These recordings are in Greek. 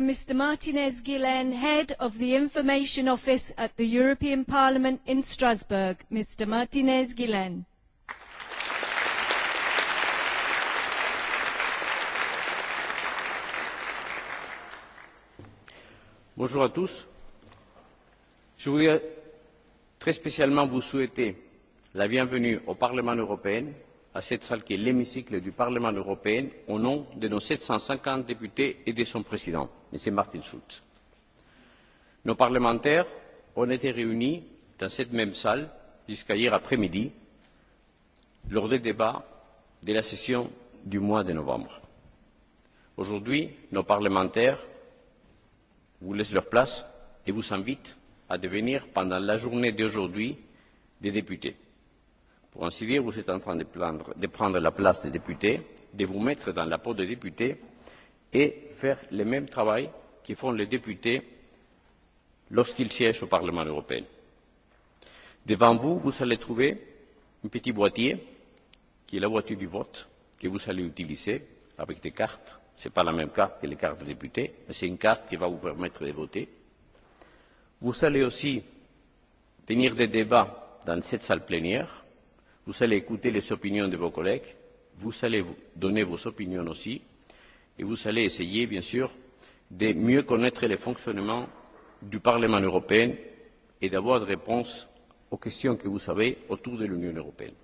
Mr. Martinez Guillain, Head of the Information Office at the European Parliament in Strasbourg. Mr. Martinez Bonjour à tous. Je voudrais très spécialement vous souhaiter la bienvenue au Parlement européen à cette salle qui est l'hémicycle du Parlement européen au nom de nos 750 députés et de son président, M. Martin Schulz. Nos parlementaires ont été réunis dans cette même salle jusqu'à hier après-midi lors des débats de la session du mois de novembre. Aujourd'hui, nos parlementaires vous laissent leur place et vous invitent à devenir, pendant la journée d'aujourd'hui, des députés pour ainsi dire, vous êtes en train de, plaindre, de prendre la place des députés, de vous mettre dans la peau des députés et faire le même travail que font les députés lorsqu'ils siègent au Parlement européen. Devant vous, vous allez trouver un petit boîtier qui est la voiture du vote que vous allez utiliser avec des cartes. Ce n'est pas la même carte que les cartes des députés, mais c'est une carte qui va vous permettre de voter. Vous allez aussi tenir des débats dans cette salle plénière Vous allez écouter les opinions de vos collègues, vous allez donner vos opinions aussi, et vous allez essayer, bien sûr, de mieux connaître le fonctionnement du Parlement européen et d'avoir des réponses aux questions que vous avez autour de l'Union européenne.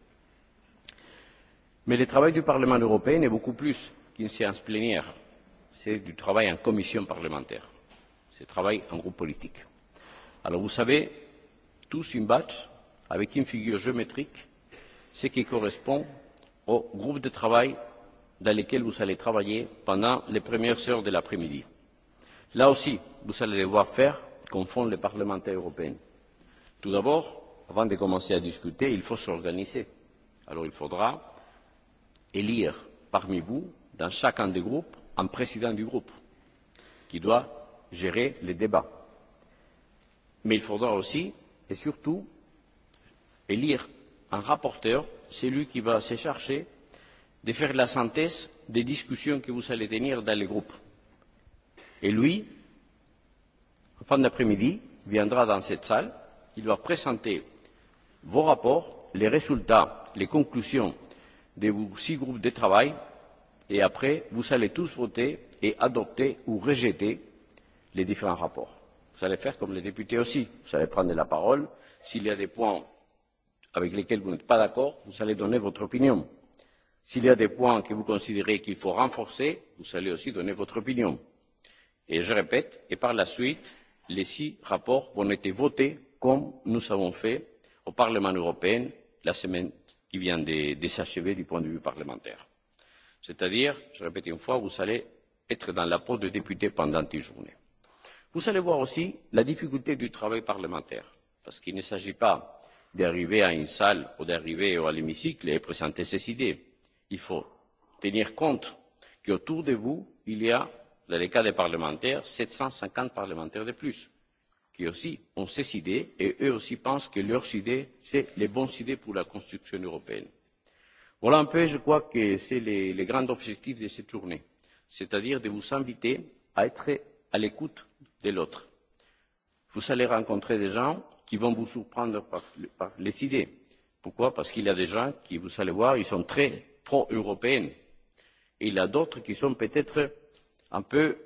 Mais le travail du Parlement européen est beaucoup plus qu'une séance plénière. C'est du travail en commission parlementaire. C'est du travail en groupe politique. Alors vous savez, tous une batch avec une figure géométrique ce qui correspond au groupe de travail dans lequel vous allez travailler pendant les premières heures de l'après-midi. Là aussi, vous allez devoir faire comme font les parlementaires européens. Tout d'abord, avant de commencer à discuter, il faut s'organiser. Alors il faudra élire parmi vous, dans chacun des groupes, un président du groupe qui doit gérer les débats. Mais il faudra aussi et surtout élire un rapporteur, c'est lui qui va se charger de faire la synthèse des discussions que vous allez tenir dans les groupes. Et lui, en fin d'après-midi, viendra dans cette salle, il va présenter vos rapports, les résultats, les conclusions de vos six groupes de travail, et après, vous allez tous voter et adopter ou rejeter les différents rapports. Vous allez faire comme les députés aussi. Vous allez prendre la parole. S'il y a des points avec lesquels vous n'êtes pas d'accord, vous allez donner votre opinion. S'il y a des points que vous considérez qu'il faut renforcer, vous allez aussi donner votre opinion. Et je répète, et par la suite, les six rapports vont être votés comme nous avons fait au Parlement européen la semaine qui vient de s'achever du point de vue parlementaire. C'est-à-dire, je répète une fois, vous allez être dans la peau de député pendant une journées. Vous allez voir aussi la difficulté du travail parlementaire, parce qu'il ne s'agit pas d'arriver à une salle ou d'arriver à l'hémicycle et présenter ses idées. Il faut tenir compte qu'autour de vous, il y a, dans les cas des parlementaires, 750 parlementaires de plus, qui aussi ont ces idées et eux aussi pensent que leurs idées, c'est les bonnes idées pour la construction européenne. Voilà un peu, je crois, que c'est le les grand objectif de cette tournée, c'est-à-dire de vous inviter à être à l'écoute de l'autre. Vous allez rencontrer des gens qui vont vous surprendre par, par les idées. Pourquoi Parce qu'il y a des gens qui, vous allez voir, ils sont très pro-européens. Et il y a d'autres qui sont peut-être un peu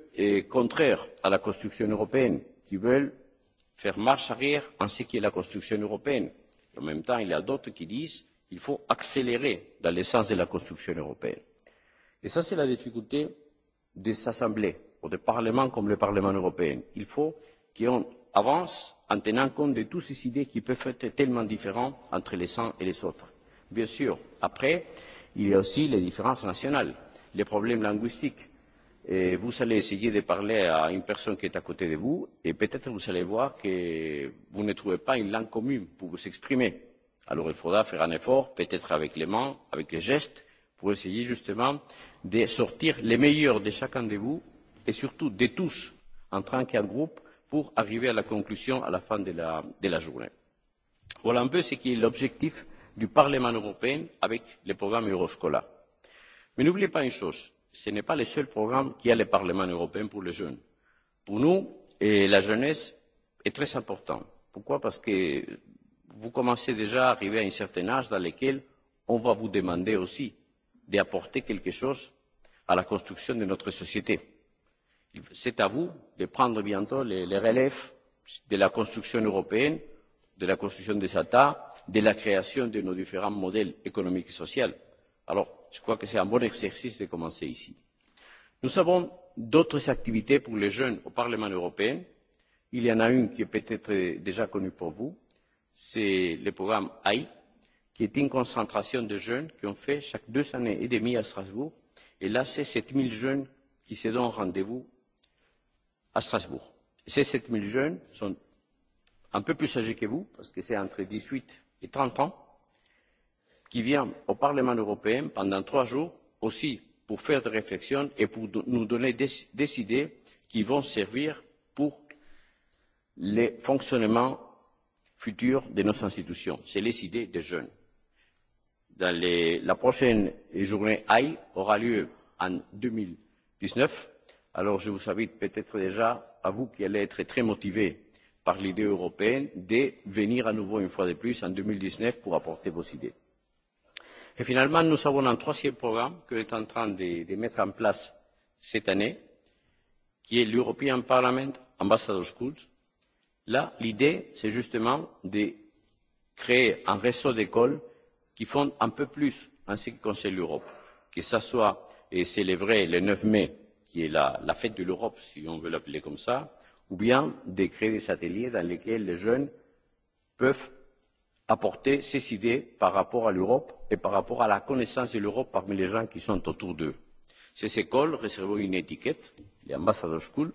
contraires à la construction européenne, qui veulent faire marche arrière en ce qui est la construction européenne. En même temps, il y a d'autres qui disent qu'il faut accélérer dans l'essence de la construction européenne. Et ça, c'est la difficulté des assemblées, ou des parlements comme le Parlement européen. Il faut qu'ils avance en tenant compte de toutes ces idées qui peuvent être tellement différentes entre les uns et les autres. Bien sûr, après, il y a aussi les différences nationales, les problèmes linguistiques. Et vous allez essayer de parler à une personne qui est à côté de vous et peut-être vous allez voir que vous ne trouvez pas une langue commune pour vous exprimer. Alors il faudra faire un effort, peut-être avec les mains, avec les gestes, pour essayer justement de sortir les meilleurs de chacun de vous et surtout de tous en tant qu'un groupe pour arriver à la conclusion à la fin de la, de la journée. Voilà un peu ce qui est l'objectif du Parlement européen avec le programme Euroscola. Mais n'oubliez pas une chose, ce n'est pas le seul programme qui a le Parlement européen pour les jeunes. Pour nous, et la jeunesse est très importante. Pourquoi Parce que vous commencez déjà à arriver à un certain âge dans lequel on va vous demander aussi d'apporter quelque chose à la construction de notre société c'est à vous de prendre bientôt les, les relèves de la construction européenne, de la construction des États, de la création de nos différents modèles économiques et sociaux. Alors, je crois que c'est un bon exercice de commencer ici. Nous avons d'autres activités pour les jeunes au Parlement européen. Il y en a une qui est peut-être déjà connue pour vous. C'est le programme AI, qui est une concentration de jeunes qui ont fait chaque deux années et demie à Strasbourg. Et là, c'est 7000 jeunes qui se donnent rendez-vous à Strasbourg. Ces sept jeunes sont un peu plus âgés que vous, parce que c'est entre 18 et 30 ans, qui viennent au Parlement européen pendant trois jours aussi pour faire des réflexions et pour nous donner des idées qui vont servir pour le fonctionnement futur de nos institutions. C'est les idées des jeunes. Dans les, la prochaine journée AI aura lieu en 2019 Alors je vous invite peut-être déjà, à vous qui allez être très motivés par l'idée européenne, de venir à nouveau une fois de plus en 2019 pour apporter vos idées. Et finalement, nous avons un troisième programme que est en train de, mettre en place cette année, qui est l'European Parliament Ambassador Schools. Là, l'idée, c'est justement de créer un réseau d'écoles qui font un peu plus en ce qui concerne l'Europe. Que ça soit célébré le 9 mai qui est la, la fête de l'Europe, si on veut l'appeler comme ça, ou bien de créer des ateliers dans lesquels les jeunes peuvent apporter ces idées par rapport à l'Europe et par rapport à la connaissance de l'Europe parmi les gens qui sont autour d'eux. Ces écoles recevront une étiquette, les Ambassador School.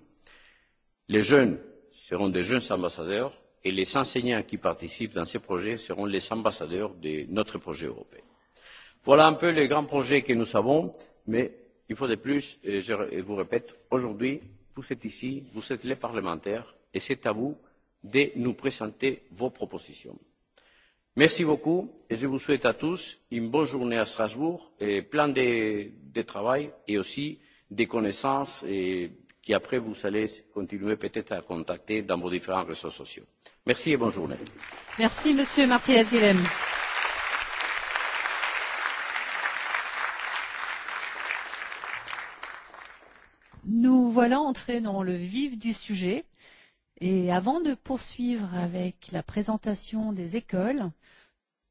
Les jeunes seront des jeunes ambassadeurs et les enseignants qui participent dans ces projets seront les ambassadeurs de notre projet européen. Voilà un peu les grands projets que nous avons, mais Une fois de plus, je vous répète, aujourd'hui, vous êtes ici, vous êtes les parlementaires, et c'est à vous de nous présenter vos propositions. Merci beaucoup, et je vous souhaite à tous une bonne journée à Strasbourg, et plein de, de travail, et aussi des connaissances, et qui après vous allez continuer peut-être à contacter dans vos différents réseaux sociaux. Merci et bonne journée. Merci, Monsieur Martinez-Guilhem. voilà entrés dans le vif du sujet. Et avant de poursuivre avec la présentation des écoles,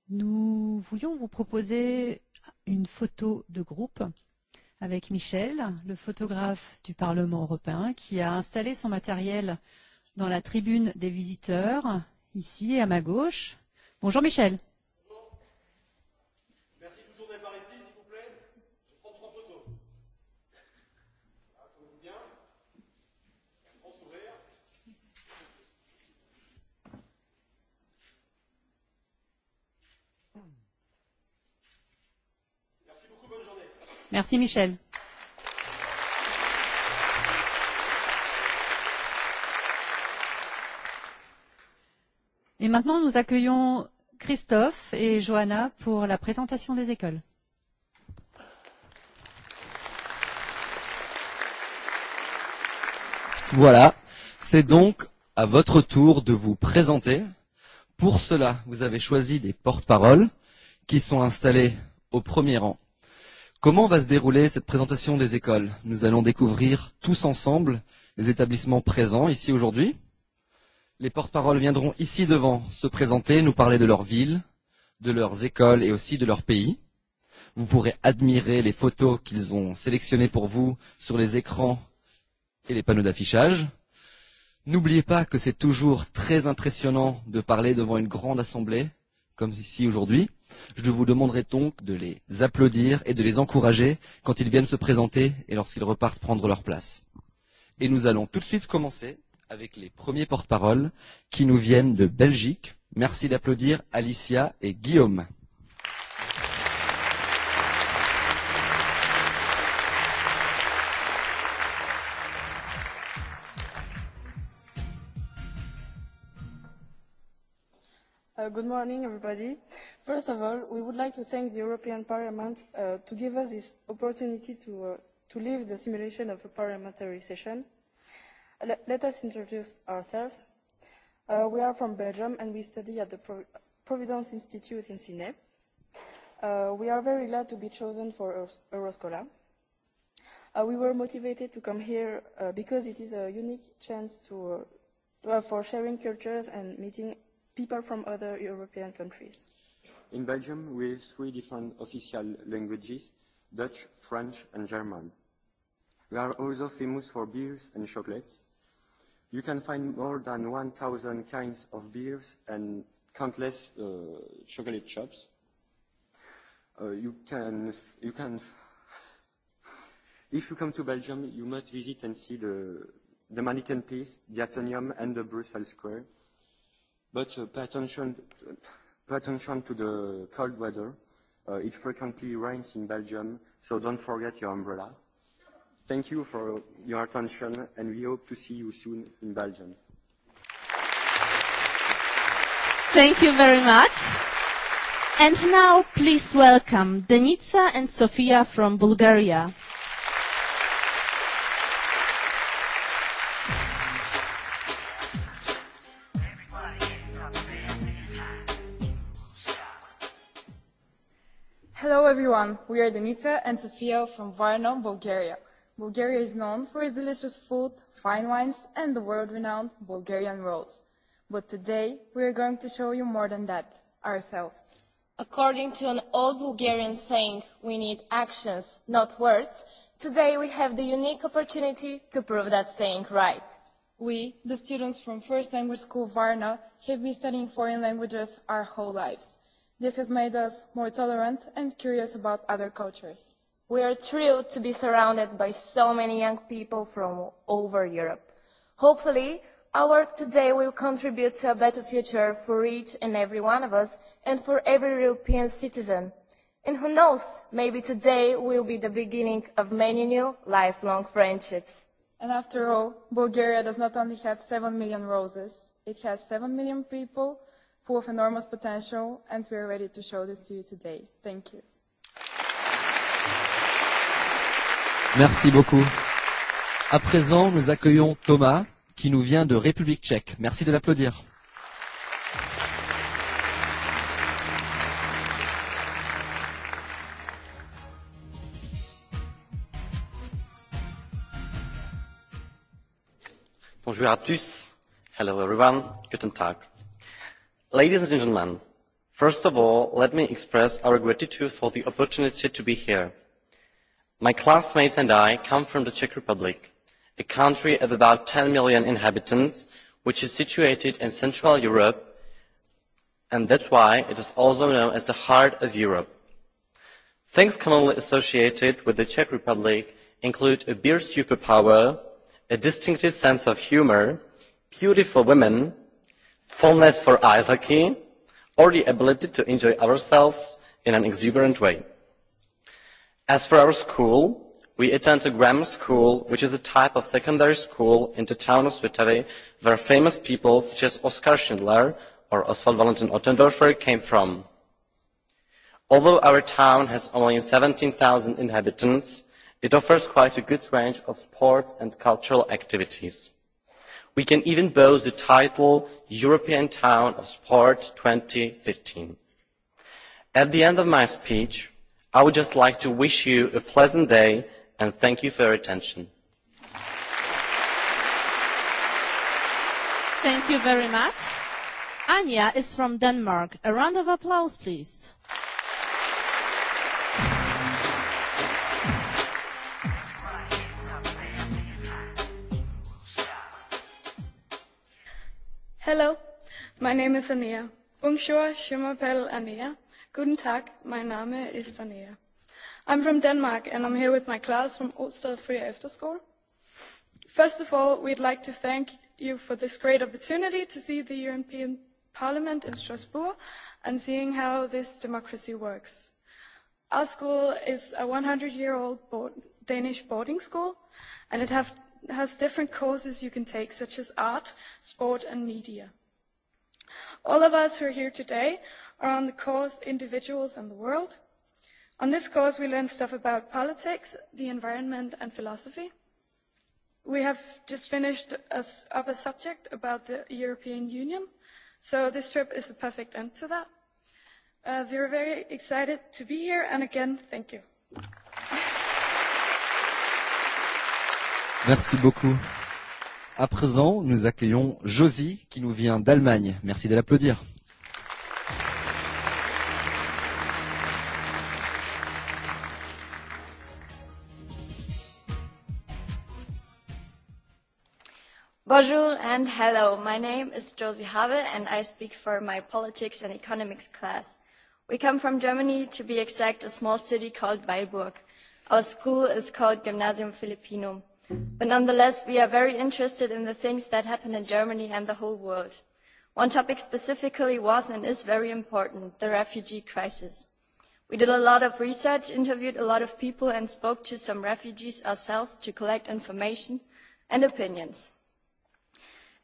nous voulions vous proposer une photo de groupe avec Michel, le photographe du Parlement européen, qui a installé son matériel dans la tribune des visiteurs, ici à ma gauche. Bonjour Michel. Merci Michel. Et maintenant, nous accueillons Christophe et Johanna pour la présentation des écoles. Voilà, c'est donc à votre tour de vous présenter. Pour cela, vous avez choisi des porte-paroles qui sont installés au premier rang Comment va se dérouler cette présentation des écoles Nous allons découvrir tous ensemble les établissements présents ici aujourd'hui. Les porte-paroles viendront ici devant se présenter, nous parler de leur ville, de leurs écoles et aussi de leur pays. Vous pourrez admirer les photos qu'ils ont sélectionnées pour vous sur les écrans et les panneaux d'affichage. N'oubliez pas que c'est toujours très impressionnant de parler devant une grande assemblée, comme ici aujourd'hui. Je vous demanderai donc de les applaudir et de les encourager quand ils viennent se présenter et lorsqu'ils repartent prendre leur place. Et nous allons tout de suite commencer avec les premiers porte-paroles qui nous viennent de Belgique. Merci d'applaudir Alicia et Guillaume. Good morning, everybody. First of all, we would like to thank the European Parliament to give us this opportunity to to leave the simulation of a parliamentary session. Let us introduce ourselves. We are from Belgium and we study at the Providence Institute in Sydney. We are very glad to be chosen for Euroscola. We were motivated to come here because it is a unique chance to for sharing cultures and meeting people from other European countries in Belgium we have three different official languages, Dutch, French and German. We are also famous for beers and chocolates. You can find more than 1,000 kinds of beers and countless chocolate shops. You can, you can, if you come to Belgium, you must visit and see the the Mannequin Piece, the Atonium and the Brussels Square. But pay attention Pay attention to the cold weather. It frequently rains in Belgium, so don't forget your umbrella. Thank you for your attention, and we hope to see you soon in Belgium. Thank you very much. And now, please welcome Denica and Sofia from Bulgaria. we are Denita and Sofia from Varna, Bulgaria. Bulgaria is known for its delicious food, fine wines, and the world-renowned Bulgarian rolls. But today, we are going to show you more than that, ourselves. According to an old Bulgarian saying, we need actions, not words, today we have the unique opportunity to prove that saying right. We, the students from First Language School Varna, have been studying foreign languages our whole lives This has made us more tolerant and curious about other cultures. We are thrilled to be surrounded by so many young people from over Europe. Hopefully, our work today will contribute to a better future for each and every one of us and for every European citizen. And who knows, maybe today will be the beginning of many new lifelong friendships. And after all, Bulgaria does not only have seven million roses, it has seven million people full of enormous potential, and we are ready to show this to you today. Thank you. Merci beaucoup. À présent, nous accueillons Thomas, qui nous vient de République tchèque. Merci de l'applaudir. Bonjour à tous. Hello everyone. Guten Tag. Ladies and gentlemen, first of all, let me express our gratitude for the opportunity to be here. My classmates and I come from the Czech Republic, a country of about 10 million inhabitants, which is situated in Central Europe, and that's why it is also known as the heart of Europe. Things commonly associated with the Czech Republic include a beer superpower, a distinctive sense of humor, beautiful women, fullness for ice hockey, or the ability to enjoy ourselves in an exuberant way. As for our school, we attend a grammar school, which is a type of secondary school in the town of Svitavy, where famous people such as Oskar Schindler or Oswald Valentin Ottendorfer came from. Although our town has only 17,000 inhabitants, it offers quite a good range of sports and cultural activities we can even boast the title European Town of Sport 2015. At the end of my speech, I would just like to wish you a pleasant day and thank you for your attention. Thank you very much. Anja is from Denmark. A round of applause, please. Hello, my name is Ania. Bonjour, je m'appelle Ania. Guten Tag, my Name is Ania. I'm from Denmark and I'm here with my class from Ulster Free After School. First of all, we'd like to thank you for this great opportunity to see the European Parliament in Strasbourg and seeing how this democracy works. Our school is a 100-year-old Danish boarding school and it have has different courses you can take, such as art, sport and media. All of us who are here today are on the course Individuals and the World. On this course we learn stuff about politics, the environment and philosophy. We have just finished up a subject about the European Union, so this trip is the perfect end to that. We are very excited to be here and again, thank you. Merci beaucoup. À présent, nous accueillons Josie qui nous vient d'Allemagne. Merci de l'applaudir. Bonjour and hello. My name is Josie Habe and I speak for my politics and economics class. We come from Germany, to be exact, a small city called Weilburg. Our school is called Gymnasium Philippinum. But nonetheless, we are very interested in the things that happen in Germany and the whole world. One topic specifically was and is very important, the refugee crisis. We did a lot of research, interviewed a lot of people, and spoke to some refugees ourselves to collect information and opinions.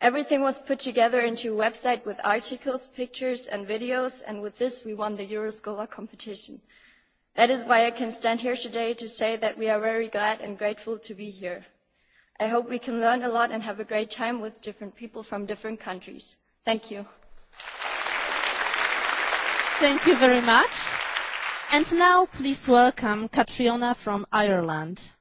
Everything was put together into a website with articles, pictures, and videos, and with this we won the Euroscholar competition. That is why I can stand here today to say that we are very glad and grateful to be here. I hope we can learn a lot and have a great time with different people from different countries. Thank you. Thank you very much. And now please welcome Catriona from Ireland.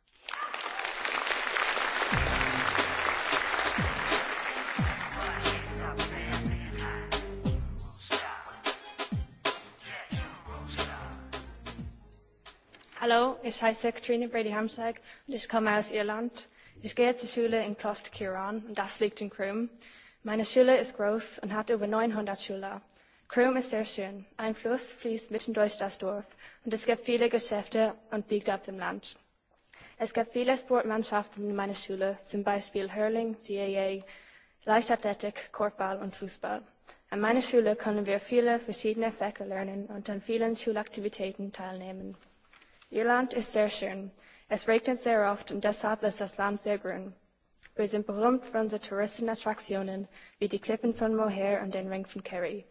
Hello, it's Isaac Trini Brady-Hamsack just come out Ireland. Ich gehe zur Schule in Kloster Kiran, und das liegt in Krum. Meine Schule ist groß und hat über 900 Schüler. Krum ist sehr schön. Ein Fluss fließt mitten durch das Dorf und es gibt viele Geschäfte und liegt auf dem Land. Es gibt viele Sportmannschaften in meiner Schule, zum Beispiel Hurling, GAA, Leichtathletik, Korbball und Fußball. An meiner Schule können wir viele verschiedene Fächer lernen und an vielen Schulaktivitäten teilnehmen. Irland ist sehr schön. Es regnet sehr oft und deshalb ist das Land sehr grün. Wir sind berühmt für unsere Touristenattraktionen wie die Klippen von Moher und den Ring von Kerry.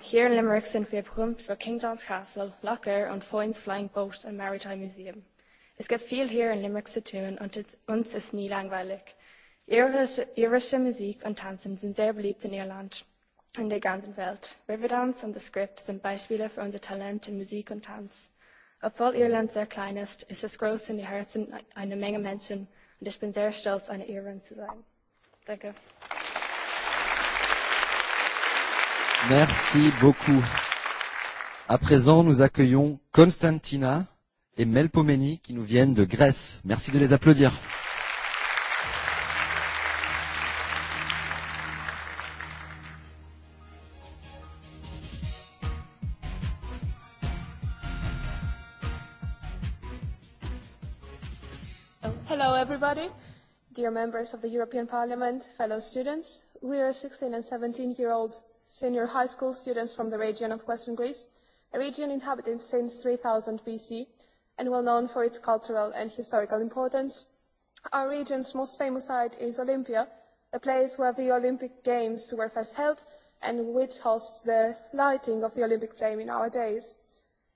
hier in Limerick sind wir berühmt für King John's Castle, Locker und Foynes Flying Boat und Maritime Museum. Es gibt viel hier in Limerick zu tun und uns ist nie langweilig. Irische Musik und Tanzen sind sehr beliebt in Irland und der ganzen Welt. Riverdance und The Script sind Beispiele für unser Talent in Musik und Tanz. Obwohl Irland sehr klein ist, ist es groß in die Herzen einer Menge Menschen und ich bin sehr stolz, eine Irin zu sein. Danke. Merci beaucoup. À présent, nous accueillons Constantina et Melpomeni qui nous viennent de Grèce. Merci de les applaudir. Hello, everybody. Dear members of the European Parliament, fellow students, we are 16 and 17-year-old senior high school students from the region of Western Greece, a region inhabited since 3000 BC and well known for its cultural and historical importance. Our region's most famous site is Olympia, a place where the Olympic Games were first held and which hosts the lighting of the Olympic flame in our days.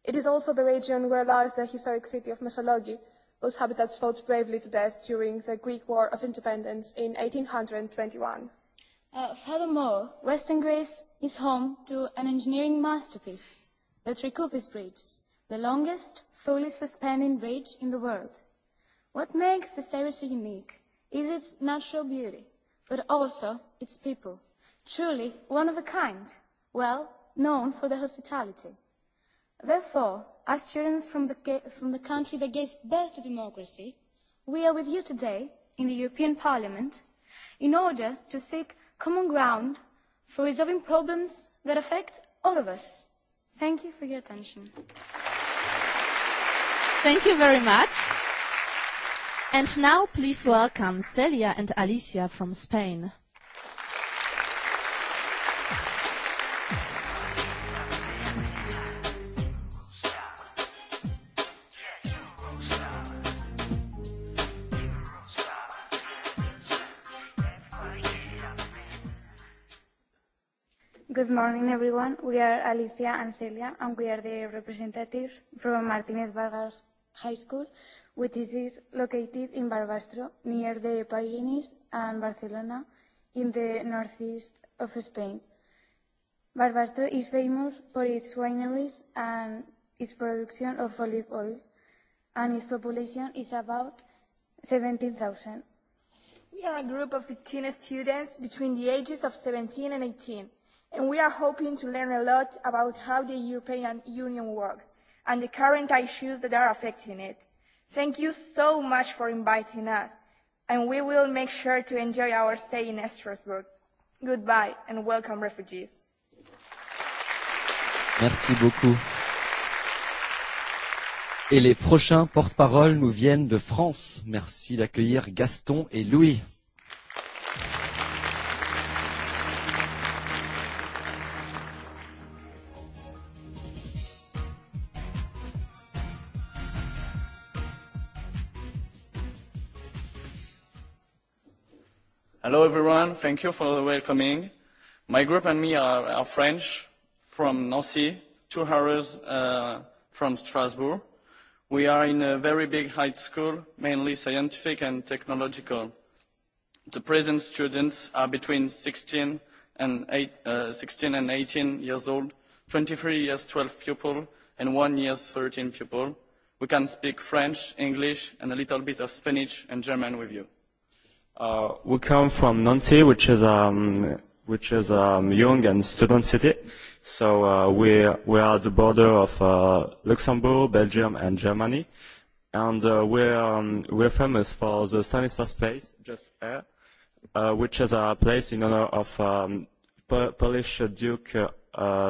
It is also the region where lies the historic city of Mesologi, whose habitats fought bravely to death during the Greek War of Independence in 1821. Furthermore, Western Greece is home to an engineering masterpiece, the Trikoupis Bridge, the longest fully suspended bridge in the world. What makes the area unique is its natural beauty, but also its people, truly one of a kind, well known for their hospitality. Therefore, As students from the country that gave birth to democracy, we are with you today in the European Parliament in order to seek common ground for resolving problems that affect all of us. Thank you for your attention. Thank you very much. And now please welcome Celia and Alicia from Spain. Good morning, everyone. We are Alicia and Celia, and we are the representatives from Martinez Vargas High School, which is located in Barbastro, near the Pyrenees and Barcelona, in the northeast of Spain. Barbastro is famous for its wineries and its production of olive oil, and its population is about 17,000. We are a group of 15 students between the ages of 17 and 18 and we are hoping to learn a lot about how the European Union works and the current issues that are affecting it. Thank you so much for inviting us, and we will make sure to enjoy our stay in Strasbourg. Goodbye and welcome refugees. Merci beaucoup. Et les prochains porte-parole nous viennent de France. Merci d'accueillir Gaston et Louis. Hello everyone, thank you for the welcoming. My group and me are, are French from Nancy, two hours uh, from Strasbourg. We are in a very big high school, mainly scientific and technological. The present students are between 16 and, eight, uh, 16 and 18 years old, 23 years 12 pupil, and one year 13 pupil. We can speak French, English, and a little bit of Spanish and German with you. We come from Nancy, which is um which is a young and student city. So we we are at the border of Luxembourg, Belgium and Germany, and we are famous for the Stanislas Place, just here, which is a place in honor of Polish Duke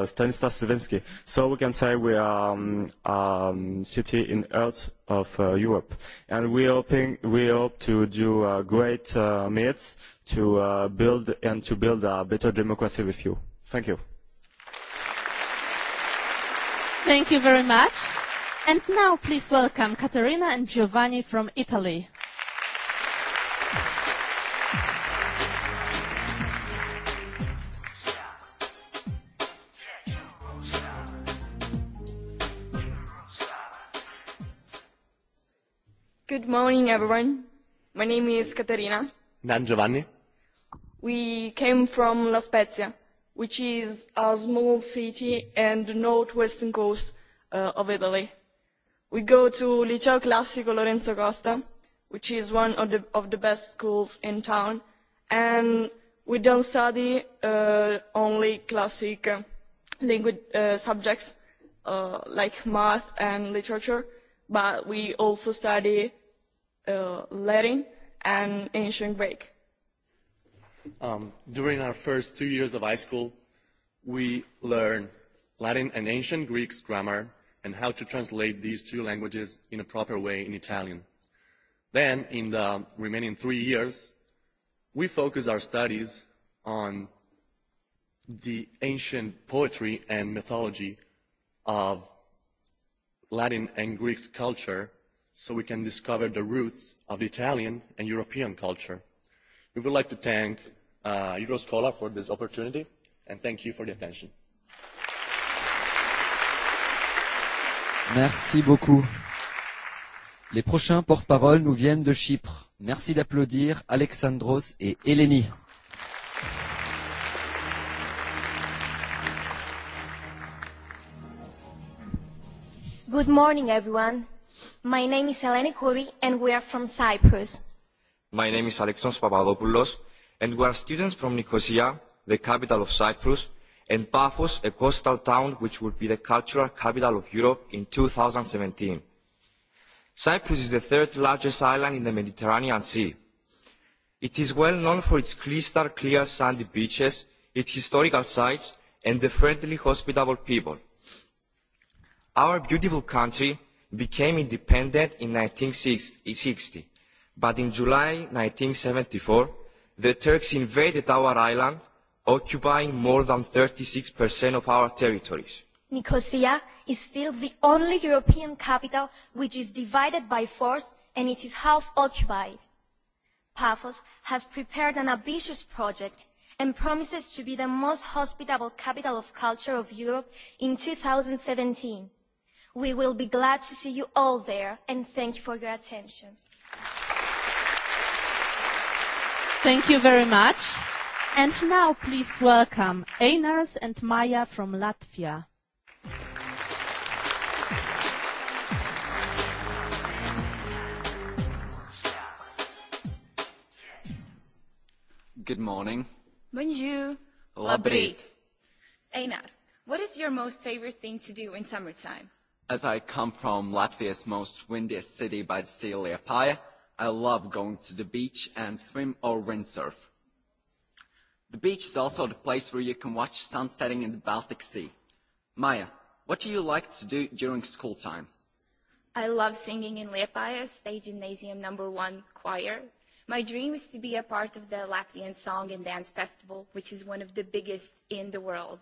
Stanislas Slavinsky. So we can say we are a city in heart of Europe. And we we hope to do great meets to build and to build a better democracy with you. Thank you. Thank you very much. And now please welcome Caterina and Giovanni from Italy. Good morning, everyone. My name is Caterina. And Giovanni. We came from La Spezia, which is a small city and the northwestern coast of Italy. We go to Liceo Classico Lorenzo Costa, which is one of the, of the best schools in town, and we don't study only classic language subjects like math and literature, but we also study Latin and ancient Greek. During our first two years of high school, we learn Latin and ancient Greek grammar and how to translate these two languages in a proper way in Italian. Then, in the remaining three years, we focus our studies on the ancient poetry and mythology of Latin and Greek culture so we can discover the roots of the Italian and European culture. We would like to thank Euroscola for this opportunity and thank you for the attention. Merci beaucoup. Les prochains porte-parole nous viennent de Chypre. Merci d'applaudir Alexandros et Eleni. Good morning everyone. My name is Eleni Kouri and we are from Cyprus. My name is Alexandros Papadopoulos and we are students from Nicosia, the capital of Cyprus, and Paphos, a coastal town which would be the cultural capital of Europe in 2017. Cyprus is the third largest island in the Mediterranean Sea. It is well known for its crystal clear sandy beaches, its historical sites and the friendly hospitable people. Our beautiful country became independent in 1960, but in July 1974, the Turks invaded our island, occupying more than 36% of our territories. Nicosia is still the only European capital which is divided by force and it is half occupied. Paphos has prepared an ambitious project and promises to be the most hospitable capital of culture of Europe in 2017. We will be glad to see you all there, and thank you for your attention. Thank you very much. And now please welcome Einars and Maya from Latvia. Good morning. Bonjour. Labrīt. Einar, what is your most favorite thing to do in summertime? As I come from Latvia's most windiest city by the sea Liepāja, I love going to the beach and swim or windsurf. The beach is also the place where you can watch sunsetting in the Baltic Sea. Maya, what do you like to do during school time? I love singing in Liepāja State Gymnasium Number 1 Choir. My dream is to be a part of the Latvian Song and Dance Festival, which is one of the biggest in the world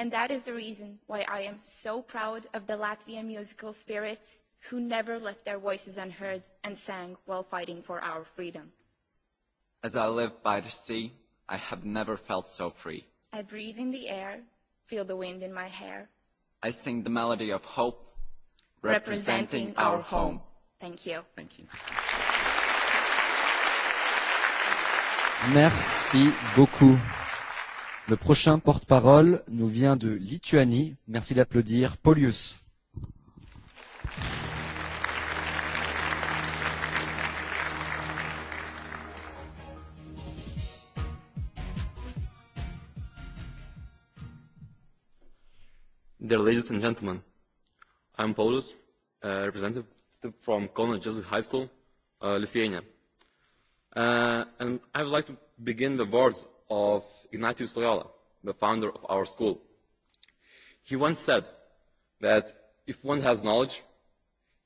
and that is the reason why I am so proud of the Latvian musical spirits who never left their voices unheard and sang while fighting for our freedom. As I live by the sea, I have never felt so free. I breathe in the air, feel the wind in my hair. I sing the melody of hope, representing our home. Thank you. Thank you. Merci beaucoup. Le prochain porte-parole nous vient de Lituanie. Merci d'applaudir Polius. Dear ladies and gentlemen, I'm Paulus, a representative from Kona Joseph High School, Lithuania. and I would like to begin the words of Ignatius Loyola, the founder of our school. He once said that if one has knowledge,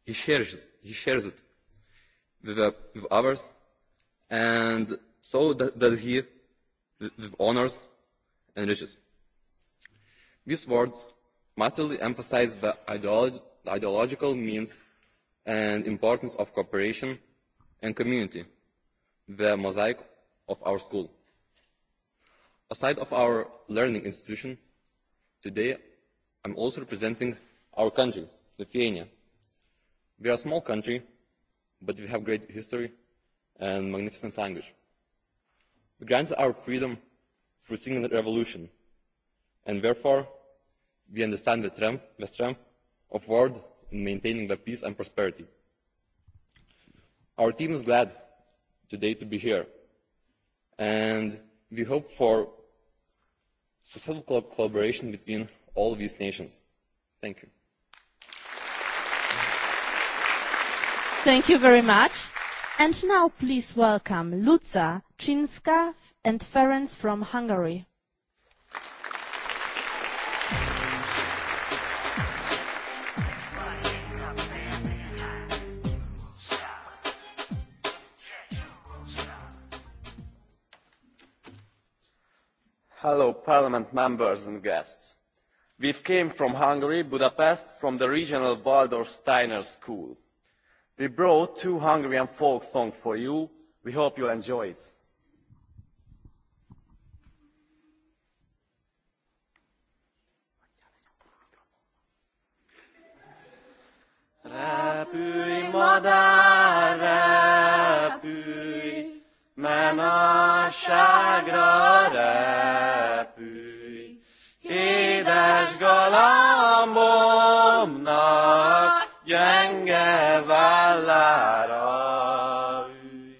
he shares, he shares it with, others, and so does he with, honors and riches. These words masterly emphasize the ideological means and importance of cooperation and community, the mosaic of our school. Aside of our learning institution, today I'm also representing our country, Lithuania. We are a small country, but we have great history and magnificent language. We granted our freedom through singing the revolution, and therefore we understand the strength of world in maintaining the peace and prosperity. Our team is glad today to be here, and we hope for successful collaboration between all these nations. Thank you. Thank you very much. And now please welcome Luca Cinska and Ferenc from Hungary. hello Parliament members and guests. We came from Hungary, Budapest, from the regional Waldorf Steiner School. We brought two Hungarian folk songs for you. We hope you enjoy it men ságra repülj. Édes galambomnak gyenge vállára ülj.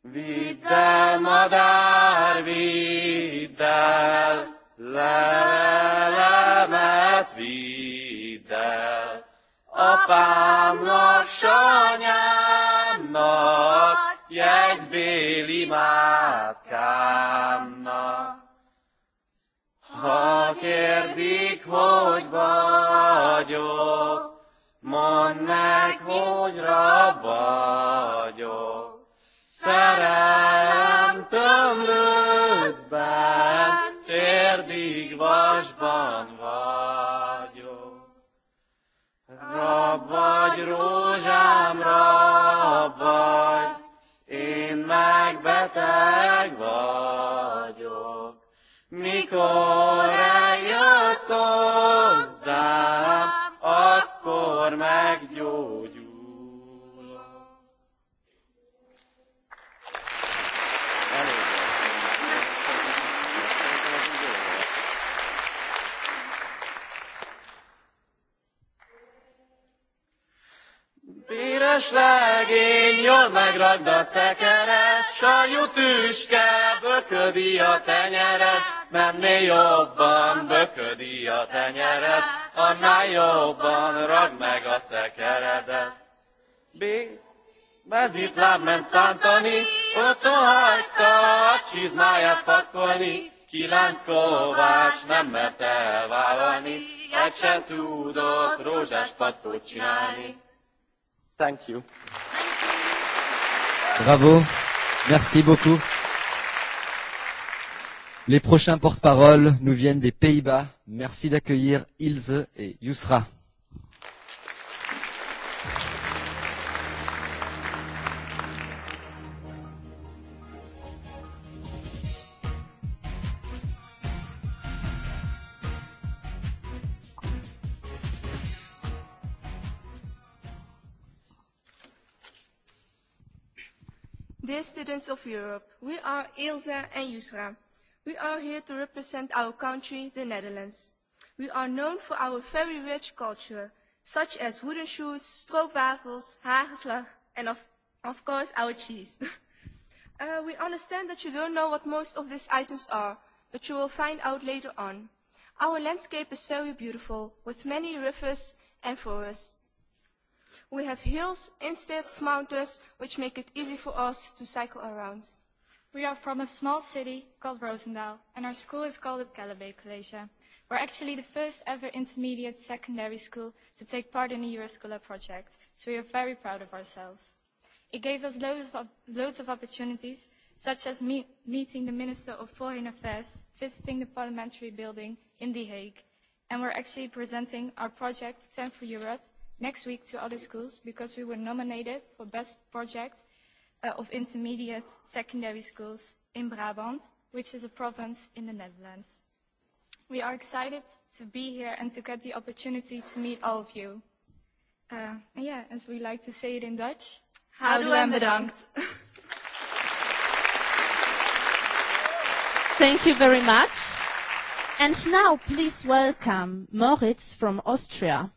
Vidd el, madár, vidd el, levelemet vidd el, apámnak, sanyámnak, jak byli mátkámnak. Ha kérdik, hogy vagyok, mondd meg, hogy rab vagyok. Szerelem tömlőzben, térdig vasban vagyok. Rab vagy, rózsám, rab vagy, beteg vagyok. Mikor eljössz hozzám, akkor meggyógyulok. legény jól megragd a szekeret, sajú tüske böködi a tenyeret, menné jobban böködi a tenyeret, annál jobban ragd meg a szekeredet. B. Mezitláb ment szántani, otthon hagyta a csizmáját pakolni, kilenc kovás nem mert elvállalni, egy sem tudott rózsás patkót csinálni. Thank you. Bravo. Merci beaucoup. Les prochains porte-parole nous viennent des Pays-Bas. Merci d'accueillir Ilse et Yusra. of Europe. We are Ilse and Yusra. We are here to represent our country, the Netherlands. We are known for our very rich culture, such as wooden shoes, stroopwafels, hagelslag, and of, course our cheese. we understand that you don't know what most of these items are, but you will find out later on. Our landscape is very beautiful, with many rivers and forests. We have hills instead of mountains, which make it easy for us to cycle around. We are from a small city called Rosendal, and our school is called the Calabay Collegia. We're actually the first ever intermediate secondary school to take part in the Euroscola project, so we are very proud of ourselves. It gave us loads of opportunities, such as meeting the Minister of Foreign Affairs, visiting the parliamentary building in The Hague, and we're actually presenting our project, 10 for Europe, next week to other schools because we were nominated for Best Project of Intermediate Secondary Schools in Brabant, which is a province in the Netherlands. We are excited to be here and to get the opportunity to meet all of you. Yeah, as we like to say it in Dutch. Houdoe en bedankt. Thank you very much. And now please welcome Moritz from Austria.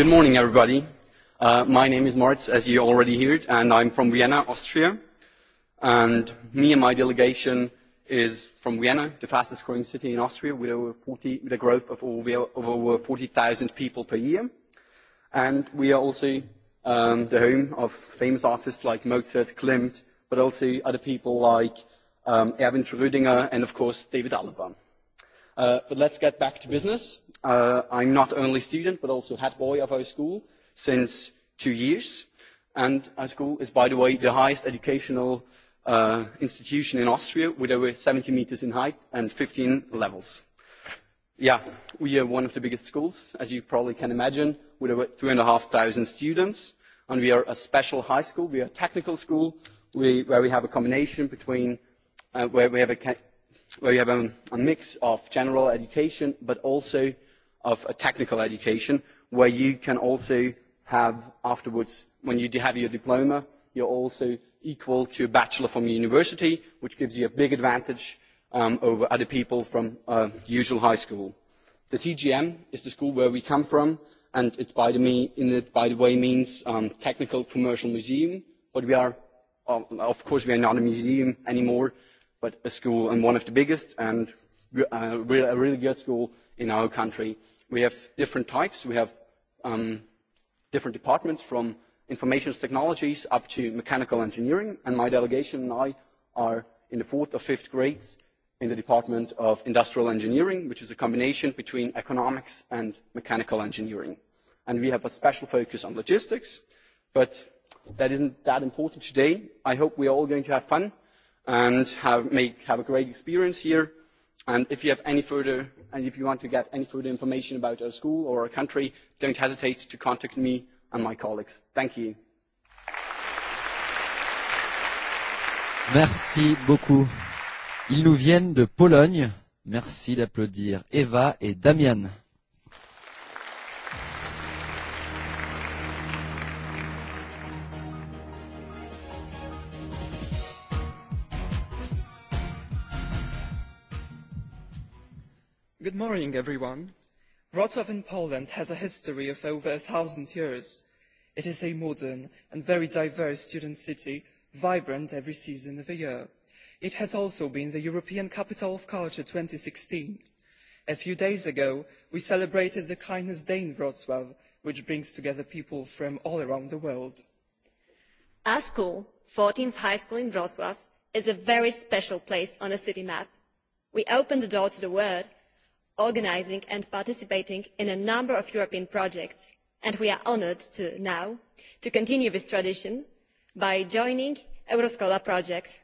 Good morning, everybody. My name is Marz, as you already heard, and I'm from Vienna, Austria. And me and my delegation is from Vienna, the fastest growing city in Austria, with over 40, with a growth of over 40,000 people per year. And we are also the home of famous artists like Mozart, Klimt, but also other people like Erwin Schrödinger and, of course, David Alaba. But let's get back to business I'm not only student but also head boy of our school since two years, and our school is, by the way, the highest educational institution in Austria, with over 70 meters in height and 15 levels. Yeah, we are one of the biggest schools, as you probably can imagine, with over 2,500 students, and we are a special high school. We are a technical school where we have a combination between, where we have a mix of general education but also of a technical education where you can also have afterwards, when you have your diploma, you're also equal to a bachelor from university, which gives you a big advantage over other people from usual high school. The TGM is the school where we come from, and it by the way means technical commercial museum, but we are, of course, we are not a museum anymore, but a school and one of the biggest and a really good school in our country We have different types. We have um different departments from information technologies up to mechanical engineering, and my delegation and I are in the fourth or fifth grades in the Department of Industrial Engineering, which is a combination between economics and mechanical engineering. And we have a special focus on logistics, but that isn't that important today. I hope we are all going to have fun and have have a great experience here And if you have any further, and if you want to get any further information about our school or our country, don't hesitate to contact me and my colleagues. Thank you. Merci beaucoup. Ils nous viennent de Pologne. Merci d'applaudir Eva et Damian. Good morning, everyone. Wrocław in Poland has a history of over a thousand years. It is a modern and very diverse student city, vibrant every season of the year. It has also been the European Capital of Culture 2016. A few days ago, we celebrated the Kindness Day in Wrocław, which brings together people from all around the world. Our school, 14th High School in Wrocław, is a very special place on a city map. We open the door to the world organising and participating in a number of European projects, and we are honoured now to continue this tradition by joining Euroscola project.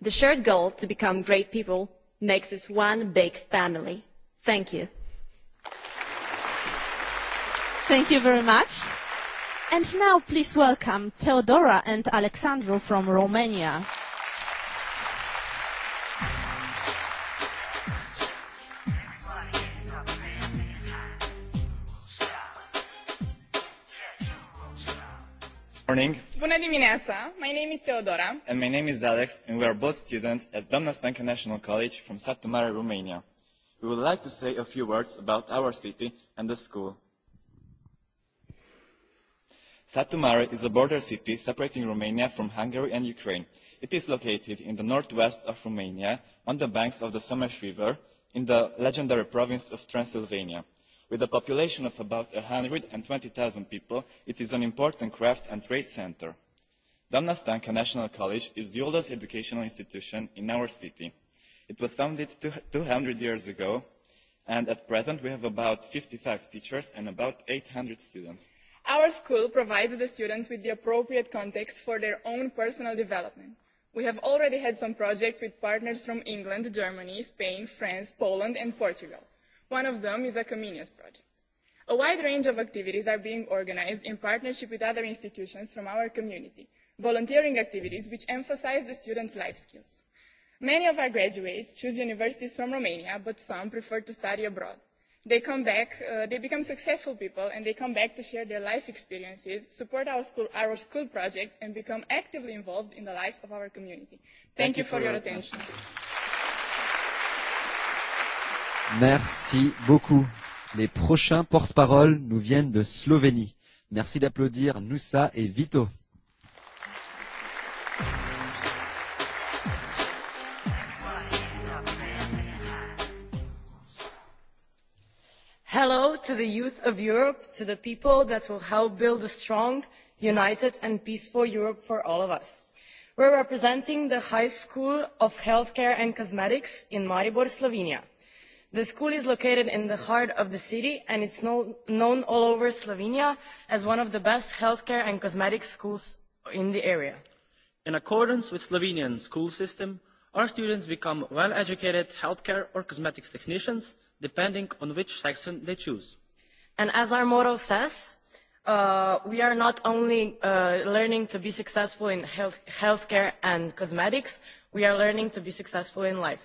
The shared goal to become great people makes us one big family. Thank you. Thank you very much. And now please welcome Theodora and Alexandru from Romania. morning. Bună dimineața. My name is Teodora. And my name is Alex, and we are both students at Doamna Stanca National College from Satu Mare, Romania. We would like to say a few words about our city and the school. Satu Mare is a border city separating Romania from Hungary and Ukraine. It is located in the northwest of Romania, on the banks of the Somes River, in the legendary province of Transylvania. With a population of about 120,000 people, it is an important craft and trade center. Damnastanka National College is the oldest educational institution in our city. It was founded 200 years ago, and at present we have about 55 teachers and about 800 students. Our school provides the students with the appropriate context for their own personal development. We have already had some projects with partners from England, Germany, Spain, France, Poland, and Portugal One of them is a Comenius project. A wide range of activities are being organized in partnership with other institutions from our community, volunteering activities which emphasize the students' life skills. Many of our graduates choose universities from Romania, but some prefer to study abroad. They come back, they become successful people, and they come back to share their life experiences, support our school, our school projects, and become actively involved in the life of our community. Thank you for your attention. Merci beaucoup. Les prochains porte-parole nous viennent de Slovénie. Merci d'applaudir Noussa et Vito. Hello to the youth of Europe, to the people that will help build a strong, united and peaceful Europe for all of us. We're representing the High School of Healthcare and Cosmetics in Maribor, Slovenia The school is located in the heart of the city and it's known all over Slovenia as one of the best healthcare and cosmetic schools in the area. In accordance with Slovenian school system, our students become well-educated healthcare or cosmetics technicians, depending on which section they choose. And as our motto says, we are not only learning to be successful in healthcare and cosmetics, we are learning to be successful in life.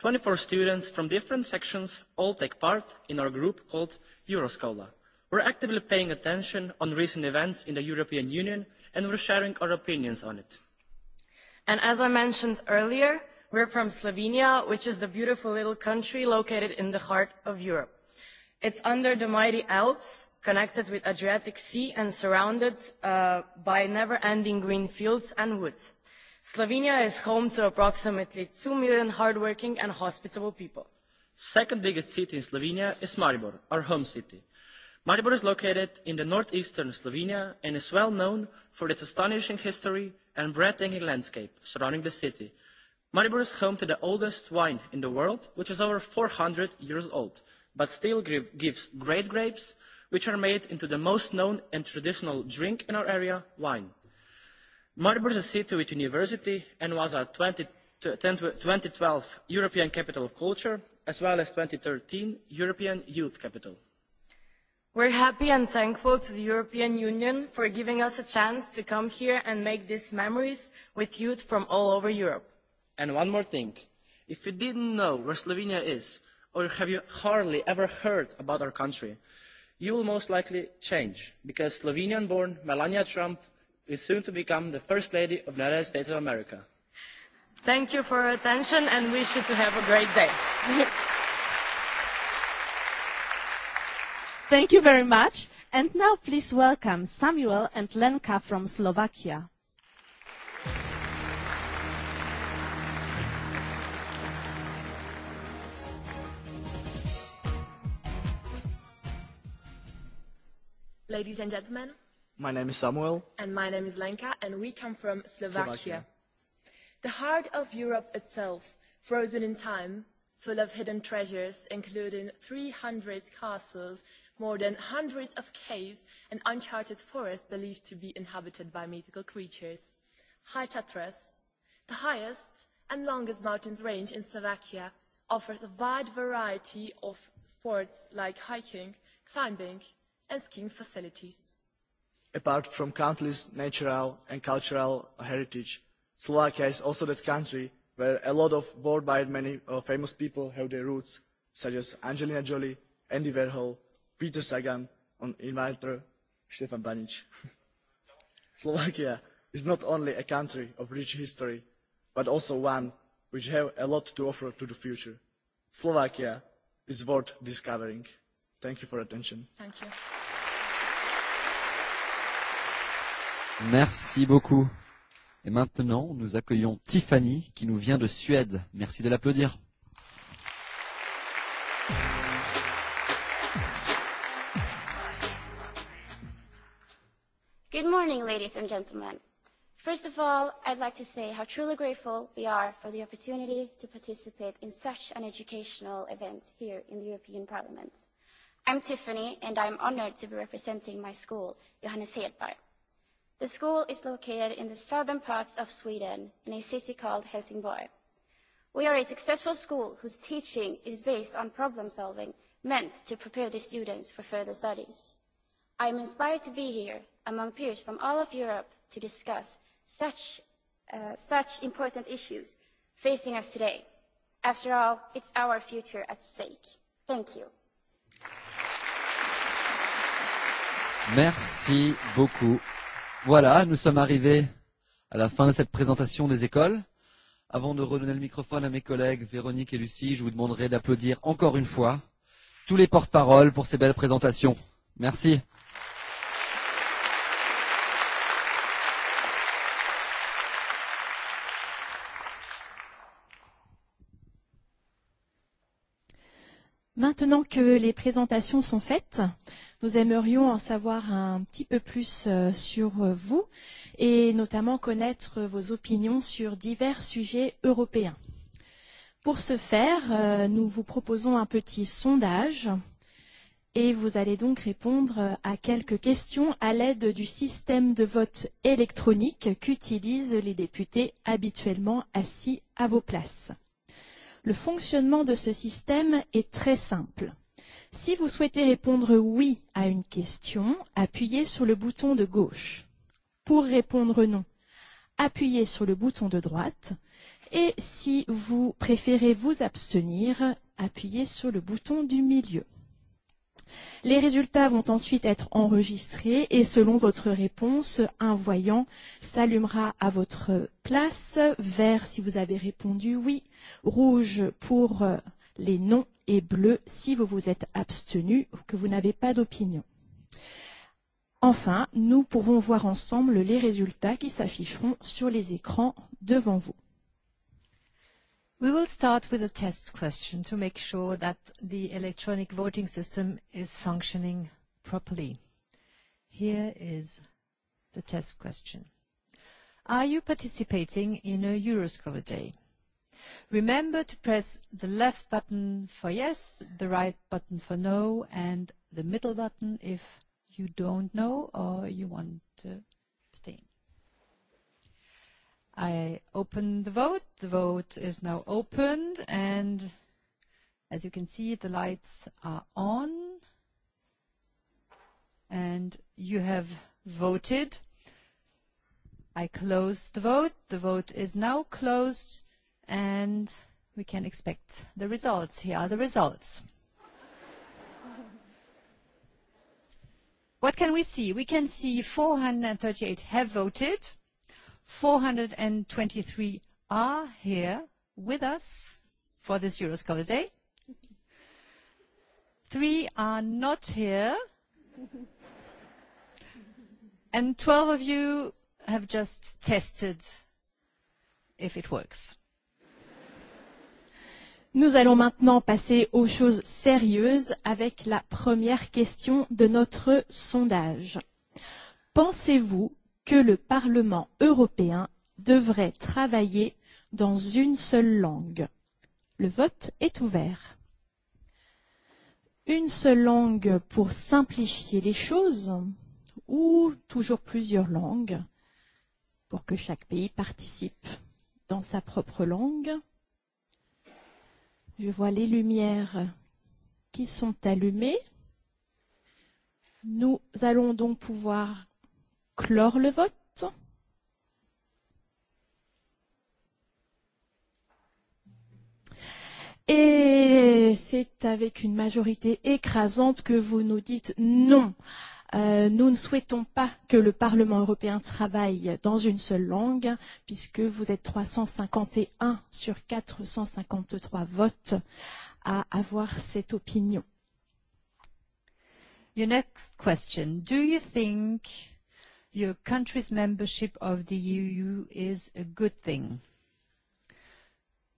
Twenty four students from different sections all take part in our group called Euroscola. We're actively paying attention on recent events in the European Union and we're sharing our opinions on it. And as I mentioned earlier, we're from Slovenia, which is the beautiful little country located in the heart of Europe. It's under the mighty Alps, connected with Adriatic Sea and surrounded by never-ending green fields and woods. Slovenia is home to approximately 2 million hardworking and hospitable people. Second biggest city in Slovenia is Maribor, our home city. Maribor is located in the northeastern Slovenia and is well known for its astonishing history and breathtaking landscape surrounding the city. Maribor is home to the oldest wine in the world, which is over 400 years old, but still gives great grapes, which are made into the most known and traditional drink in our area, wine. Maribor is a city with university and was our 2012 European Capital of Culture, as well as 2013 European Youth Capital. we are happy and thankful to the European Union for giving us a chance to come here and make these memories with youth from all over Europe. And one more thing. If you didn't know where Slovenia is, or have you hardly ever heard about our country, you will most likely change, because Slovenian-born Melania Trump is soon to become the First Lady of the United States of America. Thank you for your attention and wish you to have a great day. Thank you very much. And now please welcome Samuel and Lenka from Slovakia. Ladies and gentlemen, My name is Samuel. And my name is Lenka, and we come from Slovakia. The heart of Europe itself, frozen in time, full of hidden treasures, including 300 castles, more than hundreds of caves, and uncharted forests believed to be inhabited by mythical creatures. High Tatras, the highest and longest mountains range in Slovakia, offers a wide variety of sports like hiking, climbing, and skiing facilities apart from countless natural and cultural heritage. Slovakia is also that country where a lot of worldwide many famous people have their roots, such as Angelina Jolie, Andy Warhol, Peter Sagan, and inventor Stefan Banic. Slovakia is not only a country of rich history, but also one which has a lot to offer to the future. Slovakia is worth discovering. Thank you for your attention. Merci beaucoup. Et maintenant, nous accueillons Tiffany qui nous vient de Suède. Merci de l'applaudir. Good morning, ladies and gentlemen. First of all, I'd like to say how truly grateful we are for the opportunity to participate in such an educational event here in the European Parliament. I'm Tiffany, and I'm honored to be representing my school, Johannes Hedberg. The school is located in the southern parts of Sweden, in a city called Helsingborg. We are a successful school whose teaching is based on problem solving, meant to prepare the students for further studies. I am inspired to be here, among peers from all of Europe, to discuss such important issues facing us today. After all, it's our future at stake. Thank you. Voilà, nous sommes arrivés à la fin de cette présentation des écoles. Avant de redonner le microphone à mes collègues Véronique et Lucie, je vous demanderai d'applaudir encore une fois tous les porte-paroles pour ces belles présentations. Merci. Maintenant que les présentations sont faites, nous aimerions en savoir un petit peu plus sur vous et notamment connaître vos opinions sur divers sujets européens. Pour ce faire, nous vous proposons un petit sondage et vous allez donc répondre à quelques questions à l'aide du système de vote électronique qu'utilisent les députés habituellement assis à vos places. Le fonctionnement de ce système est très simple. Si vous souhaitez répondre oui à une question, appuyez sur le bouton de gauche. Pour répondre non, appuyez sur le bouton de droite. Et si vous préférez vous abstenir, appuyez sur le bouton du milieu. Les résultats vont ensuite être enregistrés et selon votre réponse, un voyant s'allumera à votre place, vert si vous avez répondu oui, rouge pour les non et bleu si vous vous êtes abstenu ou que vous n'avez pas d'opinion. Enfin, nous pourrons voir ensemble les résultats qui s'afficheront sur les écrans devant vous. We will start with a test question to make sure that the electronic voting system is functioning properly. Here is the test question. Are you participating in a Euroscholar Day? Remember to press the left button for yes, the right button for no, and the middle button if you don't know or you want to abstain. I open the vote. The vote is now opened, and as you can see, the lights are on, and you have voted. I close the vote. The vote is now closed, and we can expect the results. Here are the results. What can we see? We can see 438 have voted. 423 are here with us for this Euroscholar Day. Three are not here. And 12 of you have just tested if it works. Nous allons maintenant passer aux choses sérieuses avec la première question de notre sondage. Pensez-vous que le Parlement européen devrait travailler dans une seule langue. Le vote est ouvert. Une seule langue pour simplifier les choses ou toujours plusieurs langues pour que chaque pays participe dans sa propre langue. Je vois les lumières qui sont allumées. Nous allons donc pouvoir clore le vote. Et c'est avec une majorité écrasante que vous nous dites non. Nous ne souhaitons pas que le Parlement européen travaille dans une seule langue, puisque vous êtes 351 sur 453 votes à avoir cette opinion. Your next question. Do you think your country's membership of the EU is a good thing?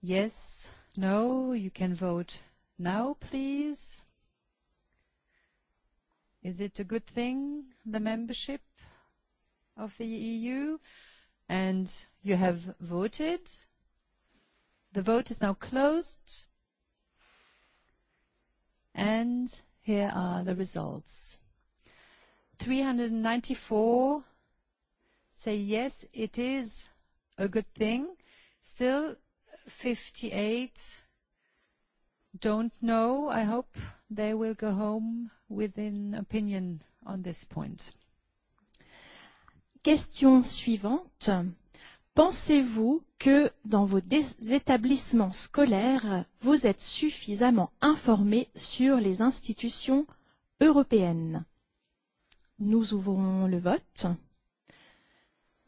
Yes, no, you can vote now, please. Is it a good thing, the membership of the EU? And you have voted. The vote is now closed. And here are the results. 394 say yes, it is a good thing. Still, 58 don't know. I hope they will go home with an opinion on this point. Question suivante. Pensez-vous que dans vos établissements scolaires, vous êtes suffisamment informés sur les institutions européennes Nous ouvrons le vote.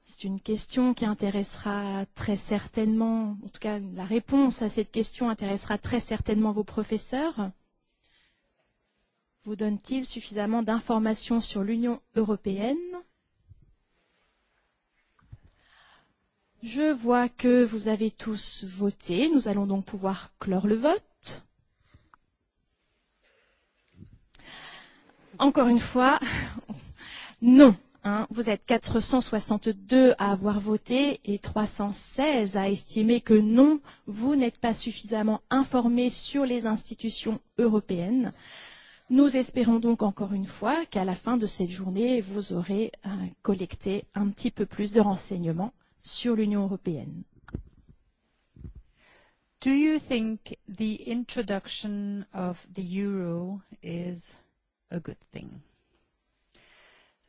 C'est une question qui intéressera très certainement, en tout cas la réponse à cette question intéressera très certainement vos professeurs. Vous donne-t-il suffisamment d'informations sur l'Union européenne Je vois que vous avez tous voté. Nous allons donc pouvoir clore le vote. Encore une fois, non. Hein, vous êtes 462 à avoir voté et 316 à estimer que non, vous n'êtes pas suffisamment informé sur les institutions européennes. Nous espérons donc encore une fois qu'à la fin de cette journée, vous aurez collecté un petit peu plus de renseignements sur l'Union européenne. Do you think the introduction of the euro is a good thing?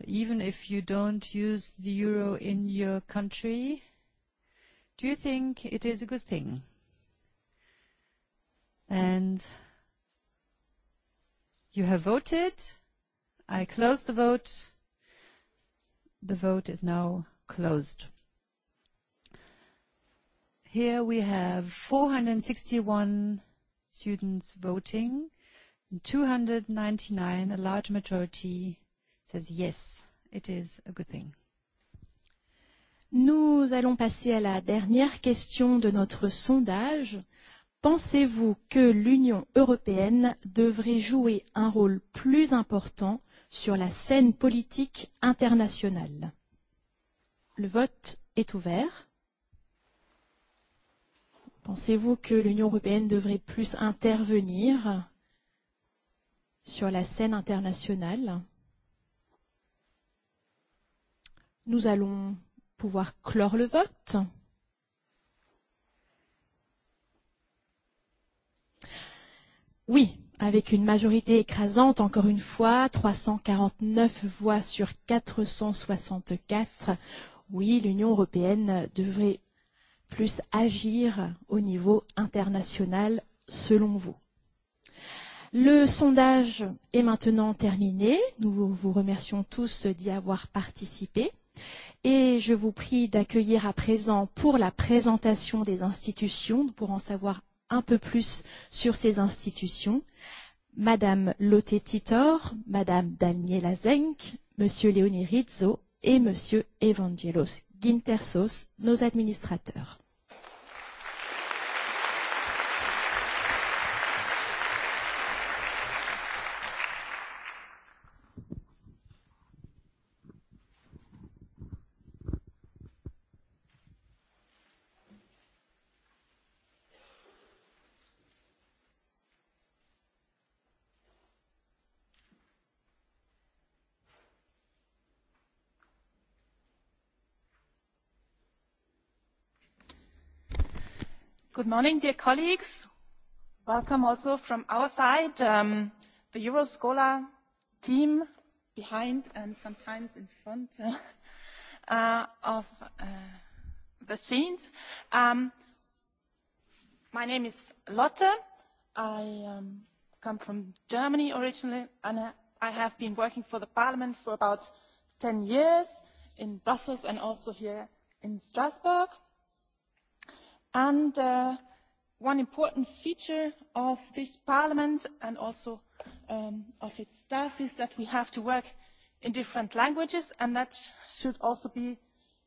even if you don't use the euro in your country, do you think it is a good thing? And you have voted. I close the vote. The vote is now closed. Here we have 461 students voting, 299, a large majority yes, it is a good thing. Nous allons passer à la dernière question de notre sondage. Pensez-vous que l'Union européenne devrait jouer un rôle plus important sur la scène politique internationale Le vote est ouvert. Pensez-vous que l'Union européenne devrait plus intervenir sur la scène internationale Nous allons pouvoir clore le vote. Oui, avec une majorité écrasante, encore une fois, 349 voix sur 464. Oui, l'Union européenne devrait plus agir au niveau international, selon vous. Le sondage est maintenant terminé. Nous vous remercions tous d'y avoir participé. Et je vous prie d'accueillir à présent pour la présentation des institutions, pour en savoir un peu plus sur ces institutions, Madame Lotte Titor, Madame Daniela Zenk, Monsieur Léonie Rizzo et Monsieur Evangelos Gintersos, nos administrateurs. Good morning, dear colleagues. Welcome also from our side, the Euroscholar team behind and sometimes in front of the scenes. My name is Lotte. I come from Germany originally, and I have been working for the Parliament for about 10 years in Brussels and also here in Strasbourg. And one important feature of this Parliament and also of its staff is that we have to work in different languages, and that should also be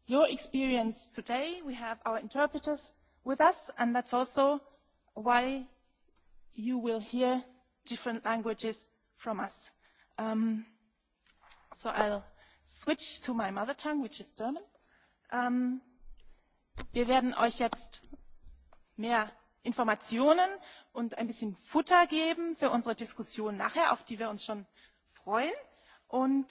your experience today. We have our interpreters with us, and that's also why you will hear different languages from us. So I'll switch to my mother tongue, which is German. Wir werden euch jetzt mehr Informationen und ein bisschen Futter geben für unsere Diskussion nachher, auf die wir uns schon freuen. Und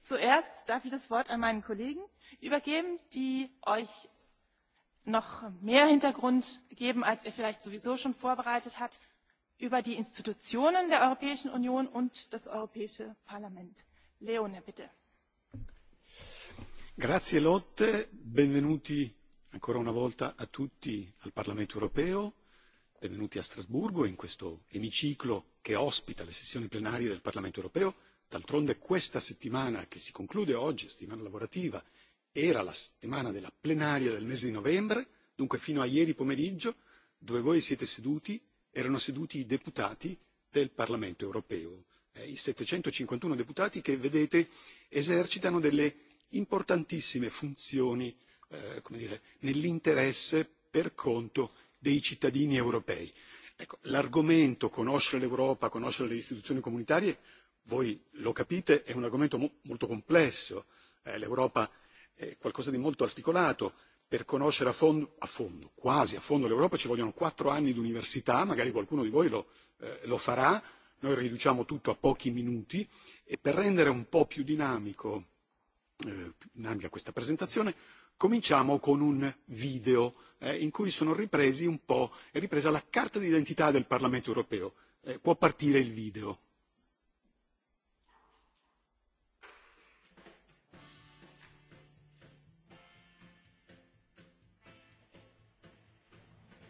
zuerst darf ich das Wort an meinen Kollegen übergeben, die euch noch mehr Hintergrund geben, als er vielleicht sowieso schon vorbereitet hat, über die Institutionen der Europäischen Union und das Europäische Parlament. Leone, bitte. Grazie Lotte, benvenuti ancora una volta a tutti al Parlamento europeo, benvenuti a Strasburgo in questo emiciclo che ospita le sessioni plenarie del Parlamento europeo. D'altronde questa settimana che si conclude oggi, settimana lavorativa, era la settimana della plenaria del mese di novembre, dunque fino a ieri pomeriggio, dove voi siete seduti, erano seduti i deputati del Parlamento europeo, i 751 deputati che, vedete, esercitano delle importantissime funzioni come dire, nell'interesse per conto dei cittadini europei. Ecco, l'argomento conoscere l'Europa, conoscere le istituzioni comunitarie, voi lo capite, è un argomento molto complesso. L'Europa è qualcosa di molto articolato. Per conoscere a fondo, a fondo, quasi a fondo l'Europa ci vogliono quattro anni di università, magari qualcuno di voi lo farà, noi riduciamo tutto a pochi minuti e per rendere un po' più dinamico, dinamica questa presentazione Cominciamo con un video in cui sono ripresi un po' è ripresa la carta d'identità del Parlamento europeo. Può partire il video.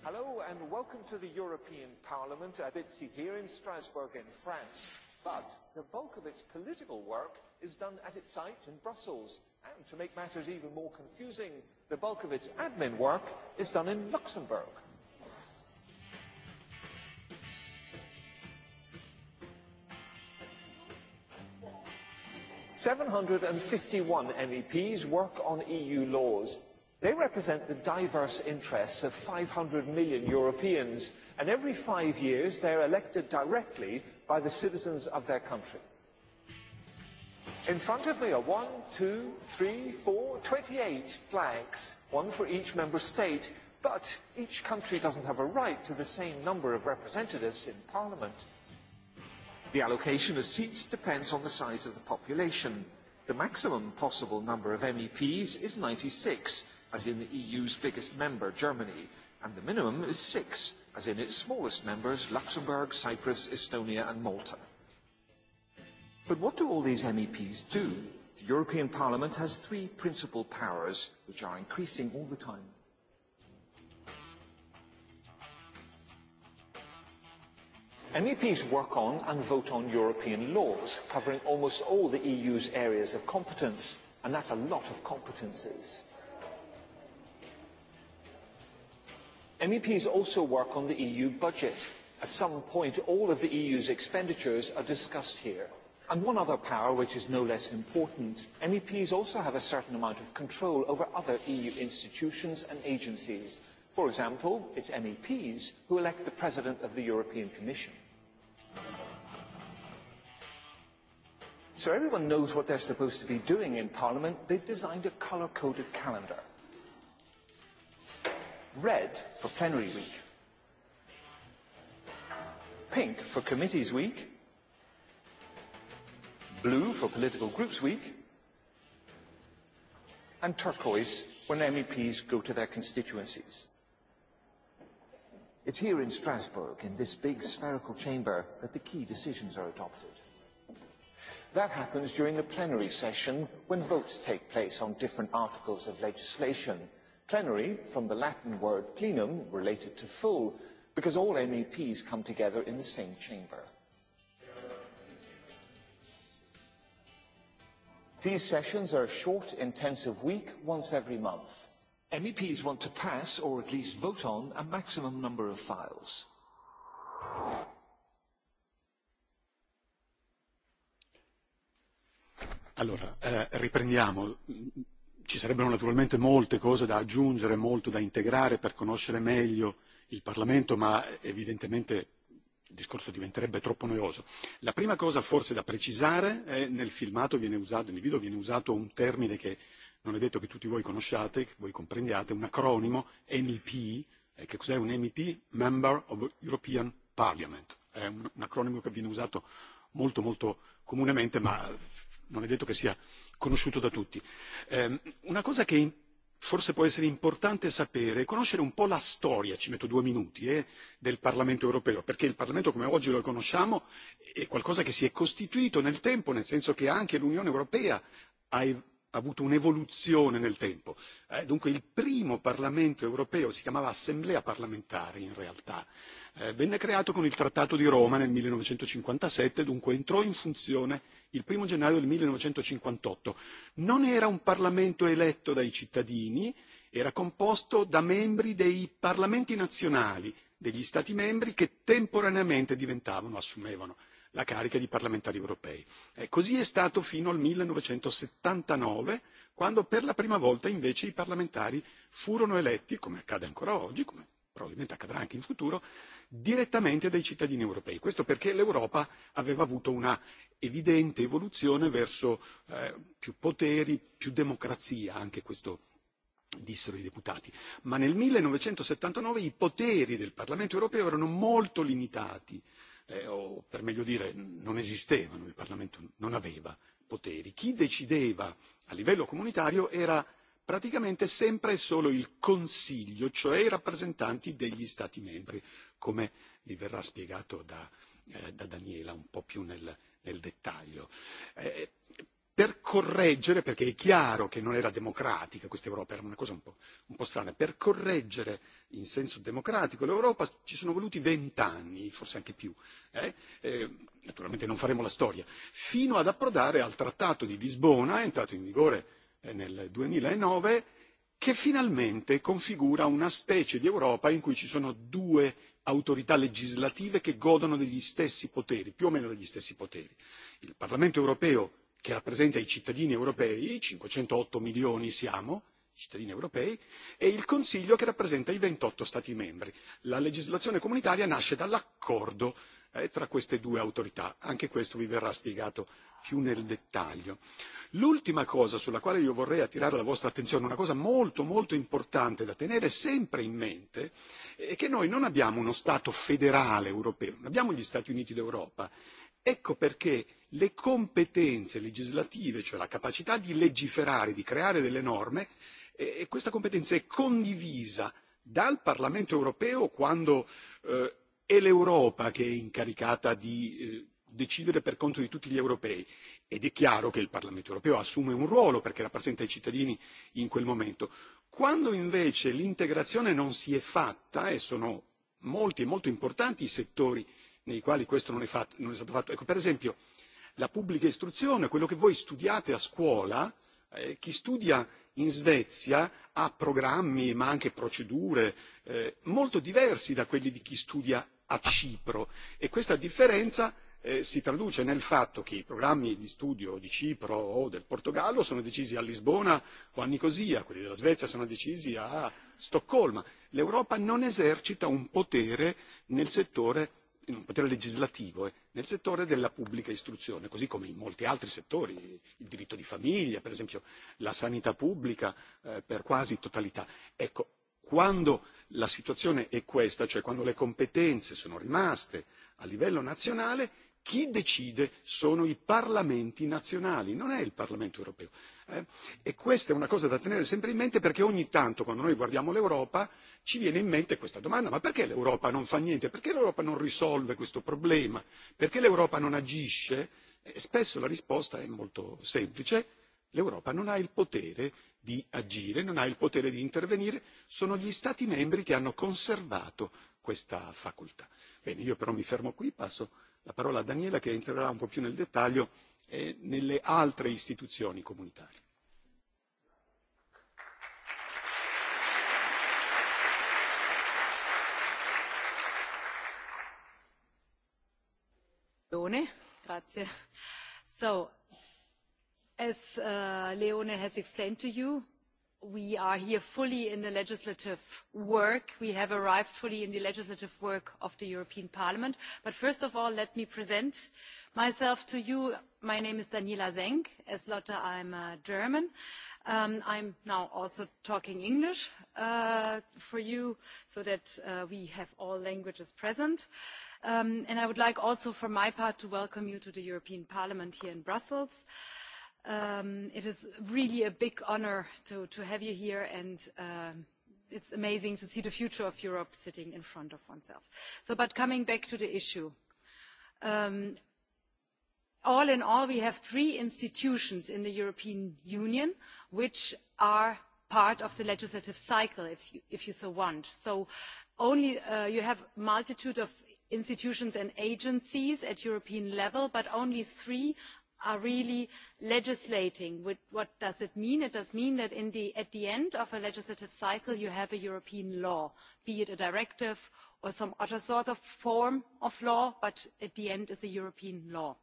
Hello and welcome to the European Parliament at its seat here in Strasbourg in France. But the bulk of its political work is done at its site in Brussels And to make matters even more confusing, the bulk of its admin work is done in Luxembourg. Seven hundred and fifty one MEPs work on EU laws. They represent the diverse interests of 500 million Europeans, and every five years they are elected directly by the citizens of their country. In front of me are one, two, three, four, 28 flags, one for each member state, but each country doesn't have a right to the same number of representatives in Parliament. The allocation of seats depends on the size of the population. The maximum possible number of MEPs is 96, as in the EU's biggest member, Germany, and the minimum is six, as in its smallest members, Luxembourg, Cyprus, Estonia and Malta. But what do all these MEPs do? The European Parliament has three principal powers, which are increasing all the time. MEPs work on and vote on European laws, covering almost all the EU's areas of competence, and that's a lot of competences. MEPs also work on the EU budget. At some point, all of the EU's expenditures are discussed here. And one other power, which is no less important, MEPs also have a certain amount of control over other EU institutions and agencies. For example, it's MEPs who elect the President of the European Commission. So everyone knows what they're supposed to be doing in Parliament. They've designed a colour-coded calendar. Red for plenary week. Pink for committees week blue for Political Groups Week, and turquoise when MEPs go to their constituencies. It's here in Strasbourg, in this big spherical chamber, that the key decisions are adopted. That happens during the plenary session when votes take place on different articles of legislation. Plenary, from the Latin word plenum, related to full, because all MEPs come together in the same chamber. These sessions are a short, intensive week, once every month. MEPs want to pass, or at least vote on, a maximum number of files. Allora, riprendiamo. Ci sarebbero naturalmente molte cose da aggiungere, molto da integrare per conoscere meglio il Parlamento, ma evidentemente il discorso diventerebbe troppo noioso. La prima cosa forse da precisare è nel filmato viene usato, nel video viene usato un termine che non è detto che tutti voi conosciate, che voi comprendiate, un acronimo MEP, che cos'è un MEP? Member of European Parliament. È un acronimo che viene usato molto molto comunemente, ma non è detto che sia conosciuto da tutti. Una cosa che forse può essere importante sapere e conoscere un po' la storia, ci metto due minuti, eh, del Parlamento europeo, perché il Parlamento come oggi lo conosciamo è qualcosa che si è costituito nel tempo, nel senso che anche l'Unione europea ha Ha avuto un'evoluzione nel tempo. Dunque il primo Parlamento europeo si chiamava Assemblea parlamentare in realtà. Venne creato con il Trattato di Roma nel 1957, dunque entrò in funzione il 1 gennaio del 1958. Non era un Parlamento eletto dai cittadini, era composto da membri dei Parlamenti nazionali degli Stati membri che temporaneamente diventavano, assumevano la carica di parlamentari europei. Così è stato fino al 1979, quando per la prima volta invece i parlamentari furono eletti, come accade ancora oggi, come probabilmente accadrà anche in futuro, direttamente dai cittadini europei. Questo perché l'Europa aveva avuto una evidente evoluzione verso più poteri, più democrazia, anche questo dissero i deputati. Ma nel 1979 i poteri del Parlamento europeo erano molto limitati o per meglio dire non esistevano, il Parlamento non aveva poteri. Chi decideva a livello comunitario era praticamente sempre e solo il Consiglio, cioè i rappresentanti degli Stati membri, come vi verrà spiegato da Daniela un po' più nel dettaglio per correggere, perché è chiaro che non era democratica questa Europa, era una cosa un po', un po strana, per correggere in senso democratico l'Europa ci sono voluti vent'anni, forse anche più, eh? naturalmente non faremo la storia, fino ad approdare al Trattato di Lisbona, entrato in vigore nel 2009, che finalmente configura una specie di Europa in cui ci sono due autorità legislative che godono degli stessi poteri, più o meno degli stessi poteri. Il Parlamento europeo che rappresenta i cittadini europei, 508 milioni siamo, cittadini europei, e il Consiglio che rappresenta i 28 Stati membri. La legislazione comunitaria nasce dall'accordo tra queste due autorità. Anche questo vi verrà spiegato più nel dettaglio. L'ultima cosa sulla quale io vorrei attirare la vostra attenzione, una cosa molto molto importante da tenere sempre in mente, è che noi non abbiamo uno Stato federale europeo, non abbiamo gli Stati Uniti d'Europa. Ecco perché le competenze legislative, cioè la capacità di legiferare, di creare delle norme, e questa competenza è condivisa dal Parlamento europeo quando è l'Europa che è incaricata di decidere per conto di tutti gli europei ed è chiaro che il Parlamento europeo assume un ruolo perché rappresenta i cittadini in quel momento. Quando invece l'integrazione non si è fatta, e sono molti e molto importanti i settori nei quali questo non è stato fatto, ecco per esempio la pubblica istruzione quello che voi studiate a scuola chi studia in Svezia ha programmi ma anche procedure molto diversi da quelli di chi studia a Cipro e questa differenza si traduce nel fatto che i programmi di studio di Cipro o del Portogallo sono decisi a Lisbona o a Nicosia, quelli della Svezia sono decisi a Stoccolma. L'Europa non esercita un potere nel settore un potere legislativo nel settore della pubblica istruzione, così come in molti altri settori, il diritto di famiglia, per esempio la sanità pubblica per quasi totalità. Ecco, quando la situazione è questa, cioè quando le competenze sono rimaste a livello nazionale, chi decide sono i parlamenti nazionali non è il parlamento europeo e questa è una cosa da tenere sempre in mente perché ogni tanto quando noi guardiamo l'europa ci viene in mente questa domanda ma perché l'europa non fa niente perché l'europa non risolve questo problema perché l'europa non agisce spesso la risposta è molto semplice l'europa non ha il potere di agire non ha il potere di intervenire sono gli stati membri che hanno conservato questa facoltà. io però mi fermo qui la parola a Daniela che entrerà un po' più nel dettaglio nelle altre istituzioni comunitarie. So, as Leone has explained to you, we are here fully in the legislative work. We have arrived fully in the legislative work of the European Parliament. But first of all, let me present myself to you. My name is Daniela Senk. As Lotte, I'm German. I'm now also talking English for you so that we have all languages present. And I would like also, for my part, to welcome you to the European Parliament here in Brussels. It is really a big honor to have you here, and it's amazing to see the future of Europe sitting in front of oneself. So, but coming back to the issue, all in all, we have three institutions in the European Union which are part of the legislative cycle, if you so want. So, only you have a multitude of institutions and agencies at European level, but only three are really legislating. What does it mean? It does mean that at the end of a legislative cycle, you have a European law, be it a directive or some other sort of form of law, but at the end is a European law.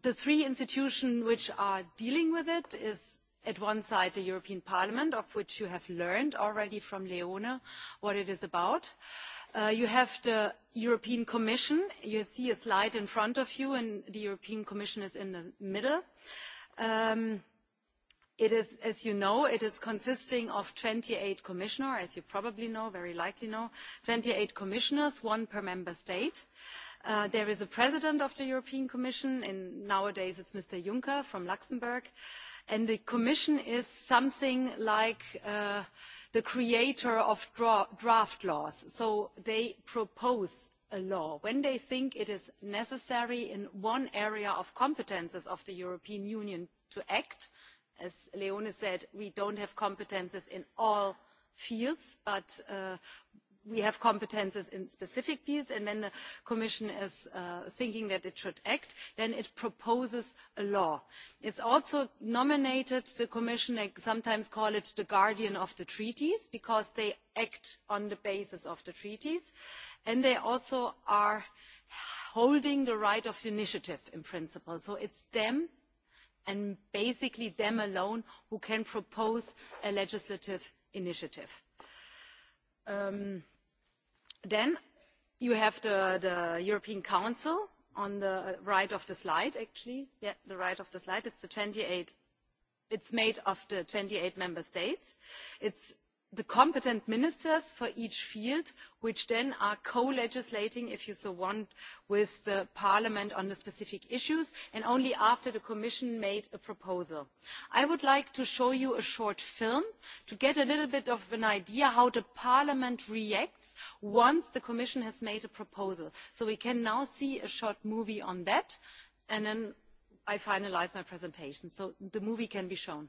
The three institutions which are dealing with it is, at one side, the European Parliament, of which you have learned already from Leone what it is about. You have the European Commission. You see a slide in front of you, and the European Commission is in the middle. It is, as you know, it is consisting of 28 commissioners, as you probably know, very likely know, 28 commissioners, one per member state. There is a president of the European Commission, and nowadays it's Mr. Juncker from Luxembourg. And the Commission is something like the creator of draft laws. So they propose a law when they think it is necessary in one area of competences of the European Union to act. As Leone said, we don't have competences in all fields, but we have competences in specific fields and when the commission is thinking that it should act then it proposes a law. it's also nominated the commission they sometimes call it the guardian of the treaties because they act on the basis of the treaties and they also are holding the right of initiative in principle so it's them and basically them alone who can propose a legislative initiative. Then you have the the European Council on the right of the slide, actually. Yeah, the right of the slide. It's the 28. It's made of the 28 member states. It's the competent ministers for each field, which then are co-legislating, if you so want, with the Parliament on the specific issues, and only after the Commission made a proposal. I would like to show you a short film to get a little bit of an idea how the Parliament reacts once the Commission has made a proposal. So we can now see a short movie on that, and then I finalize my presentation. So the movie can be shown.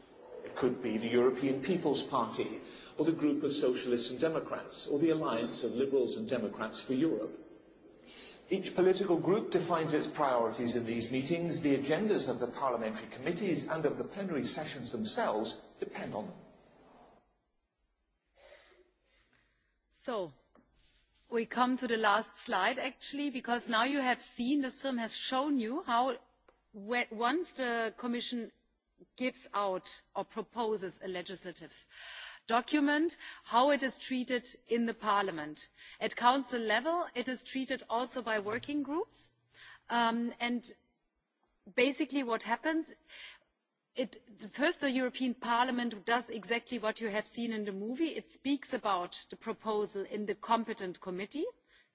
It could be the European People's Party, or the group of Socialists and Democrats, or the Alliance of Liberals and Democrats for Europe. Each political group defines its priorities in these meetings. The agendas of the parliamentary committees and of the plenary sessions themselves depend on them. So, we come to the last slide actually, because now you have seen, this film has shown you how once the Commission gives out or proposes a legislative document how it is treated in the parliament at council level it is treated also by working groups and basically what happens it first the european parliament does exactly what you have seen in the movie it speaks about the proposal in the competent committee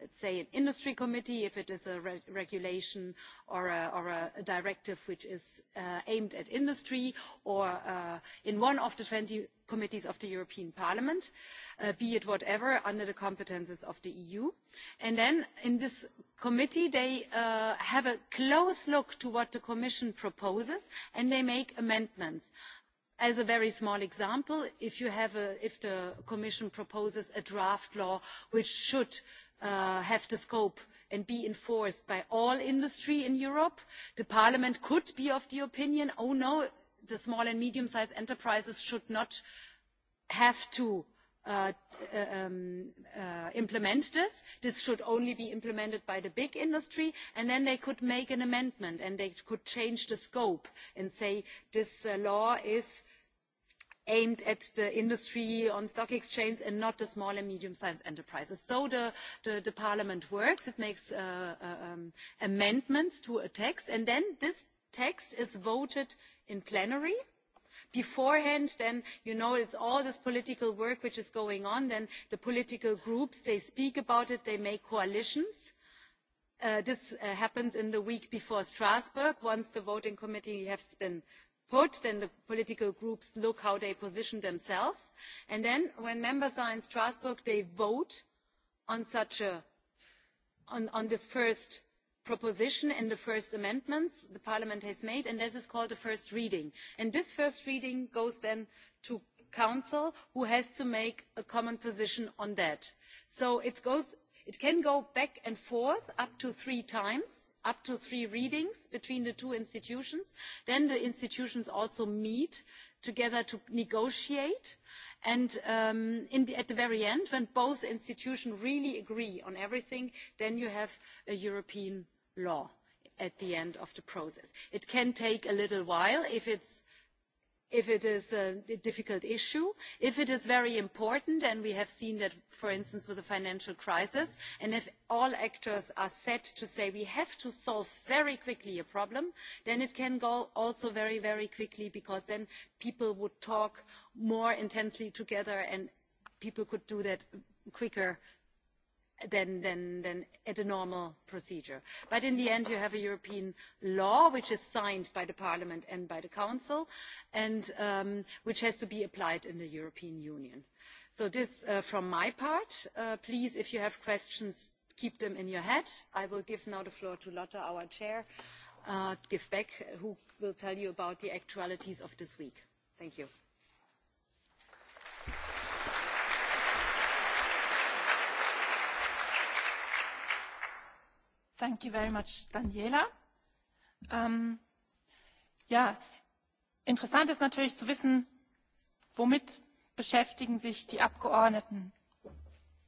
let's say, an industry committee, if it is a regulation or a directive which is aimed at industry, or in one of the 20 committees of the European Parliament, be it whatever, under the competences of the EU. And then in this committee, they have a close look to what the Commission proposes, and they make amendments. As a very small example, if the Commission proposes a draft law which should have the scope and be enforced by all industry in Europe. The Parliament could be of the opinion, oh no, the small and medium-sized enterprises should not have to implement this. This should only be implemented by the big industry, and then they could make an amendment and they could change the scope and say this law is aimed at the industry on stock exchange and not the small and medium-sized enterprises. So the Parliament works. It makes amendments to a text, and then this text is voted in plenary. Beforehand, then, you know, it's all this political work which is going on. Then the political groups, they speak about it, they make coalitions. This happens in the week before Strasbourg, once the voting committee has been put, then the political groups look how they position themselves. And then when members are in Strasbourg, they vote on such a, on this first proposition and the first amendments the Parliament has made, and this is called the first reading. And this first reading goes then to Council, who has to make a common position on that. So it goes, it can go back and forth up to three times up to three readings between the two institutions. Then the institutions also meet together to negotiate. And at the very end, when both institutions really agree on everything, then you have a European law at the end of the process. It can take a little while if it's if it is a difficult issue, if it is very important, and we have seen that, for instance, with the financial crisis, and if all actors are set to say we have to solve very quickly a problem, then it can go also very, very quickly because then people would talk more intensely together and people could do that quicker than than than at a normal procedure but in the end you have a european law which is signed by the parliament and by the council and which has to be applied in the european union so this from my part please if you have questions keep them in your head i will give now the floor to lotta our chair give back who will tell you about the actualities of this week thank you Thank you very much, Daniela. Ja, interessant ist natürlich zu wissen, womit beschäftigen sich die Abgeordneten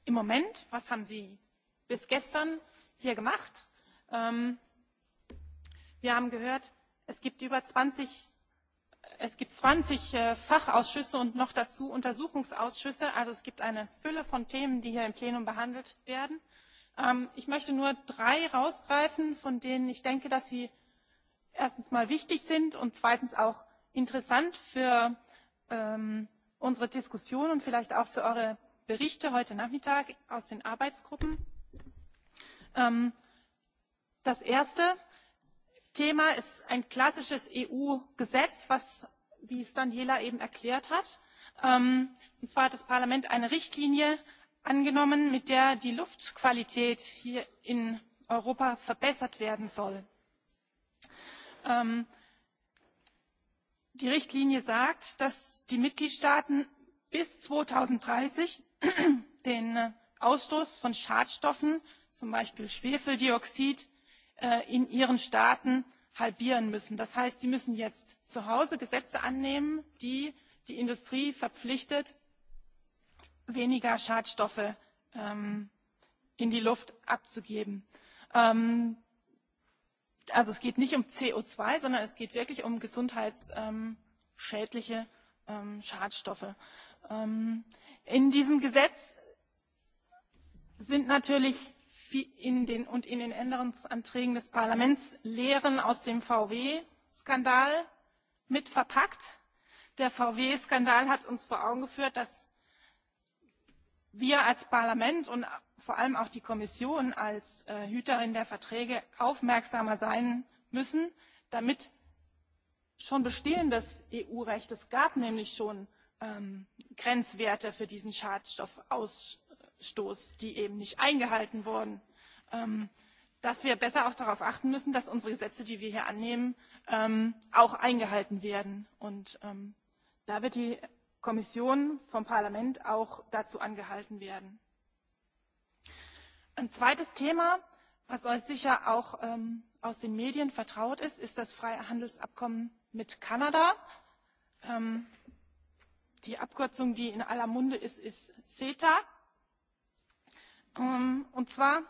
im Moment? Was haben sie bis gestern hier gemacht? Wir haben gehört, es gibt über 20 es gibt 20 Fachausschüsse und noch dazu Untersuchungsausschüsse. Also es gibt eine Fülle von Themen, die hier im Plenum behandelt werden. Ich möchte nur drei herausgreifen, von denen ich denke, dass sie erstens mal wichtig sind und zweitens auch interessant für unsere Diskussion und vielleicht auch für eure Berichte heute Nachmittag aus den Arbeitsgruppen. Das erste Thema ist ein klassisches EU-Gesetz, was, wie es Daniela eben erklärt hat. Und zwar hat das Parlament eine Richtlinie angenommen, mit der die Luftqualität hier in Europa verbessert werden soll. Die Richtlinie sagt, dass die Mitgliedstaaten bis 2030 den Ausstoß von Schadstoffen, zum Beispiel Schwefeldioxid, in ihren Staaten halbieren müssen. Das heißt, sie müssen jetzt zu Hause Gesetze annehmen, die die Industrie verpflichtet, weniger Schadstoffe in die Luft abzugeben. Also es geht nicht um CO2, sondern es geht wirklich um gesundheitsschädliche Schadstoffe. In diesem Gesetz sind natürlich in den, und in den Änderungsanträgen des Parlaments Lehren aus dem VW-Skandal mit verpackt. Der VW-Skandal hat uns vor Augen geführt, dass wir als Parlament und vor allem auch die Kommission als Hüterin der Verträge aufmerksamer sein müssen, damit schon bestehendes EU-Recht, es gab nämlich schon Grenzwerte für diesen Schadstoffausstoß, die eben nicht eingehalten wurden, dass wir besser auch darauf achten müssen, dass unsere Gesetze, die wir hier annehmen, auch eingehalten werden. Und da wird die Kommission, vom Parlament auch dazu angehalten werden. Ein zweites Thema, was euch sicher auch aus den Medien vertraut ist, ist das Freihandelsabkommen mit Kanada. Die Abkürzung, die in aller Munde ist, ist CETA. Und zwar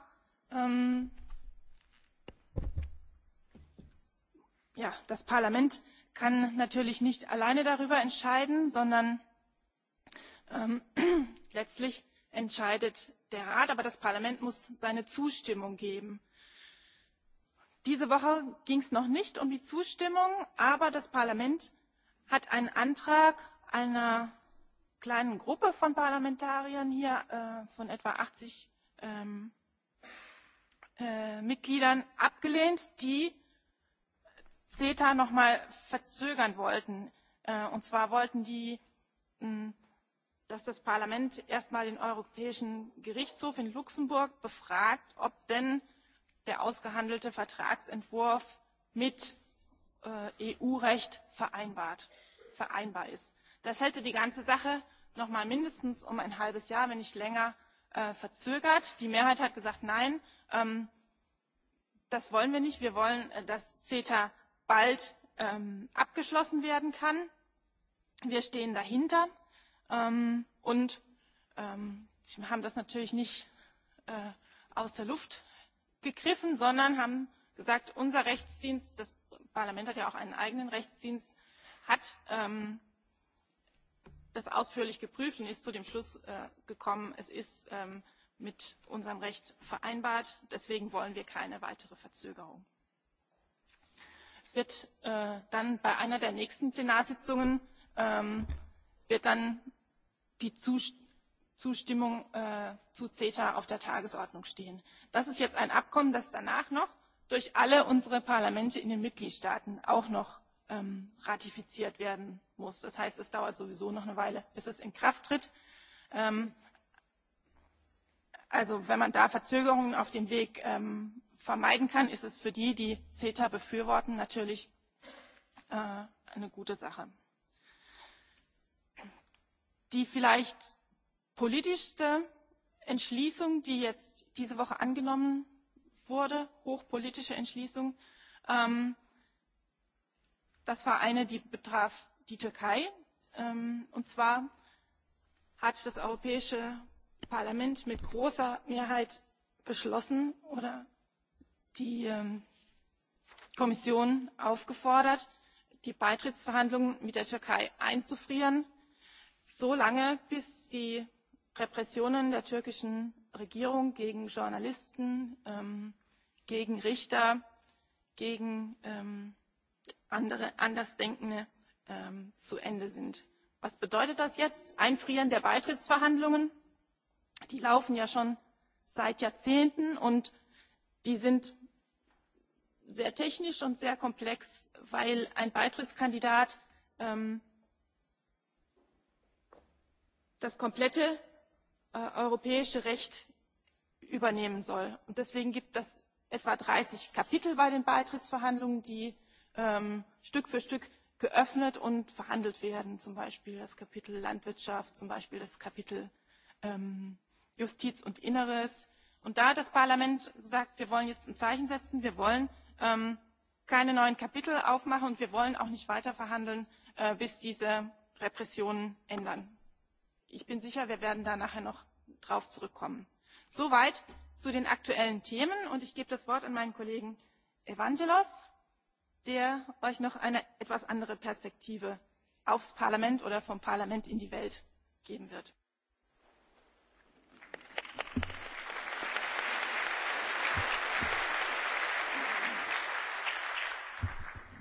das Parlament kann natürlich nicht alleine darüber entscheiden, sondern letztlich entscheidet der rat aber das parlament muss seine zustimmung geben. diese woche ging es noch nicht um die zustimmung aber das parlament hat einen antrag einer kleinen gruppe von parlamentariern hier von etwa 80 mitgliedern abgelehnt die ceta noch mal verzögern wollten. und zwar wollten die dass das Parlament erstmal den Europäischen Gerichtshof in Luxemburg befragt, ob denn der ausgehandelte Vertragsentwurf mit EU-Recht vereinbar ist. Das hätte die ganze Sache noch mal mindestens um ein halbes Jahr, wenn nicht länger, verzögert. Die Mehrheit hat gesagt, nein, das wollen wir nicht. Wir wollen, dass CETA bald abgeschlossen werden kann. Wir stehen dahinter. Und wir haben das natürlich nicht aus der Luft gegriffen, sondern haben gesagt, unser Rechtsdienst, das Parlament hat ja auch einen eigenen Rechtsdienst, hat das ausführlich geprüft und ist zu dem Schluss gekommen, es ist mit unserem Recht vereinbart. Deswegen wollen wir keine weitere Verzögerung. Es wird dann bei einer der nächsten Plenarsitzungen wird dann die Zustimmung zu CETA auf der Tagesordnung stehen. Das ist jetzt ein Abkommen, das danach noch durch alle unsere Parlamente in den Mitgliedstaaten auch noch ratifiziert werden muss. Das heißt, es dauert sowieso noch eine Weile, bis es in Kraft tritt. Also wenn man da Verzögerungen auf dem Weg vermeiden kann, ist es für die, die CETA befürworten, natürlich eine gute Sache die vielleicht politischste Entschließung, die jetzt diese Woche angenommen wurde, hochpolitische Entschließung, das war eine, die betraf die Türkei. Und zwar hat das Europäische Parlament mit großer Mehrheit beschlossen oder die Kommission aufgefordert, die Beitrittsverhandlungen mit der Türkei einzufrieren so lange bis die repressionen der türkischen regierung gegen journalisten gegen richter gegen andere andersdenkende zu ende sind. was bedeutet das jetzt? einfrieren der beitrittsverhandlungen die laufen ja schon seit jahrzehnten und die sind sehr technisch und sehr komplex weil ein beitrittskandidat das komplette europäische Recht übernehmen soll. deswegen gibt es etwa 30 Kapitel bei den Beitrittsverhandlungen, die Stück für Stück geöffnet und verhandelt werden. Zum Beispiel das Kapitel Landwirtschaft, zum Beispiel das Kapitel Justiz und Inneres. Und da hat das Parlament gesagt, wir wollen jetzt ein Zeichen setzen, wir wollen keine neuen Kapitel aufmachen und wir wollen auch nicht weiter verhandeln, bis diese Repressionen ändern ich bin sicher wir werden da nachher noch drauf zurückkommen. soweit zu den aktuellen themen und ich gebe das wort an meinen kollegen evangelos der euch noch eine etwas andere perspektive aufs parlament oder vom parlament in die welt geben wird.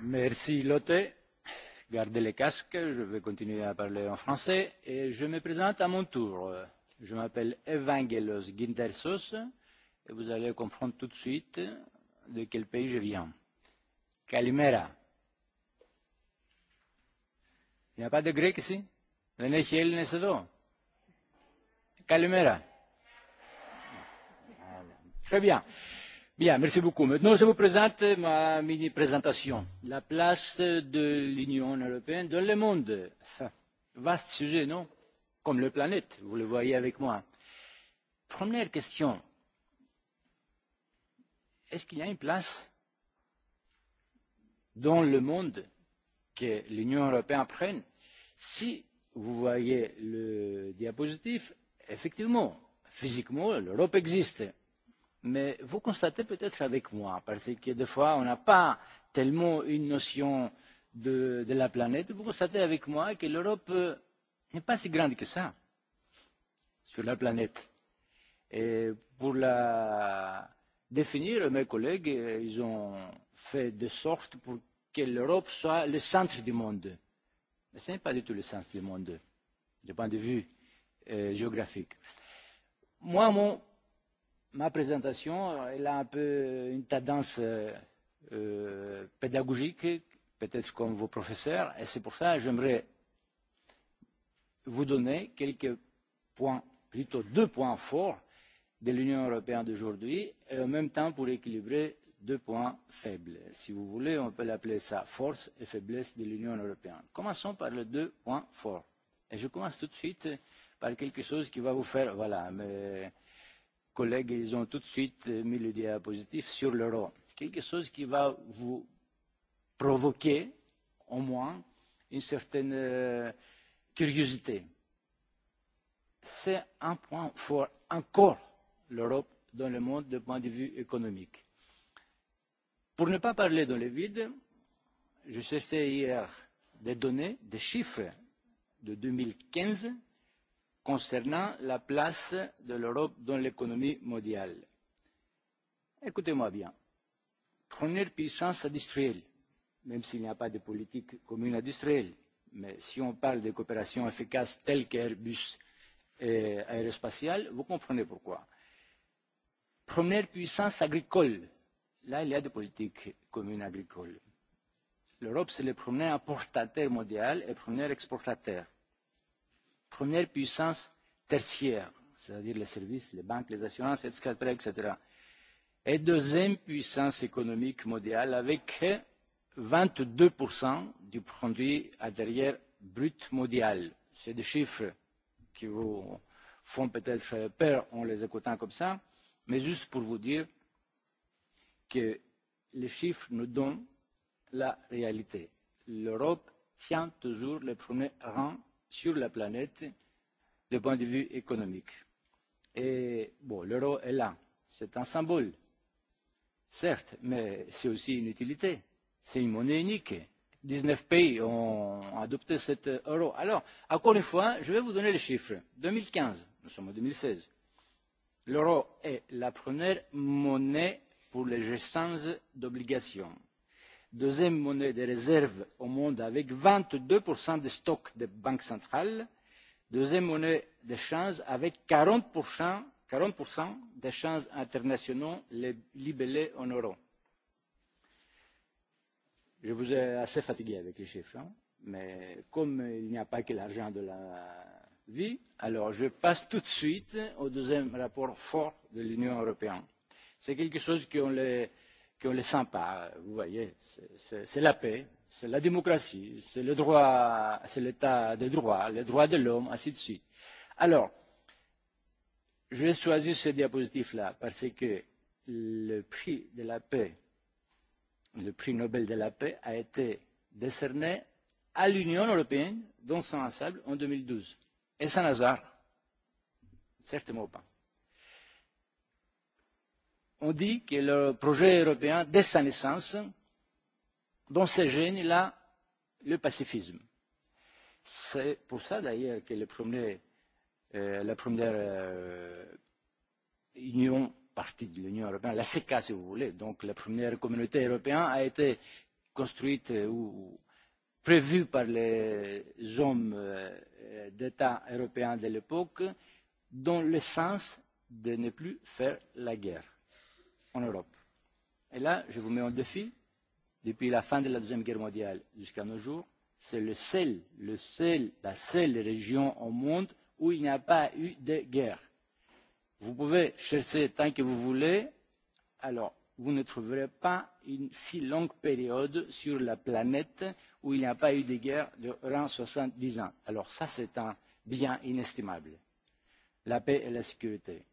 Merci Lotte. Gardez les casques, je vais continuer à parler en français et je me présente à mon tour. Je m'appelle Evangelos Gintersos et vous allez comprendre tout de suite de quel pays je viens. Kalimera. Il n'y a pas de grec ici Δεν έχει Έλληνες εδώ. Très bien. Bien, merci beaucoup. Maintenant, je vous présente ma mini-présentation. La place de l'Union européenne dans le monde. Vaste sujet, non Comme la planète, vous le voyez avec moi. Première question. Est-ce qu'il y a une place dans le monde que l'Union européenne prenne Si vous voyez le diapositif? effectivement, physiquement, l'Europe existe mais vous constatez peut-être avec moi, parce que des fois on n'a pas tellement une notion de, de la planète, vous constatez avec moi que l'Europe n'est pas si grande que ça sur la planète. Et pour la définir, mes collègues, ils ont fait de sorte pour que l'Europe soit le centre du monde. Mais ce n'est pas du tout le centre du monde, du point de vue géographique. Moi, mon ma présentation elle a un peu une tendance pédagogique, peut-être comme vos professeurs, et c'est pour ça que j'aimerais vous donner quelques points, plutôt deux points forts de l'Union européenne d'aujourd'hui, et en même temps pour équilibrer deux points faibles. Si vous voulez, on peut l'appeler ça force et faiblesse de l'Union européenne. Commençons par les deux points forts. Et je commence tout de suite par quelque chose qui va vous faire, voilà, mais collègues, ils ont tout de suite mis le diapositif sur l'euro. Quelque chose qui va vous provoquer, au moins, une certaine curiosité. C'est un point fort encore l'Europe dans le monde du point de vue économique. Pour ne pas parler dans le vide, je cherchais hier des données, des chiffres de 2015 concernant la place de l'Europe dans l'économie mondiale. Écoutez-moi bien. Première puissance industrielle, même s'il n'y a pas de politique commune industrielle, mais si on parle de coopération efficace telle qu'Airbus et aérospatiale, vous comprenez pourquoi. Première puissance agricole. Là, il y a des politiques communes agricoles. L'Europe, c'est le premier importateur mondial et premier exportateur première puissance tertiaire, c'est-à-dire les services, les banques, les assurances, etc., etc. Et deuxième puissance économique mondiale avec 22% du produit intérieur brut mondial. sont des chiffres qui vous font peut-être peur en les écoutant comme ça, mais juste pour vous dire que les chiffres nous donnent la réalité. L'Europe tient toujours le premier rang sur la planète du point de vue économique. Et bon, l'euro est là, c'est un symbole, certes, mais c'est aussi une utilité, c'est une monnaie unique. 19 pays ont adopté cet euro. Alors, encore une fois, je vais vous donner les chiffres. 2015, nous sommes en 2016, l'euro est la première monnaie pour les gestions d'obligations deuxième monnaie de réserve au monde avec vingt deux des stocks des banques centrales deuxième monnaie d'échange avec quarante changes internationaux libellés en euros. je vous ai assez fatigué avec les chiffres mais comme il n'y a pas que l'argent de la vie alors je passe tout de suite au deuxième rapport fort de l'union européenne. c'est quelque chose qu'on que les pas, Vous voyez, c'est la paix, c'est la démocratie, c'est le droit, c'est l'état des droit, les droits de l'homme, ainsi de suite. Alors, j'ai choisi ce diapositif la parce que le prix de la paix, le prix Nobel de la paix, a été décerné à l'Union européenne dans son ensemble en 2012. Et un hasard Certainement pas on dit que le projet européen, dès sa naissance, dans ses gènes, là le pacifisme. C'est pour ça d'ailleurs que la première union, partie de l'Union européenne, la CECA si vous voulez, donc la première communauté européenne a été construite ou prévue par les hommes d'État européens de l'époque dans le sens de ne plus faire la guerre en Europe. Et là, je vous mets en défi, depuis la fin de la Deuxième Guerre mondiale jusqu'à nos jours, c'est le seul, le seul, la seule région au monde où il n'y a pas eu de guerre. Vous pouvez chercher tant que vous voulez, alors vous ne trouverez pas une si longue période sur la planète où il n'y a pas eu de guerre durant 70 ans. Alors ça, c'est un bien inestimable, la paix et la sécurité.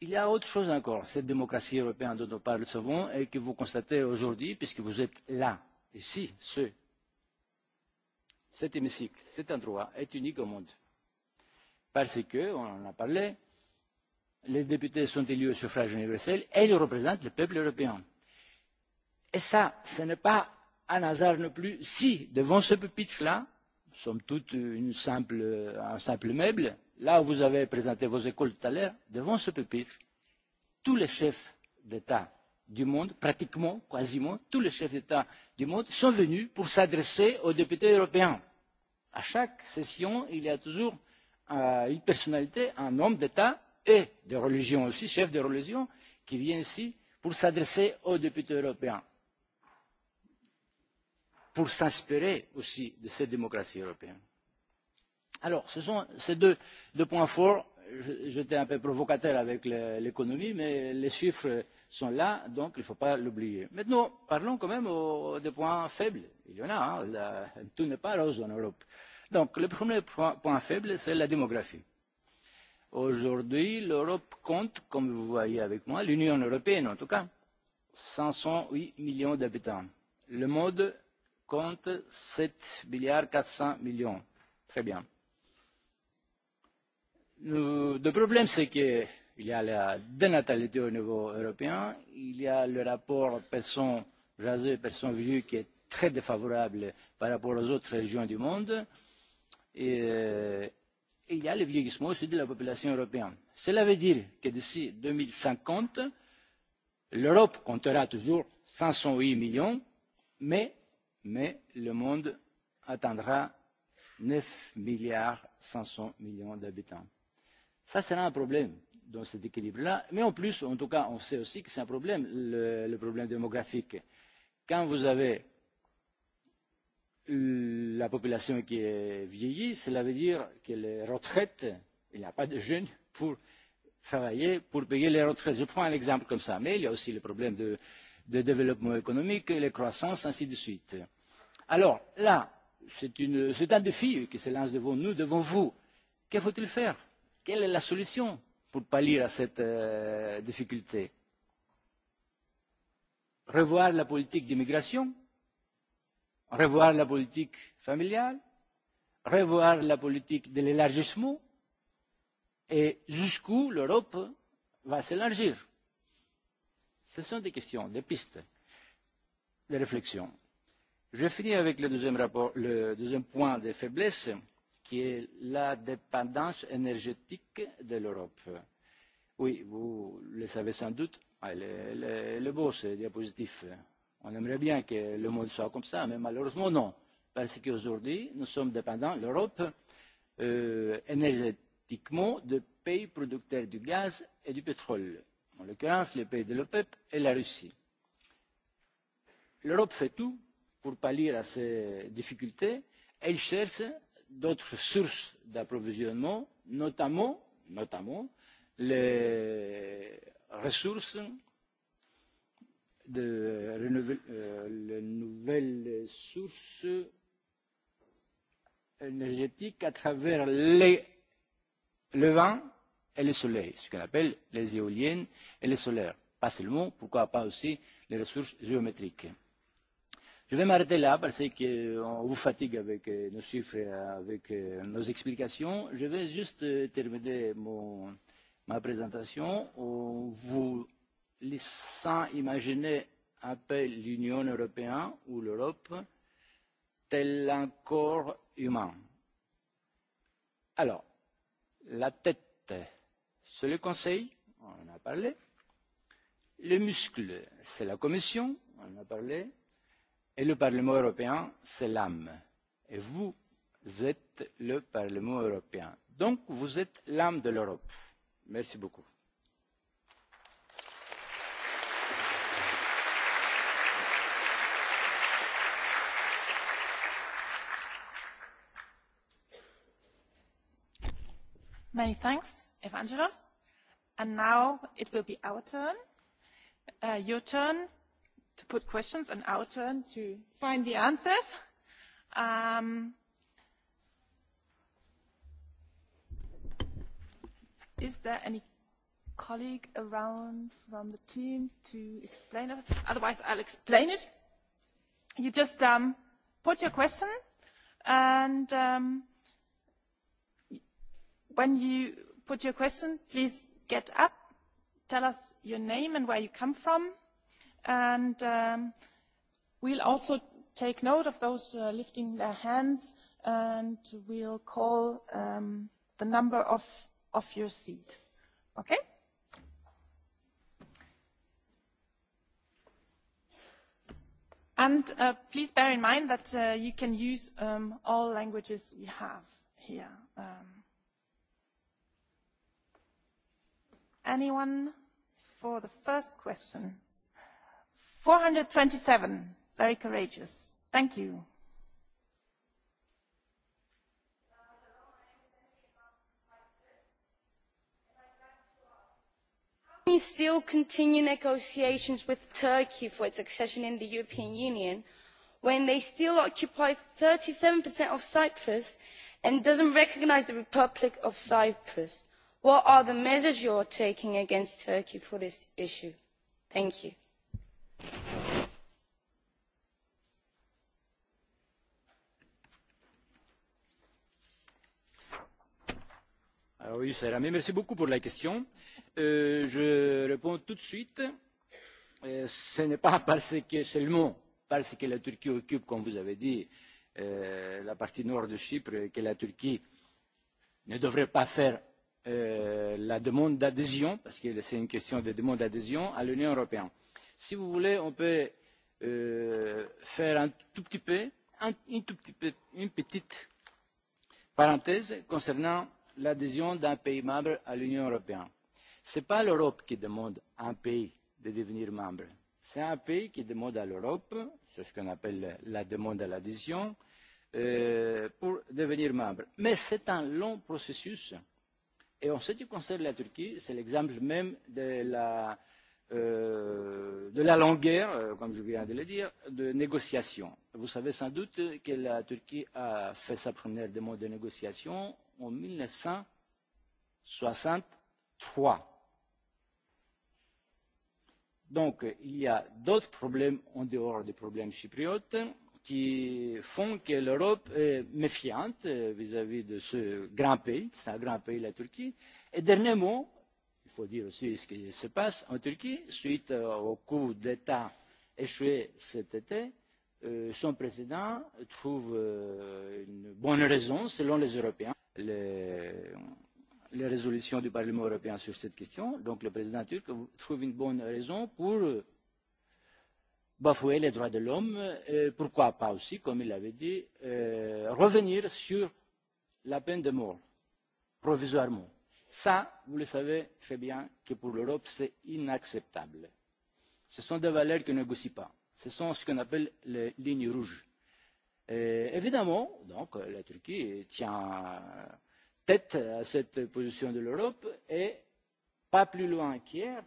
Il y a autre chose encore. Cette démocratie européenne dont on parle souvent et que vous constatez aujourd'hui, puisque vous êtes là, ici, ce, cet hémicycle, cet endroit est unique au monde. Parce que, on en a parlé, les députés sont élus au suffrage universel et ils représentent le peuple européen. Et ça, ce n'est pas un hasard non plus si, devant ce pupitre-là, sommes toute une simple, un simple meuble, là où vous avez présenté vos écoles tout à l'heure, devant ce pupitre, tous les chefs d'État du monde, pratiquement, quasiment, tous les chefs d'État du monde sont venus pour s'adresser aux députés européens. À chaque session, il y a toujours une personnalité, un homme d'État et de religion aussi, chef de religion, qui vient ici pour s'adresser aux députés européens, pour s'inspirer aussi de cette démocratie européenne. Alors, ce sont ces deux points forts. J'étais un peu provocateur avec l'économie, mais les chiffres sont là, donc il ne faut pas l'oublier. Maintenant, parlons quand même des points faibles. Il y en a, tout n'est pas rose en Europe. Donc, le premier point faible, c'est la démographie. Aujourd'hui, l'Europe compte, comme vous voyez avec moi, l'Union européenne en tout cas, 508 millions d'habitants. Le monde compte 7 milliards 400 millions. Très bien Le problème, c'est qu'il y a la dénatalité au niveau européen, il y a le rapport personne et personnes vieux qui est très défavorable par rapport aux autres régions du monde, et il y a le vieillissement aussi de la population européenne. Cela veut dire que d'ici 2050, l'Europe comptera toujours 508 millions, mais le monde atteindra 9 milliards 500 millions d'habitants. Ça, c'est un problème dans cet équilibre-là. Mais en plus, en tout cas, on sait aussi que c'est un problème, le problème démographique. Quand vous avez la population qui est vieillie, cela veut dire que les retraites, il n'y a pas de jeunes pour travailler, pour payer les retraites. Je prends un exemple comme ça. Mais il y a aussi le problème de, de développement économique, les croissances, ainsi de suite. Alors, là, c'est un défi qui se lance devant nous, devant vous. Que faut-il faire Quelle est la solution pour pallier à cette difficulté Revoir la politique d'immigration Revoir la politique familiale Revoir la politique de l'élargissement Et jusqu'où l'Europe va s'élargir Ce sont des questions, des pistes, des réflexions. Je finis avec le deuxième, rapport, le deuxième point de faiblesse qui est la dépendance énergétique de l'Europe. Oui, vous le savez sans doute, elle est beau ce diapositif. On aimerait bien que le monde soit comme ça, mais malheureusement non, parce qu'aujourd'hui, nous sommes dépendants, l'Europe, énergétiquement de pays producteurs du gaz et du pétrole, en l'occurrence les pays de l'OPEP et la Russie. L'Europe fait tout pour pallier à ces difficultés. Elle cherche d'autres sources d'approvisionnement, notamment notamment les ressources de les nouvelles sources énergétiques à travers les, le vent et le soleil, ce qu'on appelle les éoliennes et les solaires. Pas seulement, pourquoi pas aussi les ressources géométriques. Je vais m'arrêter là parce qu'on vous fatigue avec nos chiffres et avec nos explications. Je vais juste terminer mon, ma présentation en vous laissant imaginer un peu l'Union européenne ou l'Europe tel un corps humain. Alors, la tête, c'est le Conseil, on en a parlé. le muscle, c'est la Commission, on en a parlé Et le Parlement européen, c'est l'âme. Et vous êtes le Parlement européen. Donc, vous êtes l'âme de l'Europe. Merci beaucoup. Many thanks, Evangelos. And now it will be our turn, your turn to put questions and our turn to find the answers. Um, is there any colleague around from the team to explain it? Otherwise, I'll explain it. You just um, put your question and when you put your question, please get up, tell us your name and where you come from and we'll also take note of those lifting their hands and we'll call the number of your seat okay and please bear in mind that you can use all languages we have here anyone for the first question 427. Very courageous. Thank you. Can you still continue negotiations with Turkey for its accession in the European Union when they still occupy 37% of Cyprus and doesn't recognise the Republic of Cyprus? What are the measures you are taking against Turkey for this issue? Thank you. Oui, merci beaucoup pour la question. Je réponds tout de suite. Ce n'est pas parce que seulement parce que la Turquie occupe, comme vous avez dit, la partie nord de Chypre, que la Turquie ne devrait pas faire la demande d'adhésion, parce que c'est une question de demande d'adhésion, à l'Union européenne. Si vous voulez, on peut faire un tout petit peu, une petite parenthèse concernant l'adhésion d'un pays membre à l'Union européenne. Ce n'est pas l'Europe qui demande à un pays de devenir membre. C'est un pays qui demande à l'Europe, c'est ce qu'on appelle la demande à l'adhésion, pour devenir membre. Mais c'est un long processus. Et en ce qui concerne la Turquie, c'est l'exemple même de la, de la longueur, comme je viens de le dire, de négociation. Vous savez sans doute que la Turquie a fait sa première demande de négociation en 1963. Donc, il y a d'autres problèmes en dehors des problèmes chypriotes qui font que l'Europe est méfiante vis-à-vis de ce grand pays, c'est un grand pays, la Turquie. Et dernièrement, il faut dire aussi ce qui se passe en Turquie, suite au coup d'État échoué cet été, son président trouve une bonne raison, selon les Européens, les résolutions du Parlement européen sur cette question. Donc le président turc trouve une bonne raison pour bafouer les droits de l'homme et pourquoi pas aussi, comme il l'avait dit, revenir sur la peine de mort, provisoirement. Ça, vous le savez très bien que pour l'Europe, c'est inacceptable. Ce sont des valeurs qui ne négocient pas Ce sont ce qu'on appelle les lignes rouges. Évidemment, donc, la Turquie tient tête à cette position de l'Europe et pas plus loin qu'hier,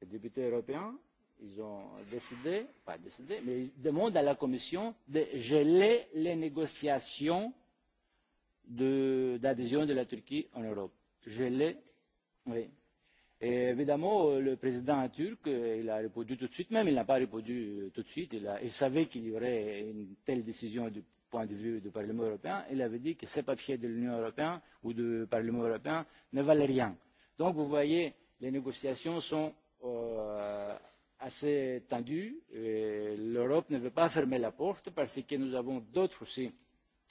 les députés européens, ils ont décidé, pas décidé, mais ils demandent à la Commission de geler les négociations d'adhésion de la Turquie en Europe. Geler, Évidemment, le président turc, il a répondu tout de suite, même il n'a pas répondu tout de suite, il savait qu'il y aurait une telle décision du point de vue du Parlement européen, il avait dit que ces papiers de l'Union européenne ou du Parlement européen ne valaient rien. Donc vous voyez, les négociations sont assez tendues, l'Europe ne veut pas fermer la porte parce que nous avons d'autres aussi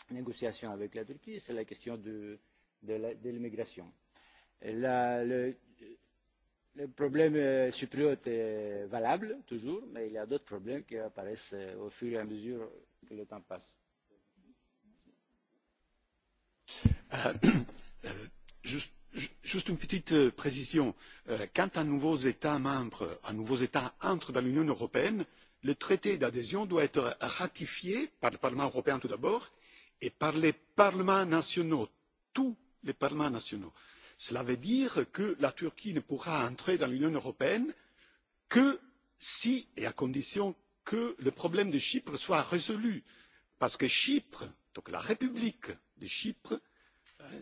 négociations avec la Turquie, c'est la question de l'immigration. Le le problème chypriote est valable toujours, mais il y a d'autres problèmes qui apparaissent au fur et à mesure que le temps passe. Juste une petite précision. Quand un nouveau État membre, un nouveau État entre dans l'Union européenne, le traité d'adhésion doit être ratifié par le Parlement européen tout d'abord et par les parlements nationaux, tous les parlements nationaux. Cela veut dire que la Turquie ne pourra entrer dans l'Union européenne que si et à condition que le problème de Chypre soit résolu, parce que Chypre, donc la République de Chypre,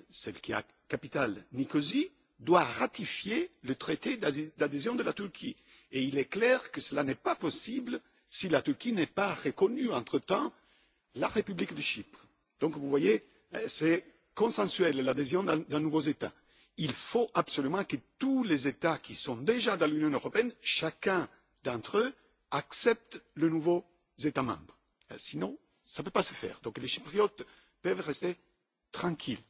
celle qui a capitale Nicosie, doit ratifier le traité d'adhésion de la Turquie. Et il est clair que cela n'est pas possible si la Turquie n'est pas reconnue entre-temps la République de Chypre. Donc vous voyez, c'est consensuel l'adhésion d'un nouveau État il faut absolument que tous les États qui sont déjà dans l'Union européenne, chacun d'entre eux, accepte le nouveau État membre. Sinon, ça ne peut pas se faire. Donc les Chypriotes peuvent rester tranquilles.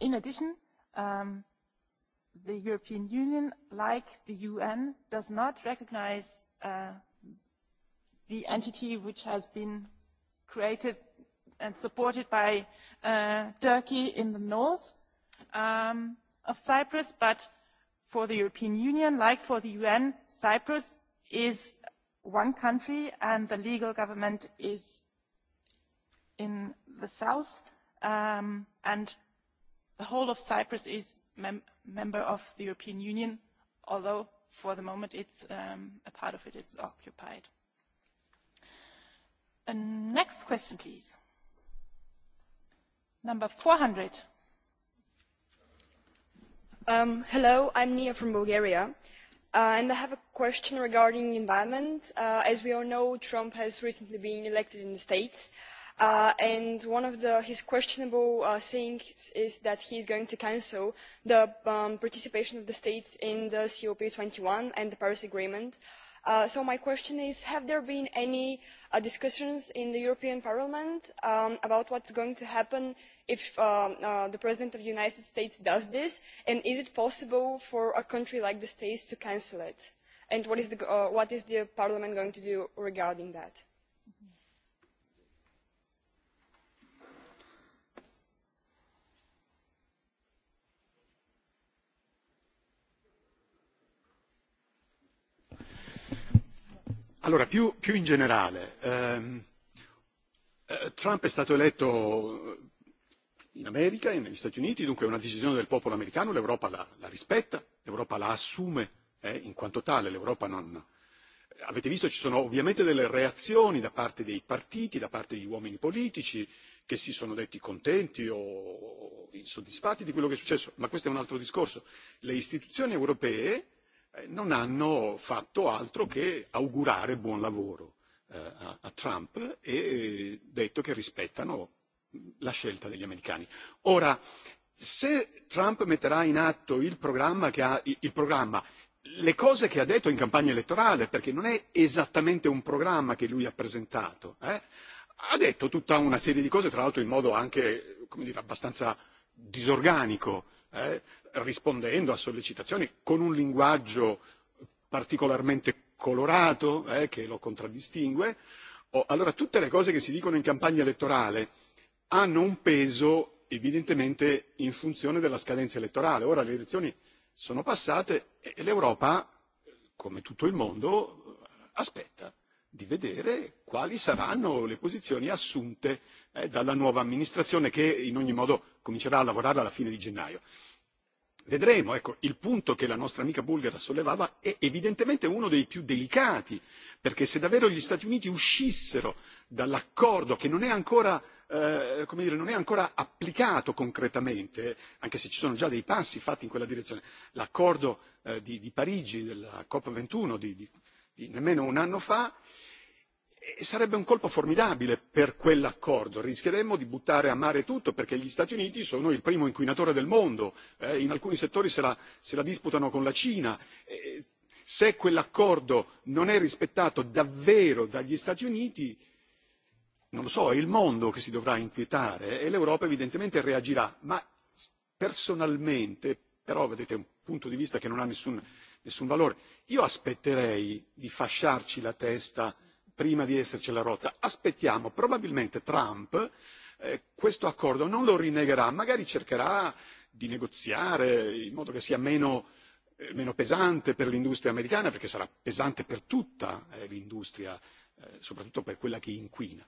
In addition, the European Union, like the UN, does not recognize the entity which has created and supported by Turkey in the north of Cyprus, but for the European Union, like for the UN, Cyprus is one country and the legal government is in the south and the whole of Cyprus is member of the European Union, although for the moment it's a part of it is occupied. Next question, please. Number 400. Hello, I'm Nia from Bulgaria, and I have a question regarding environment. As we all know, Trump has recently been elected in the States, and one of his questionable things is that he is going to cancel the participation of the States in the COP21 and the Paris Agreement. So my question is, have there been any discussions in the European Parliament about what is going to happen if the President of the United States does this, and is it possible for a country like the States to cancel it? And what is the Parliament going to do regarding that? Allora, più in generale, Trump è stato eletto in America e negli Stati Uniti, dunque è una decisione del popolo americano, l'Europa la rispetta, l'Europa la assume in quanto tale, l'Europa non. Avete visto ci sono ovviamente delle reazioni da parte dei partiti, da parte degli uomini politici che si sono detti contenti o insoddisfatti di quello che è successo, ma questo è un altro discorso. Le istituzioni europee non hanno fatto altro che augurare buon lavoro a Trump e detto che rispettano la scelta degli americani. Ora, se Trump metterà in atto il programma che ha il programma le cose che ha detto in campagna elettorale perché non è esattamente un programma che lui ha presentato ha detto tutta una serie di cose tra l'altro in modo anche come dire abbastanza disorganico rispondendo a sollecitazioni con un linguaggio particolarmente colorato che lo contraddistingue allora tutte le cose che si dicono in campagna elettorale hanno un peso evidentemente in funzione della scadenza elettorale ora le elezioni sono passate e l'Europa come tutto il mondo aspetta di vedere quali saranno le posizioni assunte dalla nuova amministrazione che in ogni modo comincerà a lavorare alla fine di gennaio Vedremo, ecco, il punto che la nostra amica bulgara sollevava è evidentemente uno dei più delicati, perché se davvero gli Stati Uniti uscissero dall'accordo che non è ancora come dire non è ancora applicato concretamente anche se ci sono già dei passi fatti in quella direzione l'accordo di parigi della cop 21 di nemmeno un anno fa sarebbe un colpo formidabile per quell'accordo rischieremmo di buttare a mare tutto perché gli stati uniti sono il primo inquinatore del mondo in alcuni settori se la disputano con la cina se quell'accordo non è rispettato davvero dagli stati uniti non lo so è il mondo che si dovrà inquietare e l'europa evidentemente reagirà ma personalmente però vedete è un punto di vista che non ha nessun valore io aspetterei di fasciarci la testa prima di esserci la rotta. Aspettiamo, probabilmente Trump questo accordo non lo rinnegherà, magari cercherà di negoziare in modo che sia meno meno pesante per l'industria americana perché sarà pesante per tutta l'industria soprattutto per quella che inquina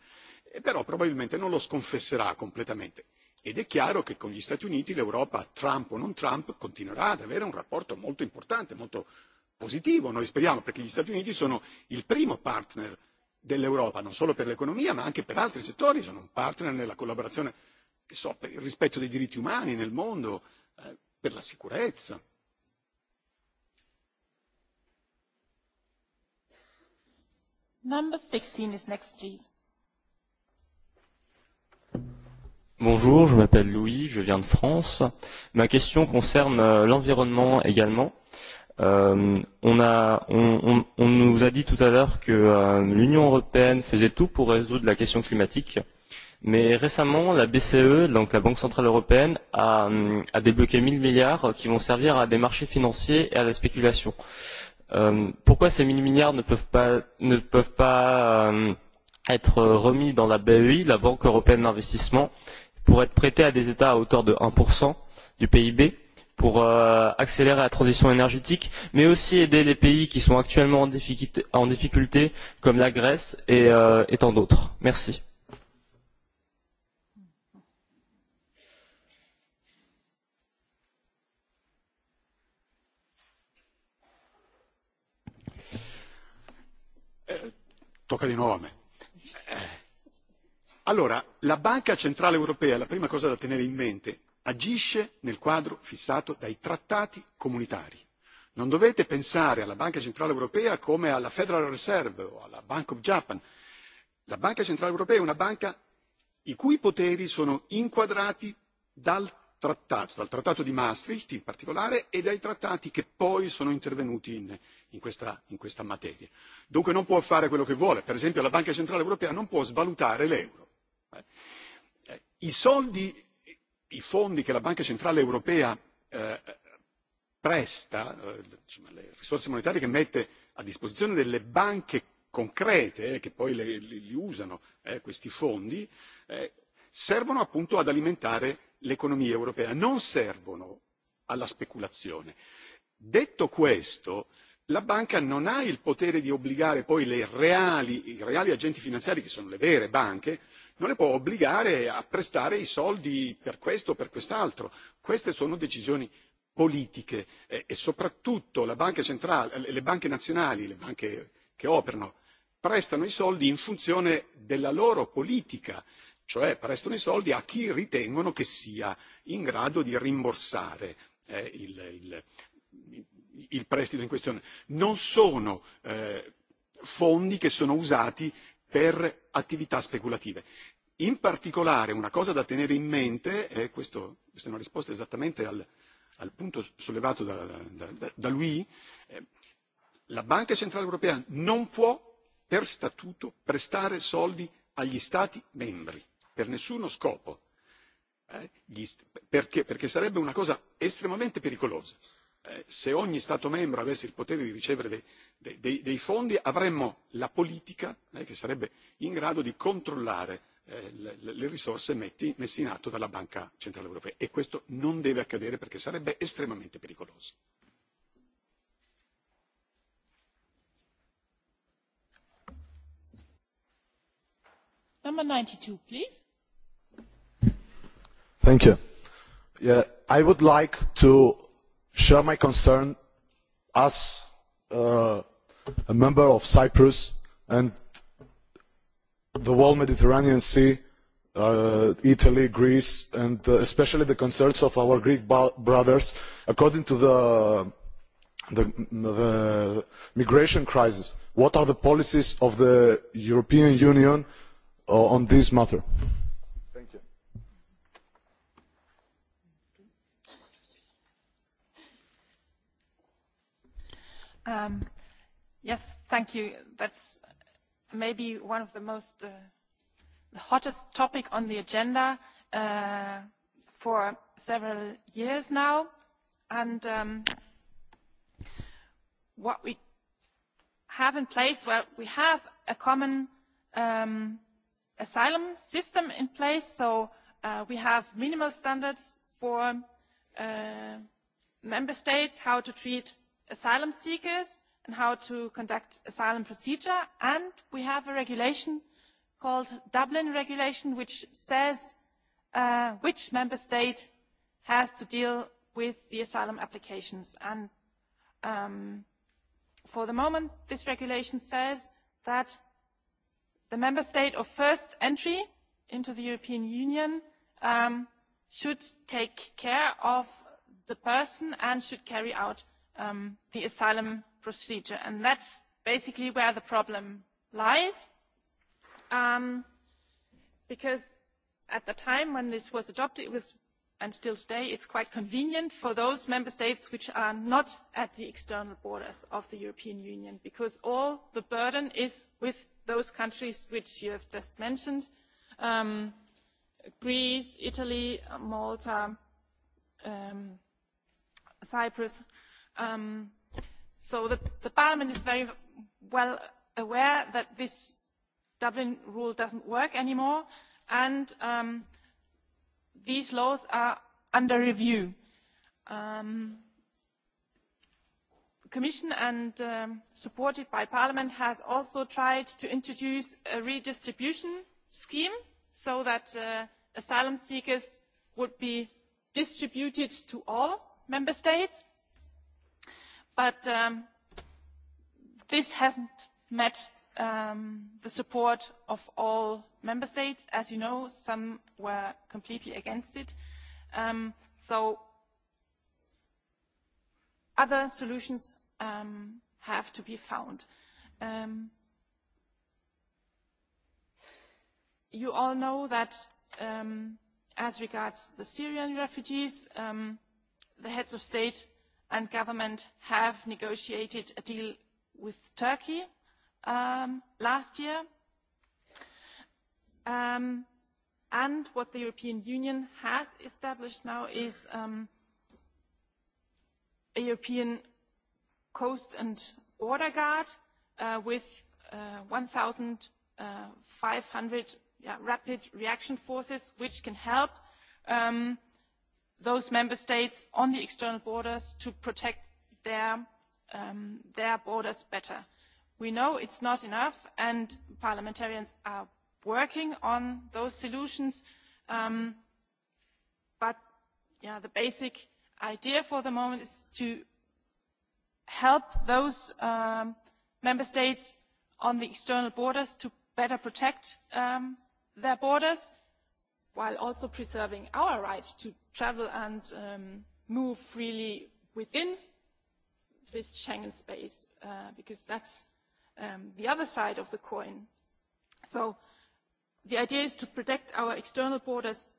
però probabilmente non lo sconfesserà completamente ed è chiaro che con gli Stati Uniti l'Europa Trump o non Trump continuerà ad avere un rapporto molto importante molto positivo noi speriamo perché gli Stati Uniti sono il primo partner dell'Europa, non solo per l'economia ma anche per altri settori, sono un partner nella collaborazione per il rispetto dei diritti umani nel mondo, per la sicurezza. Number 16 is next, please. Bonjour, je m'appelle Louis, je viens de France. Ma question concerne l'environnement également. On nous a dit tout à l'heure que l'Union européenne faisait tout pour résoudre la question climatique, mais récemment, la BCE, donc la Banque centrale européenne, a débloqué 1 milliards qui vont servir à des marchés financiers et à la spéculation. Pourquoi ces 1 milliards ne peuvent pas être remis dans la BEI, la Banque européenne d'investissement, pour être prêtés à des États à hauteur de 1% du PIB pour accélérer la transition énergétique, mais aussi aider les pays qui sont actuellement en difficulté, comme la Grèce et tant d'autres. Merci. Tocca di nuovo a me. Allora, la Banca Centrale Europea, la prima cosa da tenere in mente agisce nel quadro fissato dai trattati comunitari. Non dovete pensare alla Banca Centrale Europea come alla Federal Reserve o alla Bank of Japan. La Banca Centrale Europea è una banca i cui poteri sono inquadrati dal trattato, dal trattato di Maastricht in particolare e dai trattati che poi sono intervenuti in questa materia. Dunque non può fare quello che vuole. Per esempio la Banca Centrale Europea non può svalutare l'euro. I soldi i fondi che la Banca Centrale Europea presta, le risorse monetarie che mette a disposizione delle banche concrete che poi li usano questi fondi, servono appunto ad alimentare l'economia europea, non servono alla speculazione. Detto questo, la banca non ha il potere di obbligare poi i reali agenti finanziari, che sono le vere banche, non le può obbligare a prestare i soldi per questo o per quest'altro. Queste sono decisioni politiche e soprattutto la banca centrale, le banche nazionali, le banche che operano, prestano i soldi in funzione della loro politica, cioè prestano i soldi a chi ritengono che sia in grado di rimborsare il prestito in questione. Non sono fondi che sono usati per attività speculative. In particolare una cosa da tenere in mente, e questa è una risposta esattamente al punto sollevato da lui, la Banca Centrale Europea non può per statuto prestare soldi agli Stati membri, per nessuno scopo, perché sarebbe una cosa estremamente pericolosa se ogni Stato membro avesse il potere di ricevere dei fondi avremmo la politica che sarebbe in grado di controllare le risorse messe in atto dalla Banca Centrale Europea e questo non deve accadere perché sarebbe estremamente pericoloso. I share my concern as a member of Cyprus and the whole Mediterranean Sea, Italy, Greece, and especially the concerns of our Greek brothers, according to the migration crisis. What are the policies of the European Union on this matter? Yes, thank you. That's maybe one of the most the hottest topic on the agenda for several years now. And what we have in place, well, we have a common asylum system in place, so we have minimal standards for member states, how to treat asylum seekers and how to conduct asylum procedure and we have a regulation called Dublin regulation which says which member state has to deal with the asylum applications and for the moment this regulation says that the member state of first entry into the European Union should take care of the person and should carry out the asylum procedure. And that's basically where the problem lies. Because at the time when this was adopted, it was, and still today, it's quite convenient for those member states which are not at the external borders of the European Union, because all the burden is with those countries which you have just mentioned, Greece, Italy, Malta, Cyprus So the Parliament is very well aware that this Dublin rule doesn't work anymore and these laws are under review. The Commission and supported by Parliament has also tried to introduce a redistribution scheme so that asylum seekers would be distributed to all Member States but this hasn't met the support of all member states. As you know, some were completely against it. So other solutions have to be found. You all know that as regards the Syrian refugees, the heads of state and government have negotiated a deal with Turkey last year. And what the European Union has established now is a European Coast and Border Guard with 1,500 rapid reaction forces, which can help those member states on the external borders to protect their borders better. We know it's not enough, and parliamentarians are working on those solutions. But the basic idea for the moment is to help those member states on the external borders to better protect their borders while also preserving our right to travel and move freely within this Schengen space, because that's the other side of the coin. So the idea is to protect our external borders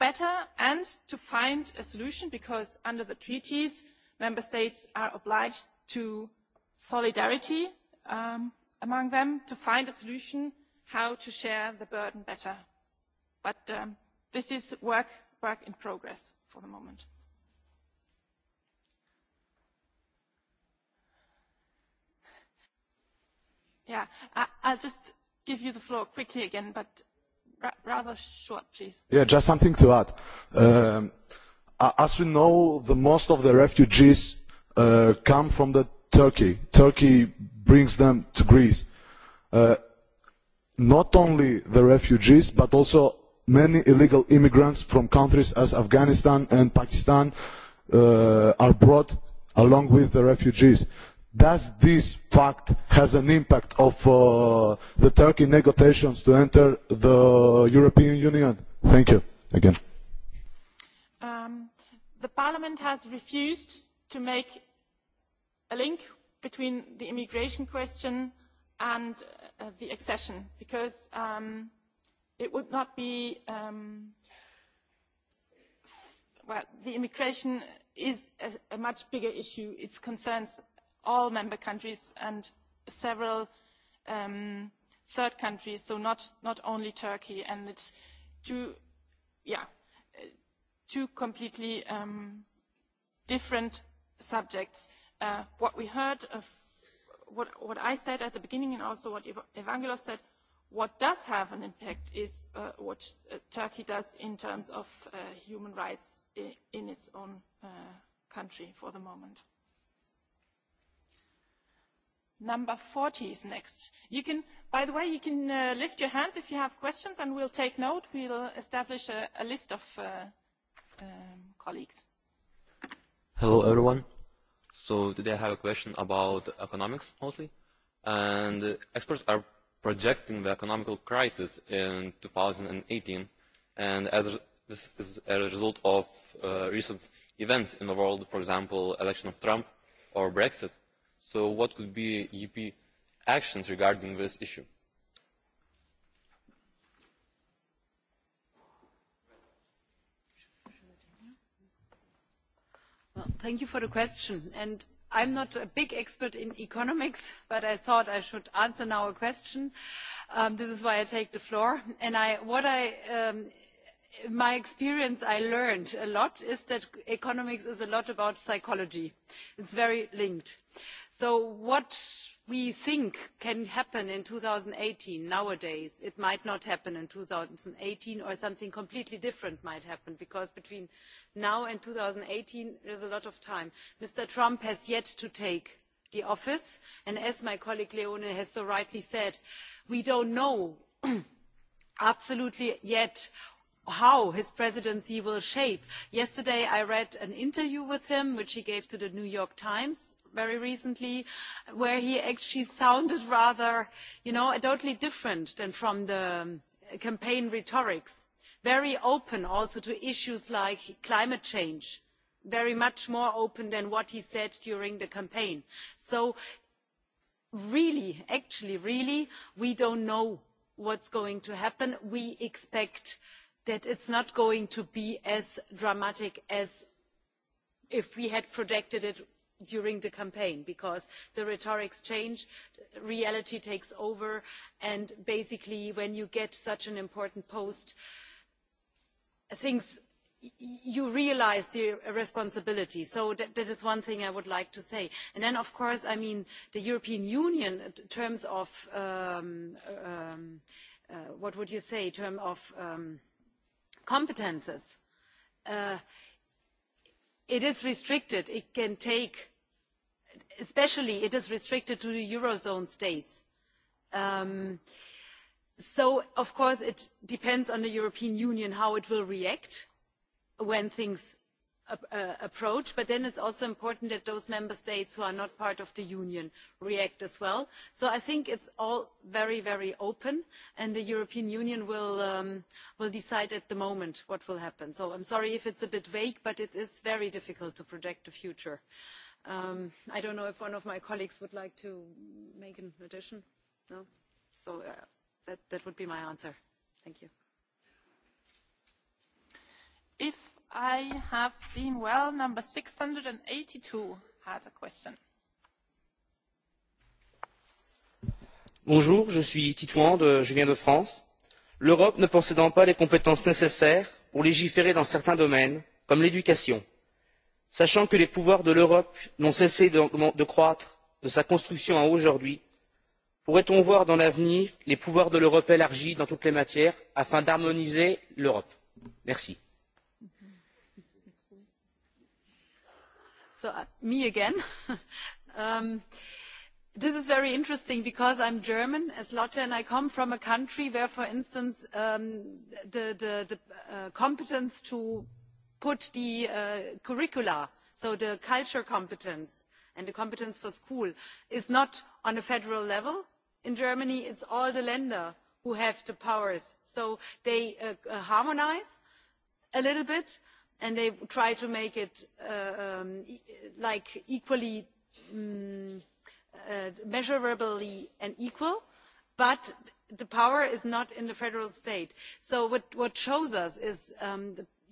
better and to find a solution, because under the treaties, member states are obliged to solidarity among them to find a solution how to share the burden better. But this is work in progress for the moment. Yeah, I'll just give you the floor quickly again, but rather short, please. Yeah, just something to add. As we know, the most of the refugees come from the Turkey. Turkey brings them to Greece. Not only the refugees, but also many illegal immigrants from countries as Afghanistan and Pakistan are brought along with the refugees. Does this fact has an impact of the Turkey negotiations to enter the European Union? Thank you again. The Parliament has refused to make a link between the immigration question and the accession because it would not be well the immigration is a much bigger issue it concerns all member countries and several third countries so not not only turkey and it's two yeah two completely different subjects what we heard of what i said at the beginning and also what evangelos said What does have an impact is what Turkey does in terms of human rights in its own country for the moment. Number 40 is next. You can, by the way, you can lift your hands if you have questions and we'll take note. We'll establish a list of colleagues. Hello everyone. So today I have a question about economics mostly, and experts are projecting the economic crisis in 2018 and as this is a result of recent events in the world, for example, election of Trump or Brexit. So what could be EP actions regarding this issue? Thank you for the question. And I'm not a big expert in economics, but I thought I should answer now a question. This is why I take the floor. And what I, my experience I learned a lot is that economics is a lot about psychology. It's very linked. So what we think can happen in 2018 nowadays, it might not happen in 2018 or something completely different might happen because between now and 2018 is a lot of time. Mr. Trump has yet to take the office and as my colleague Leone has so rightly said, we don't know absolutely yet how his presidency will shape. Yesterday I read an interview with him which he gave to the New York Times very recently, where he actually sounded rather, you know, totally different than from the campaign rhetorics. Very open also to issues like climate change, very much more open than what he said during the campaign. So really, actually, really, we don't know what's going to happen. We expect that it's not going to be as dramatic as if we had projected it during the campaign because the rhetorics change, reality takes over, and basically when you get such an important post, things you realize the responsibility. So that is one thing I would like to say. And then, of course, I mean, the European Union, in terms of, what would you say, in terms of competences, it is restricted. It can take especially it is restricted to the eurozone states so of course it depends on the european union how it will react when things approach but then it's also important that those member states who are not part of the union react as well so i think it's all very very open and the european union will will decide at the moment what will happen so i'm sorry if it's a bit vague but it is very difficult to project the future I don't know if one of my colleagues would like to make an addition. No? So that that would be my answer. Thank you. If I have seen well, number 682 has a question. Bonjour, je suis Titouan, je viens de France. L'Europe ne possédant pas les compétences nécessaires pour légiférer dans certains domaines, comme l'éducation sachant que les pouvoirs de l'europe n'ont cessé de croître de sa construction à aujourd'hui pourrait on voir dans l'avenir les pouvoirs de l'europe élargis dans toutes les matières afin d'harmoniser l'europe? merci. So again. This is very interesting because I'm German, as Lotte, and I come from a country where, for instance, the competence to put the curricula, so the culture competence and the competence for school, is not on a federal level. In Germany, it's all the lender who have the powers. So they harmonize a little bit and they try to make it like equally measurably and equal, but the power is not in the federal state. So what shows us is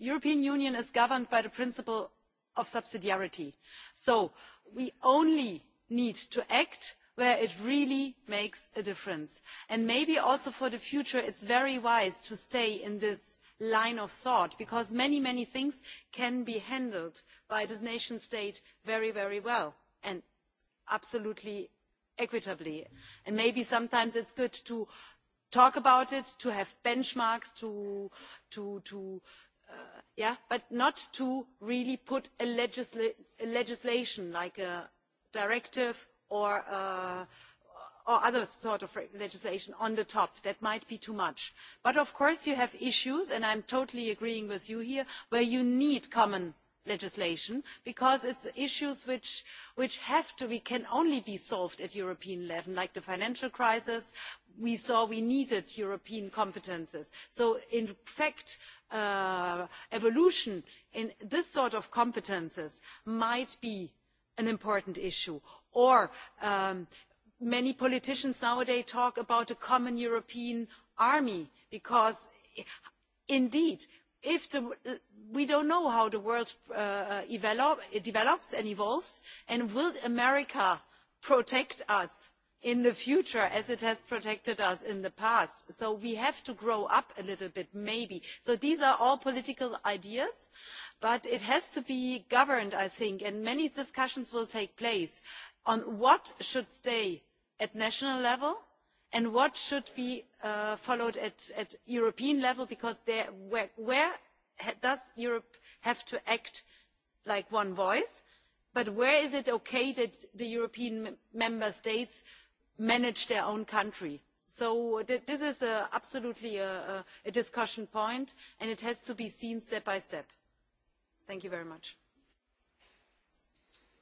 The European Union is governed by the principle of subsidiarity. So we only need to act where it really makes a difference. And maybe also for the future it's very wise to stay in this line of thought because many, many things can be handled by the nation state very, very well and absolutely equitably. And maybe sometimes it's good to talk about it, to have benchmarks, to but not to really put a legislation like a directive or other sort of legislation on the top. That might be too much. But of course you have issues, and I'm totally agreeing with you here, where you need common legislation because it's issues which have to be can only be solved at European level, like the financial crisis. We saw we needed European competences. So in fact evolution in this sort of competences might be an important issue. Or many politicians nowadays talk about a common European army because indeed if we don't know how the world develops and evolves and will America protect us in the future as it has protected us in the past. So we have to grow up a little bit, maybe. So these are all political ideas, but it has to be governed, I think, and many discussions will take place on what should stay at national level and what should be followed at European level, because where does Europe have to act like one voice, but where is it okay that the European member states manage their own country. So this is absolutely a discussion point, and it has to be seen step by step. Thank you very much.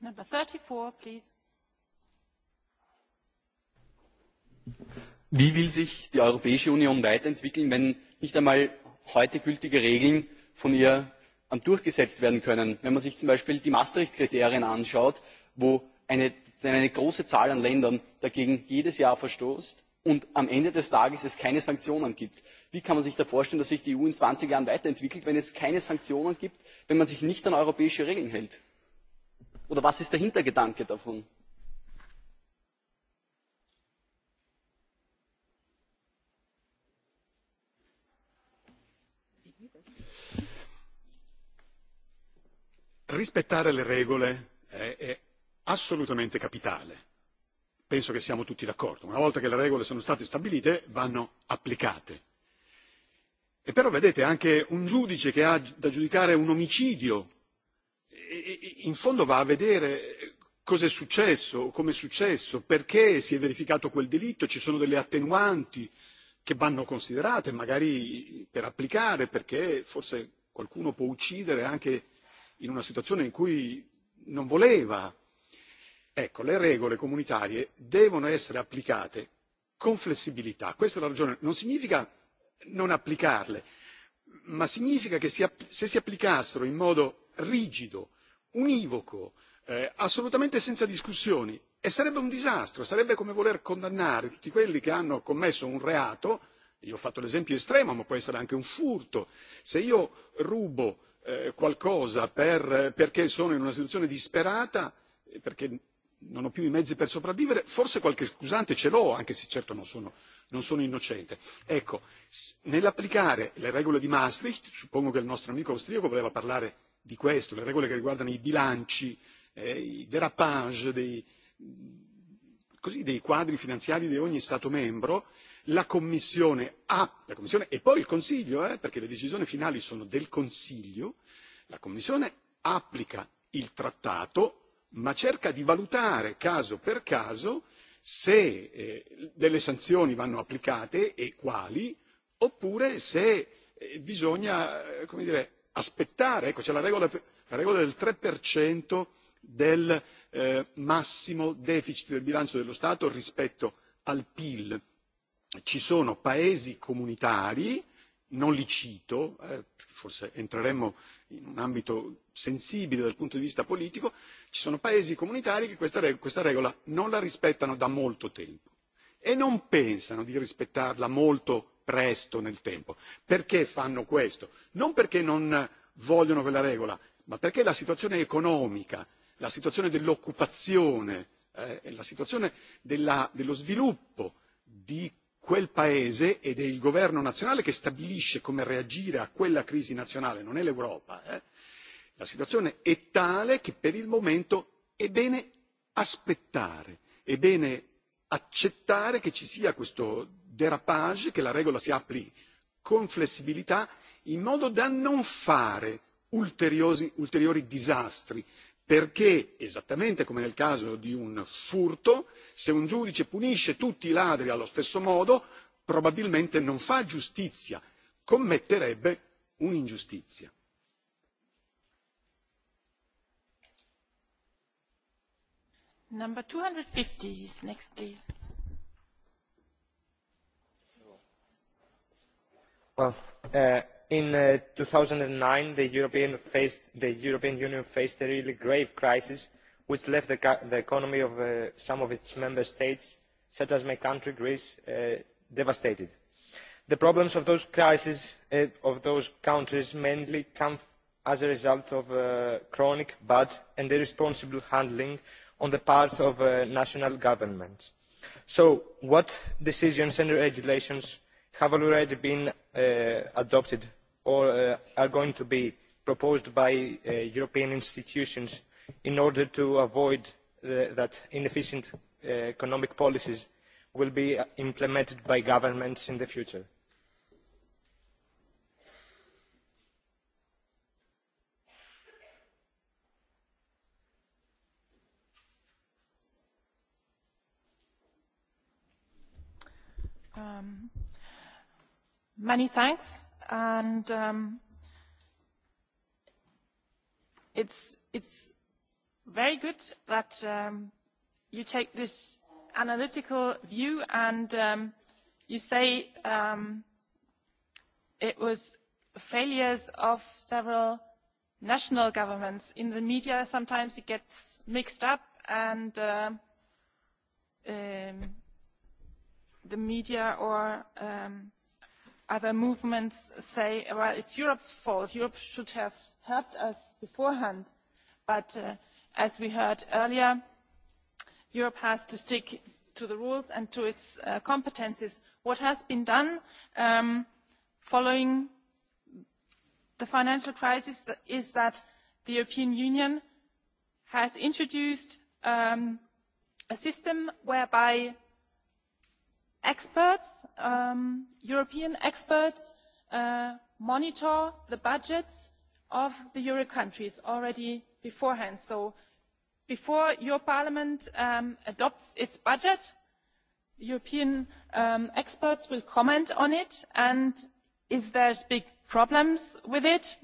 Number 34, please. Wie will sich die Europäische Union weiterentwickeln, wenn nicht einmal heute gültige Regeln von ihr durchgesetzt werden können? Wenn man sich zum Beispiel die Maastricht-Kriterien anschaut, wo eine große Zahl an Ländern dagegen jedes Jahr verstößt und am Ende des Tages es keine Sanktionen gibt. Wie kann man sich da vorstellen, dass sich die EU in 20 Jahren weiterentwickelt, wenn es keine Sanktionen gibt, wenn man sich nicht an europäische Regeln hält? Oder was ist der Hintergedanke davon? Rispettare le regole assolutamente capitale. Penso che siamo tutti d'accordo. Una volta che le regole sono state stabilite, vanno applicate. E però vedete anche un giudice che ha da giudicare un omicidio, in fondo va a vedere cosa è successo, come è successo, perché si è verificato quel delitto, ci sono delle attenuanti che vanno considerate magari per applicare, perché forse qualcuno può uccidere anche in una situazione in cui non voleva Ecco, le regole comunitarie devono essere applicate con flessibilità. Questa è la ragione. Non significa non applicarle, ma significa che se si applicassero in modo rigido, univoco, assolutamente senza discussioni, e sarebbe un disastro, sarebbe come voler condannare tutti quelli che hanno commesso un reato, io ho fatto l'esempio estremo, ma può essere anche un furto, se io rubo qualcosa perché sono in una situazione disperata, perché non ho più i mezzi per sopravvivere, forse qualche scusante ce l'ho, anche se certo non sono, non sono innocente. Ecco, nell'applicare le regole di Maastricht, suppongo che il nostro amico austriaco voleva parlare di questo, le regole che riguardano i bilanci, i derapage dei, così, dei quadri finanziari di ogni Stato membro, la Commissione ha, la Commissione e poi il Consiglio, eh, perché le decisioni finali sono del Consiglio, la Commissione applica il trattato ma cerca di valutare caso per caso se delle sanzioni vanno applicate e quali oppure se bisogna come aspettare ecco c'è la regola la regola del 3% del massimo deficit del bilancio dello stato rispetto al pil ci sono paesi comunitari non li cito forse entreremmo in un ambito sensibile dal punto di vista politico ci sono paesi comunitari che questa regola non la rispettano da molto tempo e non pensano di rispettarla molto presto nel tempo. perché fanno questo? non perché non vogliono quella regola ma perché la situazione economica la situazione dell'occupazione e la situazione dello sviluppo di quel paese ed è il governo nazionale che stabilisce come reagire a quella crisi nazionale, non è l'Europa. La situazione è tale che per il momento è bene aspettare, è bene accettare che ci sia questo derapage, che la regola si applichi con flessibilità, in modo da non fare ulteriori disastri perché esattamente come nel caso di un furto se un giudice punisce tutti i ladri allo stesso modo probabilmente non fa giustizia commetterebbe un'ingiustizia. In 2009, the European Union faced a really grave crisis, which left the economy of some of its member states, such as my country, Greece, devastated. The problems of those crises of those countries mainly come as a result of chronic, bad and irresponsible handling on the part of national governments. So, what decisions and regulations have already been adopted are going to be proposed by European institutions in order to avoid that inefficient economic policies will be implemented by governments in the future. Many thanks and it's it's very good that you take this analytical view and you say it was failures of several national governments. In the media sometimes it gets mixed up and the media or other movements say, well, it's Europe's fault. Europe should have helped us beforehand. But as we heard earlier, Europe has to stick to the rules and to its competences. What has been done following the financial crisis is that the European Union has introduced a system whereby experts, European experts, monitor the budgets of the Euro countries already beforehand. So before your Parliament adopts its budget, European experts will comment on it and if there's big problems with it,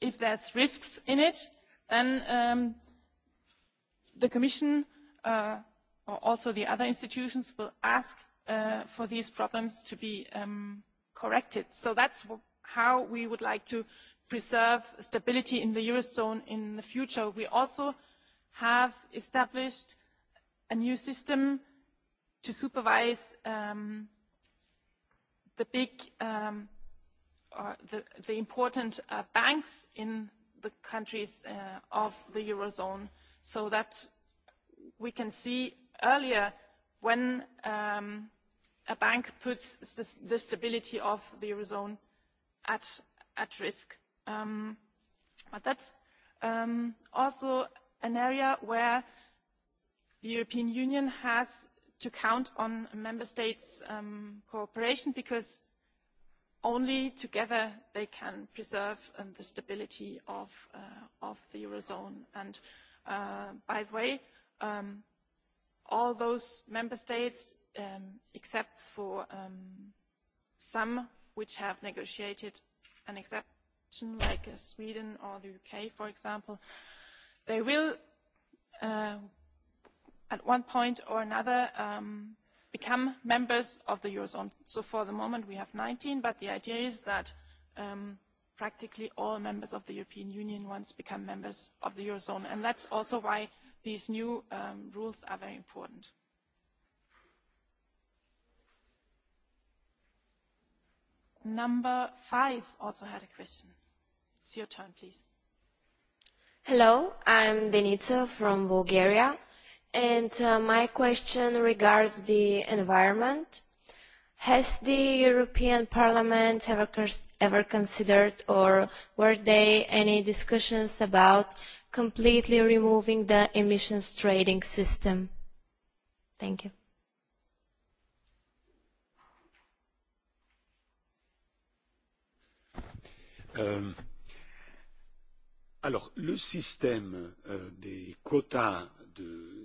if there's risks in it, then the Commission also the other institutions will ask for these problems to be corrected. So that's how we would like to preserve stability in the Eurozone in the future. We also have established a new system to supervise the big or the important banks in the countries of the Eurozone so that we can see earlier when a bank puts the stability of the eurozone at risk. But that's also an area where the European Union has to count on member states' cooperation because only together they can preserve the stability of the eurozone. And by the way, all those member states except for some which have negotiated an exception like Sweden or the UK for example they will at one point or another become members of the eurozone so for the moment we have 19 but the idea is that practically all members of the European Union once become members of the eurozone and that's also why these new rules are very important. Number five also had a question. It's your turn, please. Hello, I'm Denitsa from Bulgaria, and my question regards the environment. Has the European Parliament ever considered or were there any discussions about completely removing the emissions trading system. Thank you. Alors, le système des quotas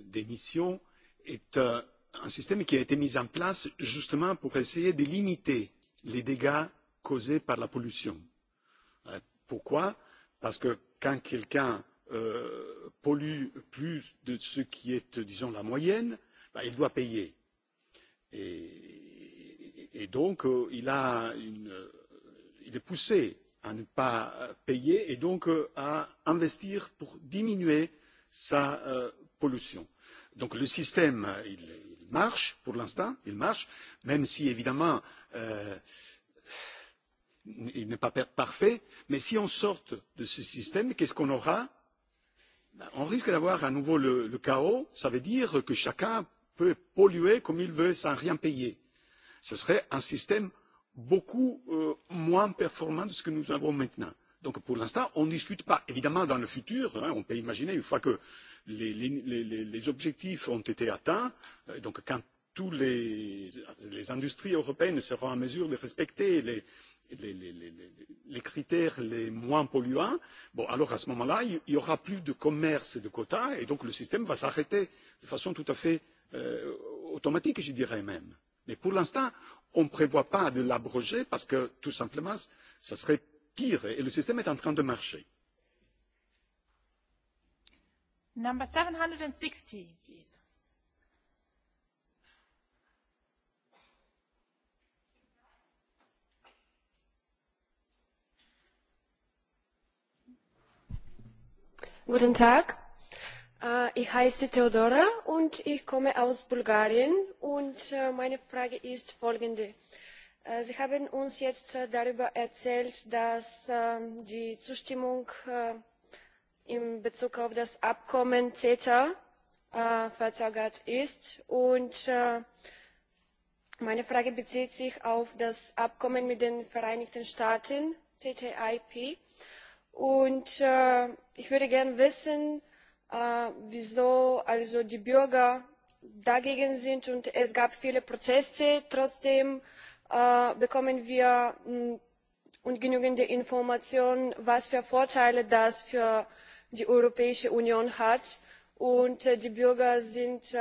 d'émissions est un système qui a été mis en place justement pour essayer de limiter les dégâts causés par la pollution. Pourquoi Parce que quand quelqu'un pollue plus de ce qui est, disons, la moyenne, il doit payer. Et donc, il est poussé à ne pas payer et donc à investir pour diminuer sa pollution. Donc, le système, il marche pour l'instant, il marche, même si, évidemment, il n'est pas parfait. Mais si on sort de ce système, qu'est-ce qu'on aura on risque d'avoir à nouveau le chaos. Cela veut dire que chacun peut polluer comme il veut sans rien payer. Ce serait un système beaucoup moins performant que ce que nous avons maintenant. Donc pour l'instant, on ne discute pas. Évidemment, dans le futur, on peut imaginer, une fois que les objectifs ont été atteints, donc quand toutes les industries européennes seront en mesure de respecter les critères les moins polluants, bon alors à ce moment là, il n'y aura plus de commerce et de quotas, et donc le système va s'arrêter de façon tout à fait automatique, je dirais même. Mais pour l'instant, on ne prévoit pas de l'abroger parce que, tout simplement, ça serait pire et le système est en train de marcher. Number 760, please. Guten Tag. Ich heiße Theodora und ich komme aus Bulgarien und meine Frage ist folgende. Sie haben uns jetzt darüber erzählt, dass die Zustimmung in Bezug auf das Abkommen CETA verzögert ist und meine Frage bezieht sich auf das Abkommen mit den Vereinigten Staaten, TTIP Und ich würde gern wissen, wieso also die Bürger dagegen sind. Und es gab viele Proteste. Trotzdem bekommen wir ungenügende Informationen, was für Vorteile das für die Europäische Union hat. Und die Bürger sind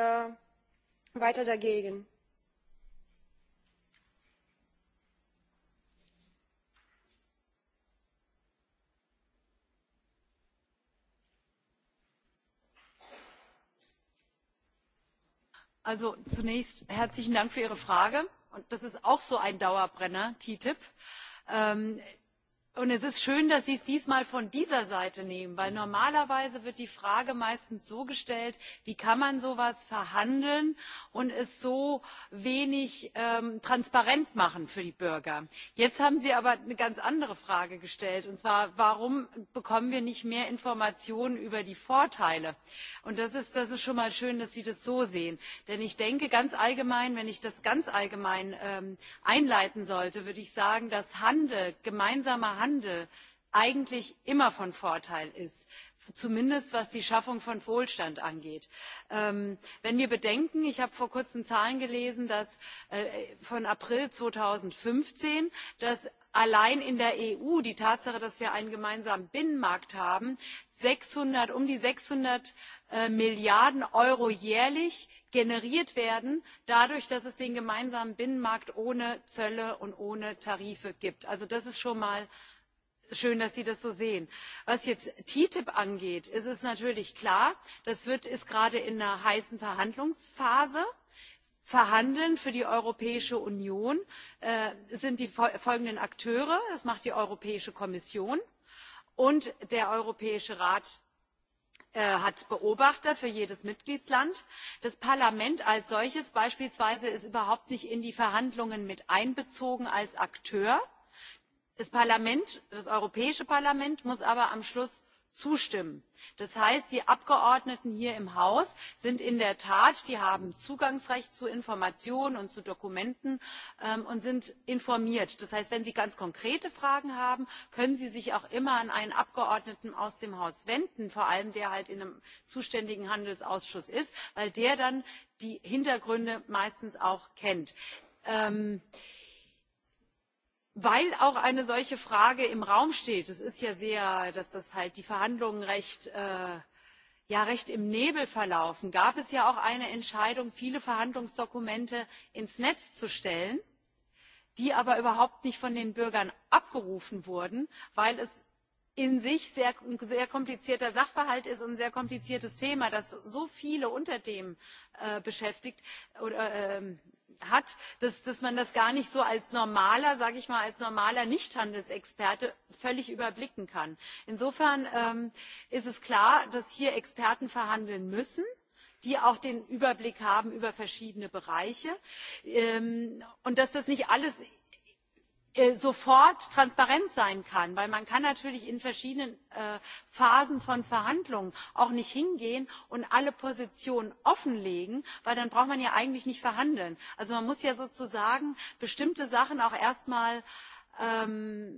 weiter dagegen. Also zunächst herzlichen Dank für Ihre Frage. Und das ist auch so ein Dauerbrenner, TTIP. Und es ist schön, dass Sie es diesmal von dieser Seite nehmen, weil normalerweise wird die Frage meistens so gestellt, wie kann man so etwas verhandeln und es so wenig transparent machen für die Bürger. Jetzt haben Sie aber eine ganz andere Frage gestellt, und zwar, warum bekommen wir nicht mehr Informationen über die Vorteile? Und das ist schon mal schön, dass Sie das so sehen. Denn ich denke ganz allgemein, wenn ich das ganz allgemein einleiten sollte, würde ich sagen, dass Handel, gemeinsamer handel eigentlich immer von vorteil ist zumindest was die schaffung von wohlstand angeht. wenn wir bedenken ich habe vor kurzem zahlen gelesen dass von april zweitausendfünfzehn dass allein in der eu die tatsache dass wir einen gemeinsamen binnenmarkt haben um die sechshundert milliarden euro jährlich generiert werden dadurch dass es den gemeinsamen binnenmarkt ohne zölle und ohne tarife gibt. also das ist schon mal schön, dass Sie das so sehen. Was jetzt TTIP angeht, ist es natürlich klar, das wird, ist gerade in einer heißen Verhandlungsphase. Verhandeln für die Europäische Union sind die folgenden Akteure. Das macht die Europäische Kommission und der Europäische Rat hat Beobachter für jedes Mitgliedsland. Das Parlament als solches beispielsweise ist überhaupt nicht in die Verhandlungen mit einbezogen als Akteur das parlament das europäische parlament muss aber am schluss zustimmen. das heißt die abgeordneten hier im haus sind in der tat die haben zugangsrecht zu informationen und zu dokumenten und sind informiert. das heißt wenn sie ganz konkrete fragen haben können sie sich auch immer an einen abgeordneten aus dem haus wenden vor allem der halt in einem zuständigen handelsausschuss ist weil der dann die hintergründe meistens auch kennt weil auch eine solche Frage im Raum steht. Es ist ja sehr, dass das halt die Verhandlungen recht ja recht im Nebel verlaufen, gab es ja auch eine Entscheidung, viele Verhandlungsdokumente ins Netz zu stellen, die aber überhaupt nicht von den Bürgern abgerufen wurden, weil es in sich ein sehr komplizierter Sachverhalt ist und ein sehr kompliziertes Thema, das so viele Unterthemen beschäftigt oder hat, dass man das gar nicht so als normaler, sage ich mal, als normaler Nichthandelsexperte völlig überblicken kann. Insofern ist es klar, dass hier Experten verhandeln müssen die auch den Überblick haben über verschiedene Bereiche und dass das nicht alles sofort transparent sein kann weil man kann natürlich in verschiedenen phasen von verhandlungen auch nicht hingehen und alle positionen offenlegen weil dann braucht man ja eigentlich nicht verhandeln. also man muss ja sozusagen bestimmte sachen auch erstmal mal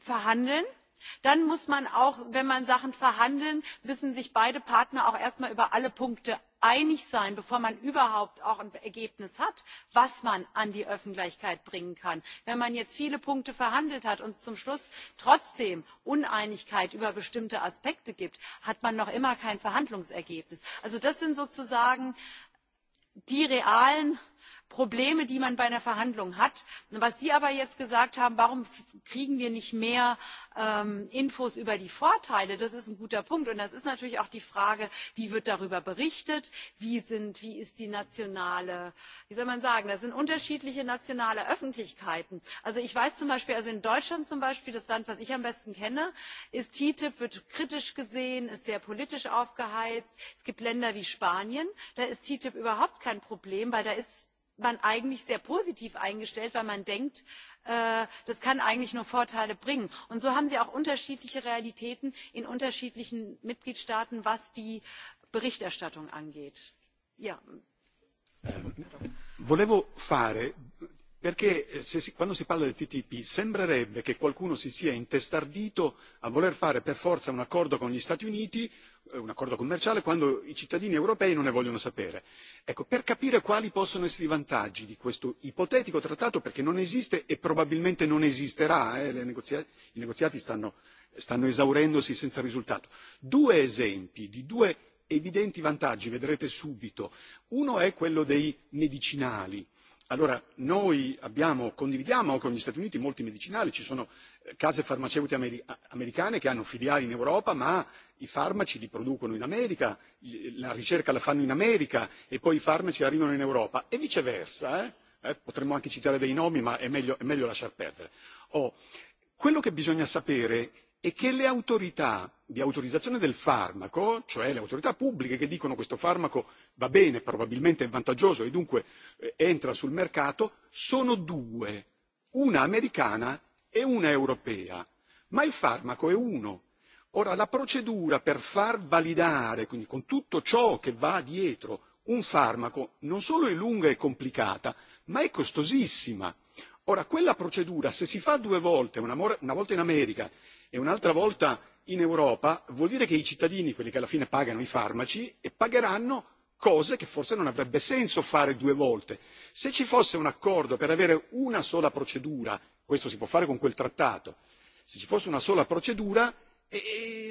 verhandeln dann muss man auch wenn man sachen verhandelt müssen sich beide partner auch erst mal über alle punkte einig sein bevor man überhaupt auch ein ergebnis hat was man an die öffentlichkeit bringen kann. wenn man jetzt viele punkte verhandelt hat und es zum schluss trotzdem uneinigkeit über bestimmte aspekte gibt hat man noch immer kein verhandlungsergebnis. also das sind sozusagen die realen Probleme, die man bei einer Verhandlung hat. Was Sie aber jetzt gesagt haben, warum kriegen wir nicht mehr Infos über die Vorteile, das ist ein guter Punkt. Und das ist natürlich auch die Frage, wie wird darüber berichtet, wie ist die nationale, wie soll man sagen, das sind unterschiedliche nationale Öffentlichkeiten. Also ich weiß zum Beispiel, also in Deutschland zum Beispiel, das Land, was ich am besten kenne, ist TTIP, wird kritisch gesehen, ist sehr politisch aufgeheizt. Es gibt Länder wie Spanien, da ist TTIP überhaupt kein Problem, weil da ist man eigentlich sehr positiv eingestellt, weil man denkt, das kann eigentlich nur Vorteile bringen. Und so haben Sie auch unterschiedliche Realitäten in unterschiedlichen Mitgliedstaaten, was die Berichterstattung angeht. Volevo fare, perché quando si parla del TTIP sembrerebbe che qualcuno si sia intestardito a voler fare per forza un accordo con gli Stati Uniti un accordo commerciale quando i cittadini europei non ne vogliono sapere. Ecco, per capire quali possono essere i vantaggi di questo ipotetico trattato, perché non esiste e probabilmente non esisterà, i negoziati stanno esaurendosi senza risultato. Due esempi di due evidenti vantaggi, vedrete subito. Uno è quello dei medicinali Allora noi abbiamo, condividiamo con gli Stati Uniti molti medicinali, ci sono case farmaceutiche americane che hanno filiali in Europa, ma i farmaci li producono in America, la ricerca la fanno in America e poi i farmaci arrivano in Europa e viceversa. Potremmo anche citare dei nomi, ma è meglio è meglio lasciar perdere. Quello che bisogna sapere e che le autorità di autorizzazione del farmaco, cioè le autorità pubbliche che dicono questo farmaco va bene, probabilmente è vantaggioso e dunque entra sul mercato, sono due, una americana e una europea, ma il farmaco è uno. Ora, la procedura per far validare, quindi con tutto ciò che va dietro, un farmaco non solo è lunga e complicata, ma è costosissima Ora, quella procedura, se si fa due volte, una volta in America e un'altra volta in Europa, vuol dire che i cittadini, quelli che alla fine pagano i farmaci, pagheranno cose che forse non avrebbe senso fare due volte. Se ci fosse un accordo per avere una sola procedura, questo si può fare con quel trattato, se ci fosse una sola procedura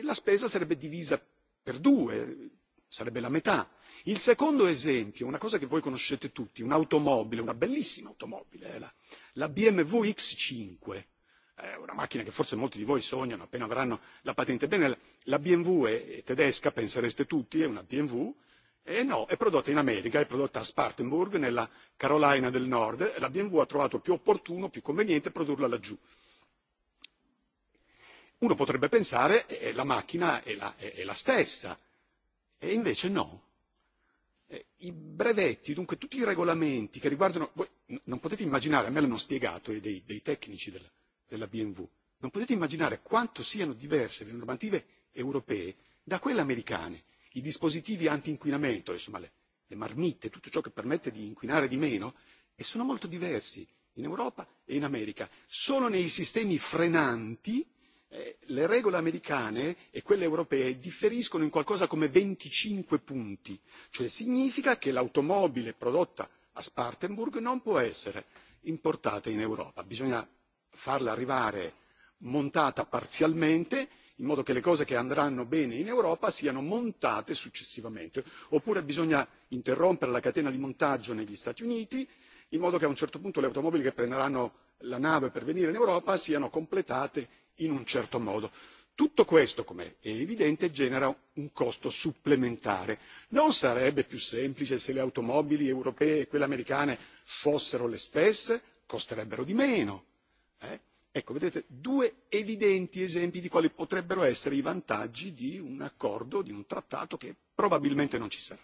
la spesa sarebbe divisa per due sarebbe la metà. Il secondo esempio, una cosa che voi conoscete tutti, un'automobile, una bellissima automobile, la BMW X5, è una macchina che forse molti di voi sognano appena avranno la patente. Bene, la BMW è tedesca, pensereste tutti, è una BMW, e no, è prodotta in America, è prodotta a Spartanburg, nella Carolina del Nord, e la BMW ha trovato più opportuno, più conveniente produrla laggiù. Uno potrebbe pensare, la macchina è la stessa E invece no. I brevetti, dunque tutti i regolamenti che riguardano, voi non potete immaginare, a me l'hanno spiegato e dei, tecnici della, della BMW, non potete immaginare quanto siano diverse le normative europee da quelle americane. I dispositivi anti-inquinamento, insomma le, le marmitte, tutto ciò che permette di inquinare di meno, e sono molto diversi in Europa e in America. Solo nei sistemi frenanti le regole americane e quelle europee differiscono in qualcosa come 25 punti, cioè significa che l'automobile prodotta a Spartanburg non può essere importata in Europa, bisogna farla arrivare montata parzialmente in modo che le cose che andranno bene in Europa siano montate successivamente, oppure bisogna interrompere la catena di montaggio negli Stati Uniti in modo che a un certo punto le automobili che prenderanno la nave per venire in Europa siano completate in un certo modo. Tutto questo, come è evidente, genera un costo supplementare. Non sarebbe più semplice se le automobili europee e quelle americane fossero le stesse, costerebbero di meno. Ecco, vedete, due evidenti esempi di quali potrebbero essere i vantaggi di un accordo, di un trattato che probabilmente non ci sarà.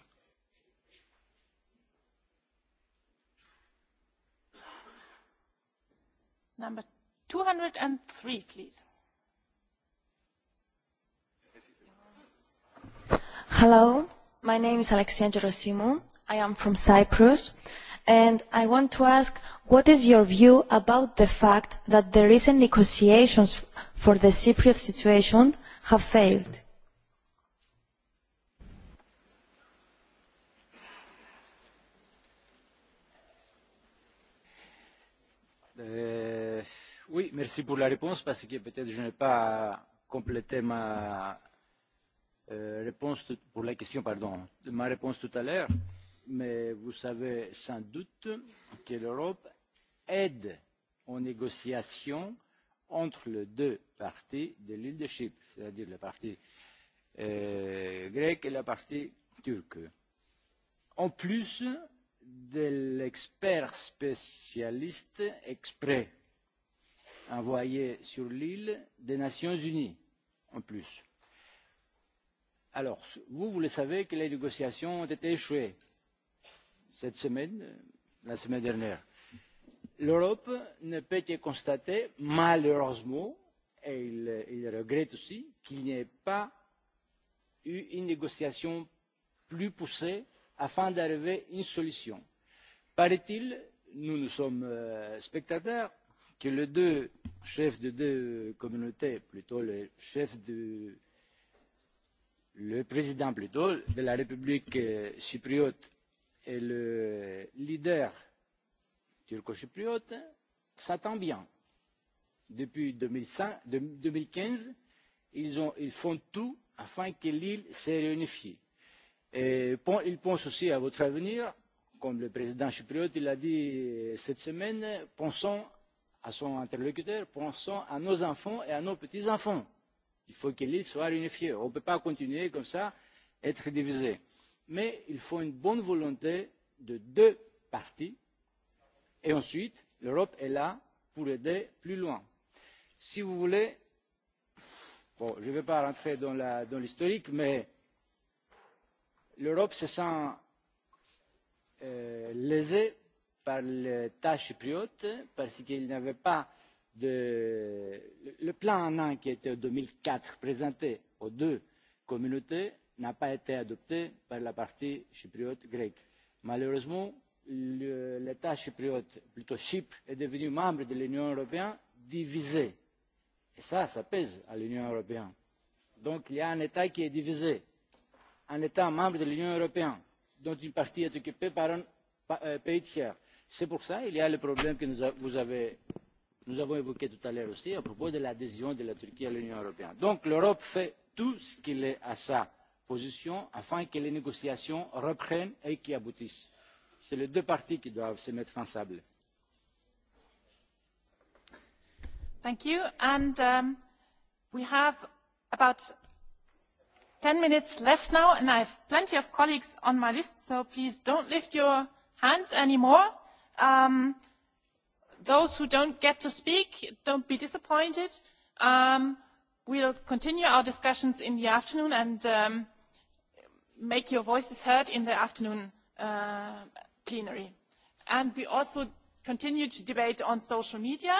Number 203, please. Hello, my name is Alexandra Simou. I am from Cyprus, and I want to ask what is your view about the fact that the recent negotiations for the Cypriot situation have failed? Oui, merci pour la réponse, parce que peut-être je n'ai pas complété ma réponse pour la question, pardon, ma réponse tout à l'heure, mais vous savez sans doute que l'Europe aide aux négociations entre les deux parties de l'île de Chypre, c'est-à-dire la partie grecque et la partie turque. En plus de l'expert spécialiste exprès envoyé sur l'île des Nations Unies, en plus. Alors, vous, vous le savez que les négociations ont été échouées cette semaine, la semaine dernière. L'Europe ne peut que constater, malheureusement, et il, il regrette aussi, qu'il n'y ait pas eu une négociation plus poussée afin d'arriver à une solution. Paraît-il, nous, nous sommes spectateurs, que les deux chefs de deux communautés, plutôt le chef du le président plutôt de la République chypriote et le leader turco-chypriote s'entendent bien. Depuis 2015, ils font tout afin que l'île se réunifie. Ils pensent aussi à votre avenir, comme le président chypriote l'a dit cette semaine, pensons à son interlocuteur, pensons à nos enfants et à nos petits-enfants. Il faut que l'île soit unifiée On ne peut pas continuer comme ça, être divisé. Mais il faut une bonne volonté de deux parties. Et ensuite, l'Europe est là pour aider plus loin. Si vous voulez, bon, je ne vais pas rentrer dans l'historique, mais l'Europe se sent lésée par l'État chypriote parce qu'il n'y avait pas de... Le plan en un qui était en 2004 présenté aux deux communautés n'a pas été adopté par la partie chypriote grecque. Malheureusement, l'État chypriote, plutôt Chypre, est devenu membre de l'Union européenne divisé. Et ça, ça pèse à l'Union européenne. Donc il y a un État qui est divisé. Un État membre de l'Union européenne, dont une partie est occupée par un pays tiers. C'est pour ça qu'il y a le problème que nous, vous avez, nous avons évoqué tout à l'heure aussi à propos de l'adhésion de la Turquie à l'Union européenne. Donc l'Europe fait tout ce qu'il est à sa position afin que les négociations reprennent et qu'y aboutissent. C'est les deux parties qui doivent se mettre en sable. Thank you. And um, we have about 10 minutes left now, and I have plenty of colleagues on my list, so please don't lift your hands anymore. Those who don't get to speak, don't be disappointed. We'll continue our discussions in the afternoon and make your voices heard in the afternoon plenary. And we also continue to debate on social media,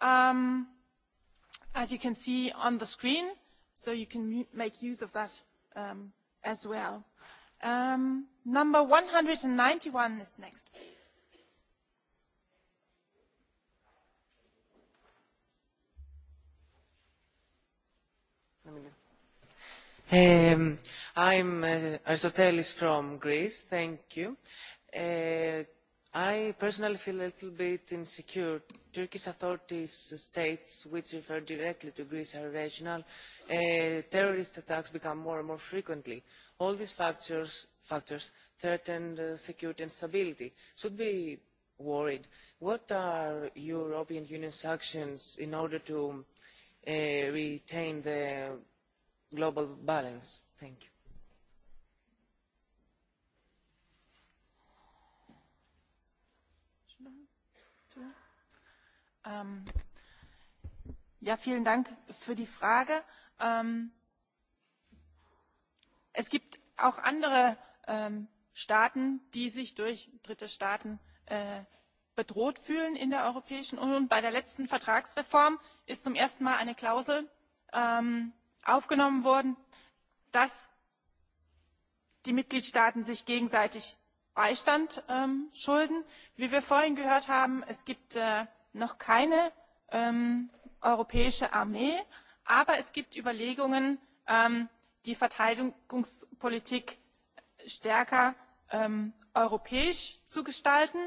as you can see on the screen, so you can make use of that as well. Number 191 is next. I'm Aristotelis from Greece. Thank you. I personally feel a little bit insecure. Turkish authorities states which refer directly to Greece are regional. Terrorist attacks become more and more frequently. All these factors factors threaten security and stability. Should be worried. What are European Union's actions in order to retain the global balance. Thank you. Ja, vielen Dank für die Frage. Es gibt auch andere Staaten, die sich durch dritte Staaten bedroht fühlen in der Europäischen Union. Bei der letzten Vertragsreform ist zum ersten Mal eine Klausel aufgenommen worden, dass die Mitgliedstaaten sich gegenseitig Beistand schulden. Wie wir vorhin gehört haben, es gibt noch keine europäische Armee, aber es gibt Überlegungen, die Verteidigungspolitik stärker europäisch zu gestalten.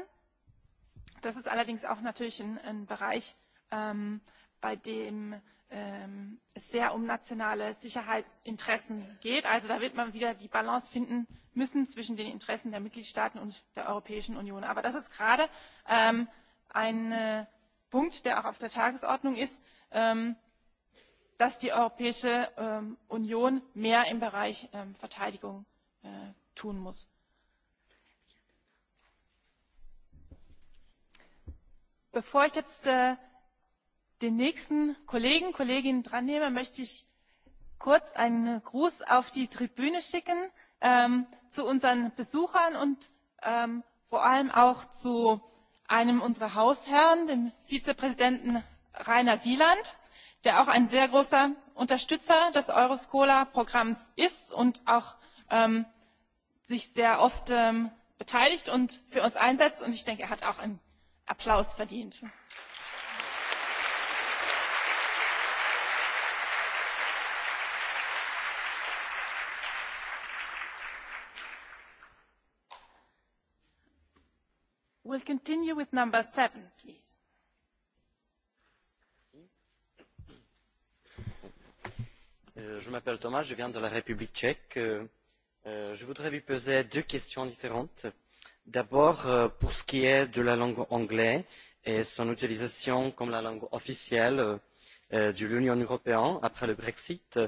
Das ist allerdings auch natürlich ein Bereich, bei dem es sehr um nationale Sicherheitsinteressen geht. Also da wird man wieder die Balance finden müssen zwischen den Interessen der Mitgliedstaaten und der Europäischen Union. Aber das ist gerade ein Punkt, der auch auf der Tagesordnung ist, dass die Europäische Union mehr im Bereich Verteidigung tun muss. Bevor ich jetzt den nächsten Kollegen, Kolleginnen dran nehme, möchte ich kurz einen Gruß auf die Tribüne schicken zu unseren Besuchern und vor allem auch zu einem unserer Hausherren, dem Vizepräsidenten Rainer Wieland, der auch ein sehr großer Unterstützer des Euroscola-Programms ist und auch sich sehr oft beteiligt und für uns einsetzt. Und ich denke, er hat auch einen Applaus verdient. We'll continue with number seven, please. Je m'appelle Thomas, je viens de la République tchèque. Je voudrais vous poser deux questions différentes. D'abord, pour ce qui est de la langue anglaise et son utilisation comme la langue officielle de l'Union européenne après le Brexit,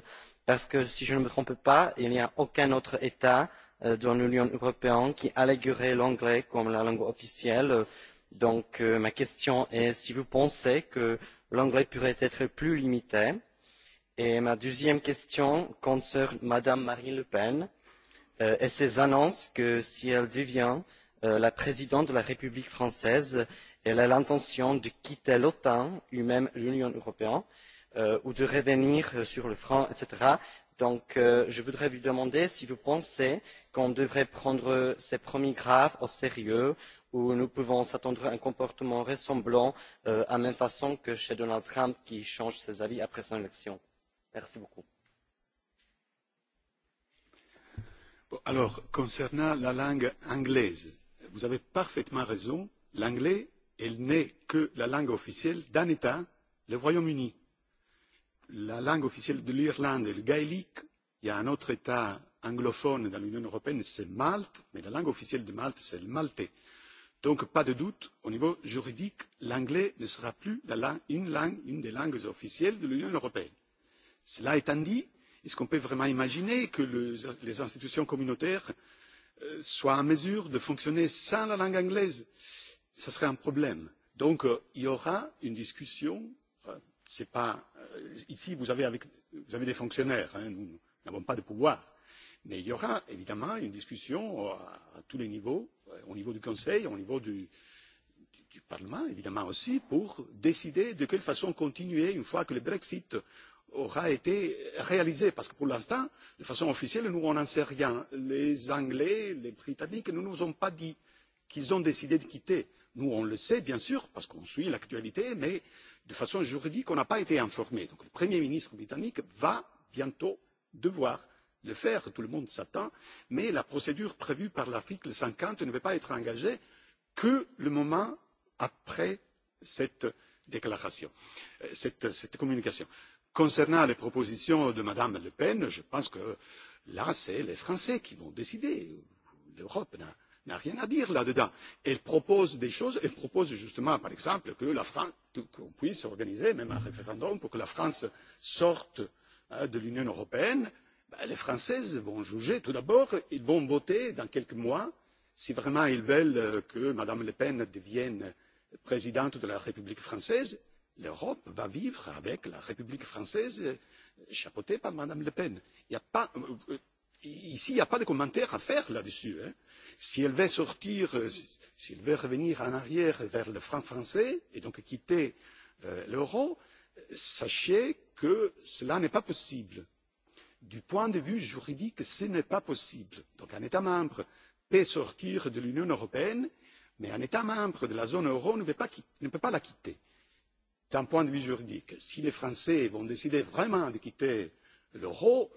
parce que si je ne me trompe pas, il n'y a aucun autre État dans l'Union européenne qui alléguerait l'anglais comme la langue officielle. Donc ma question est si vous pensez que l'anglais pourrait être plus limité. Et ma deuxième question concerne Madame Marine Le Pen et ses annonces que si elle devient la présidente de la République française, elle a l'intention de quitter l'OTAN, ou même l'Union européenne, ou de revenir sur le front, etc. Donc, je voudrais vous demander si vous pensez qu'on devrait prendre ces premiers graves au sérieux ou nous pouvons s'attendre à un comportement ressemblant à la même façon que chez Donald Trump qui change ses avis après son élection. Merci beaucoup. Alors, concernant la langue anglaise, vous avez parfaitement raison. L'anglais, elle n'est que la langue officielle d'un État, le Royaume-Uni la langue officielle de l'Irlande est le gaélique. Il y a un autre État anglophone dans l'Union européenne, c'est Malte, mais la langue officielle de Malte, c'est le maltais. Donc, pas de doute, au niveau juridique, l'anglais ne sera plus une langue, une des langues officielles de l'Union européenne. Cela étant dit, est-ce qu'on peut vraiment imaginer que les institutions communautaires soient en mesure de fonctionner sans la langue anglaise Ce serait un problème. Donc, il y aura une discussion c'est pas ici vous avez avec vous avez des fonctionnaires nous n'avons pas de pouvoir mais il y aura évidemment une discussion à tous les niveaux au niveau du conseil au niveau du parlement évidemment aussi pour décider de quelle façon continuer une fois que le brexit aura été réalisé parce que pour l'instant de façon officielle nous on n'en sait rien les anglais les britanniques ne nous ont pas dit qu'ils ont décidé de quitter nous on le sait bien sûr parce qu'on suit l'actualité mais de façon juridique, on n'a pas été informé. Donc le Premier ministre britannique va bientôt devoir le faire, tout le monde s'attend, mais la procédure prévue par l'article 50 ne va pas être engagée que le moment après cette déclaration, cette communication. Concernant les propositions de Mme Le Pen, je pense que là, c'est les Français qui vont décider. L'Europe n'a rien à dire là-dedans. Elle propose des choses, elle propose justement, par exemple, que la France, qu'on puisse organiser même un référendum pour que la France sorte de l'Union européenne. Les Françaises vont juger tout d'abord, ils vont voter dans quelques mois si vraiment ils veulent que Mme Le Pen devienne présidente de la République française. L'Europe va vivre avec la République française chapeautée par Mme Le Pen. Il n'y a pas Ici, il n'y a pas de commentaire à faire là-dessus. Si elle veut sortir, si elle veut revenir en arrière vers le franc français et donc quitter l'euro, sachez que cela n'est pas possible. Du point de vue juridique, ce n'est pas possible. Donc un État membre peut sortir de l'Union européenne, mais un État membre de la zone euro ne peut pas la quitter. D'un point de vue juridique, si les Français vont décider vraiment de quitter l'euro,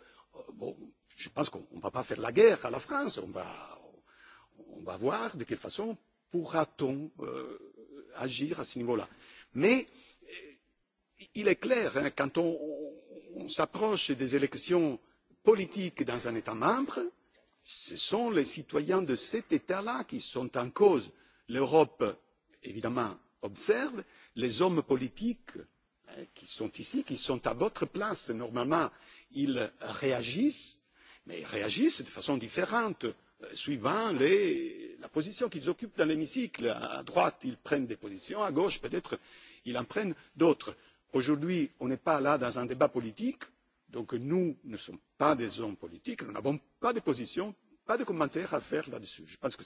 bon je pense qu'on ne va pas faire la guerre à la France. On va, on va voir de quelle façon pourra-t-on agir à ce niveau-là. Mais il est clair, quand on s'approche des élections politiques dans un État membre, ce sont les citoyens de cet État là qui sont en cause. L'Europe, évidemment, observe les hommes politiques qui sont ici, qui sont à votre place, normalement, ils réagissent mais réagissent de façon différente suivant la position qu'ils occupent dans l'hémicycle. À droite, ils prennent des positions, à gauche, peut être, ils en prennent d'autres. Aujourd'hui, on n'est pas là dans un débat politique, donc nous ne sommes pas des hommes politiques, nous n'avons pas de position, pas de commentaires à faire là dessus. Je pense que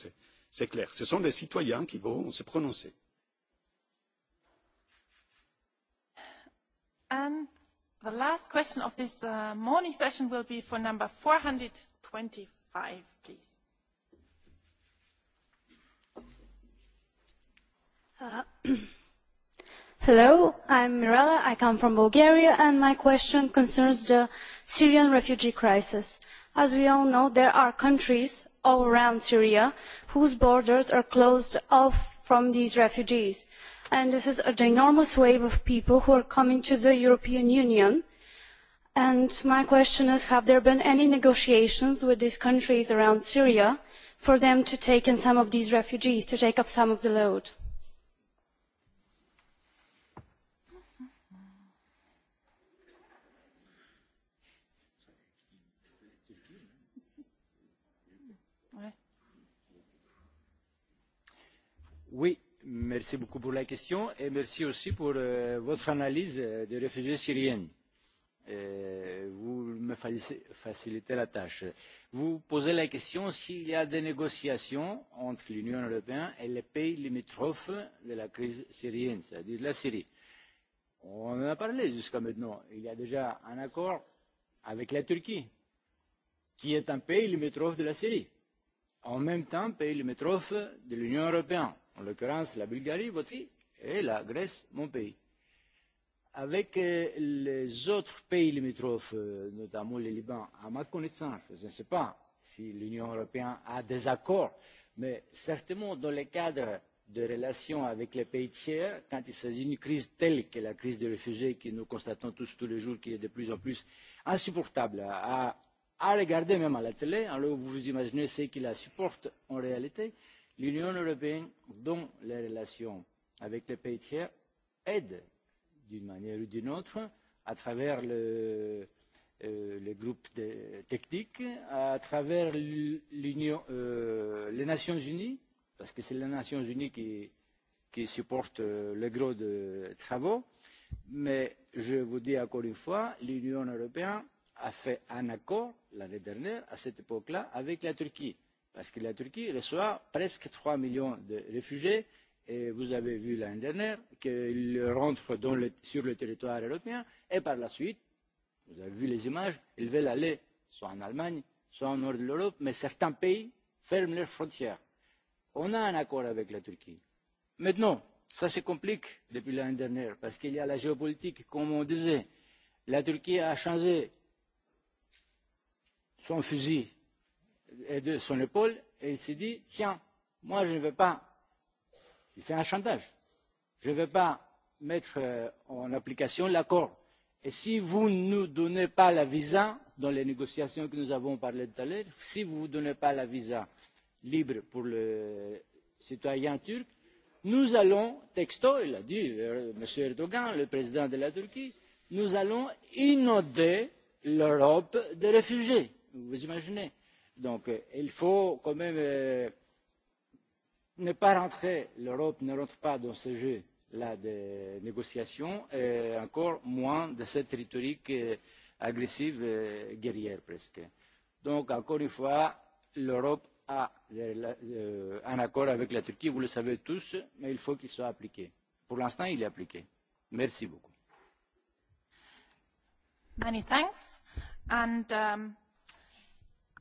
c'est clair. Ce sont les citoyens qui vont se prononcer. The last question of this morning session will be for number 425, please. Hello, I'm Mirella. I come from Bulgaria, and my question concerns the Syrian refugee crisis. As we all know, there are countries all around Syria whose borders are closed off from these refugees and this is a ginormous wave of people who are coming to the European Union. And my question is, have there been any negotiations with these countries around Syria for them to take in some of these refugees, to take up some of the load? Merci beaucoup pour la question et merci aussi pour votre analyse des réfugiés syriens. Vous me facilitez la tâche. Vous posez la question s'il y a des négociations entre l'Union européenne et les pays limitrophes de la crise syrienne, c'est-à-dire la Syrie. On en a parlé jusqu'à maintenant. Il y a déjà un accord avec la Turquie, qui est un pays limitrophe de la Syrie, en même temps pays limitrophe de l'Union européenne en l'occurrence la Bulgarie, votre pays, et la Grèce, mon pays. Avec les autres pays limitrophes, notamment le Liban, à ma connaissance, je ne sais pas si l'Union européenne a des accords, mais certainement dans le cadre de relations avec les pays tiers, quand il s'agit d'une crise telle que la crise des réfugiés que nous constatons tous tous les jours, qui est de plus en plus insupportable à regarder même à la télé, alors vous vous imaginez ceux qui la supportent en réalité L'Union européenne, dont les relations avec les pays tiers, aide d'une manière ou d'une autre, à travers le groupe techniques, à travers les Nations unies, parce que c'est les Nations unies qui supportent le gros de travaux, mais je vous dis encore une fois, l'Union européenne a fait un accord l'année dernière, à cette époque là, avec la Turquie parce que la Turquie reçoit presque 3 millions de réfugiés et vous avez vu l'année dernière qu'ils rentrent dans sur le territoire européen et par la suite, vous avez vu les images, ils veulent aller soit en Allemagne, soit au nord de l'Europe, mais certains pays ferment leurs frontières. On a un accord avec la Turquie. Maintenant, ça se complique depuis l'année dernière parce qu'il y a la géopolitique, comme on disait. La Turquie a changé son fusil et de son épaule et il s'est dit tiens moi je ne veux pas il fait un chantage je ne veux pas mettre en application l'accord et si vous ne nous donnez pas la visa dans les négociations que nous avons parlé tout à l'heure si vous ne donnez pas la visa libre pour le citoyen turc nous allons texto il a dit m. erdogan le président de la turquie nous allons inonder l'europe de réfugiés vous imaginez? Donc il faut quand même ne pas rentrer, l'Europe ne rentre pas dans ce jeu là des négociations et encore moins de cette rhétorique agressive, guerrière presque. Donc encore une fois, l'Europe a un accord avec la Turquie, vous le savez tous, mais il faut qu'il soit appliqué. Pour l'instant, il est appliqué. Merci beaucoup.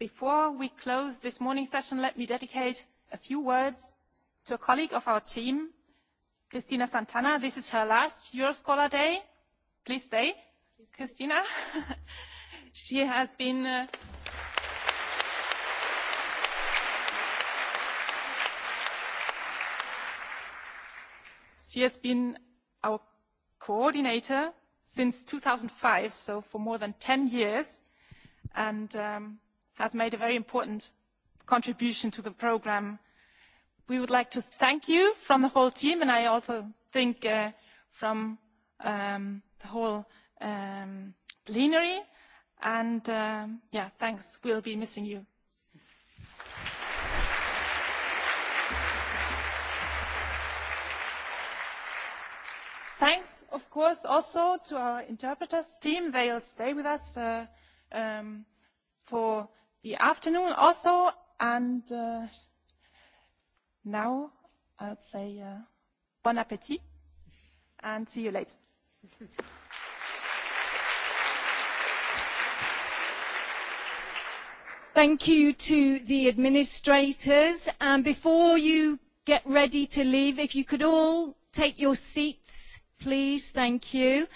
Before we close this morning's session, let me dedicate a few words to a colleague of our team, Christina Santana. This is her last Euroscholar Day. Please stay, Cristina. She has been She has been our coordinator since 2005, so for more than 10 years. And has made a very important contribution to the programme. We would like to thank you from the whole team and I also think from the whole plenary and yeah, thanks. We'll be missing you. Thanks, of course, also to our interpreters team. They'll stay with us for the afternoon also. And now I would say bon appétit and see you later. Thank you to the administrators. And before you get ready to leave, if you could all take your seats, please. Thank you.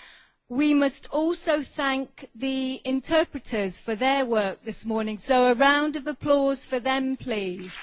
We must also thank the interpreters for their work this morning, so a round of applause for them, please.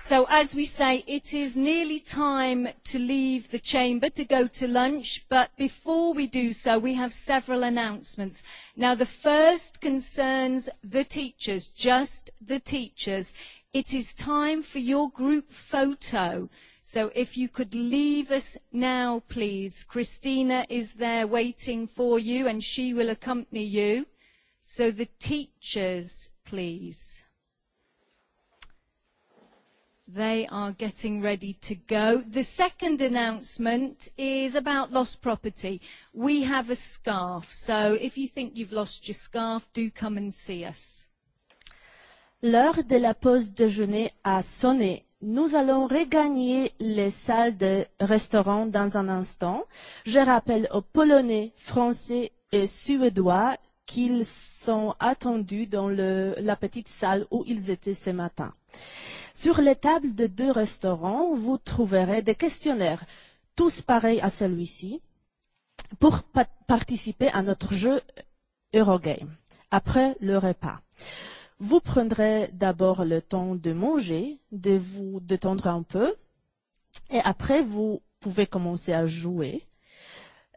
So, as we say, it is nearly time to leave the chamber to go to lunch, but before we do so, we have several announcements. Now, the first concerns the teachers, just the teachers. It is time for your group photo. So if you could leave us now, please. Christina is there waiting for you and she will accompany you. So the teachers, please. They are getting ready to go. The second announcement is about lost property. We have a scarf. So if you think you've lost your scarf, do come and see us. L'heure de la pause déjeuner a sonné. Nous allons regagner les salles de restaurant dans un instant. Je rappelle aux Polonais, Français et Suédois qu'ils sont attendus dans la petite salle où ils étaient ce matin. Sur les tables de deux restaurants, vous trouverez des questionnaires, tous pareils à celui-ci, pour participer à notre jeu Eurogame, après le repas. Vous prendrez d'abord le temps de manger, de vous détendre un peu, et après vous pouvez commencer à jouer.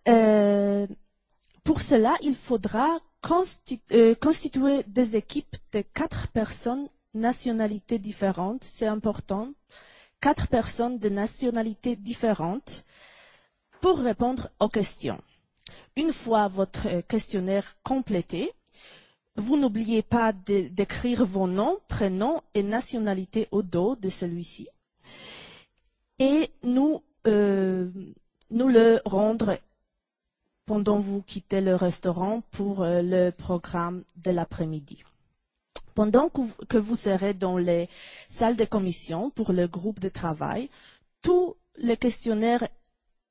Pour cela, il faudra constituer des équipes de quatre personnes nationalités différentes, c'est important, quatre personnes de nationalités différentes pour répondre aux questions. Une fois votre questionnaire complété, Vous n'oubliez pas d'écrire vos noms, prénoms et nationalité au dos de celui-ci. Et nous, nous le rendre pendant vous quittez le restaurant pour le programme de l'après-midi. Pendant que vous serez dans les salles de commission pour le groupe de travail, tous les questionnaires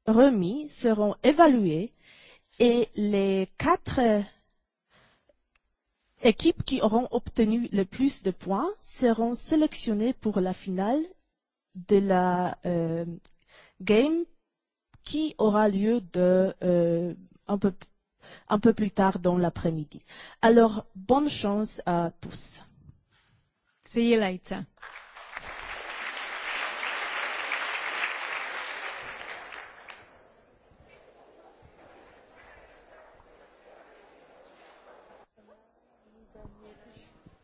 remis seront évalués et les quatre équipes qui auront obtenu le plus de points seront sélectionnées pour la finale de la game qui aura lieu de un peu un peu plus tard dans l'après-midi. Alors bonne chance à tous. See you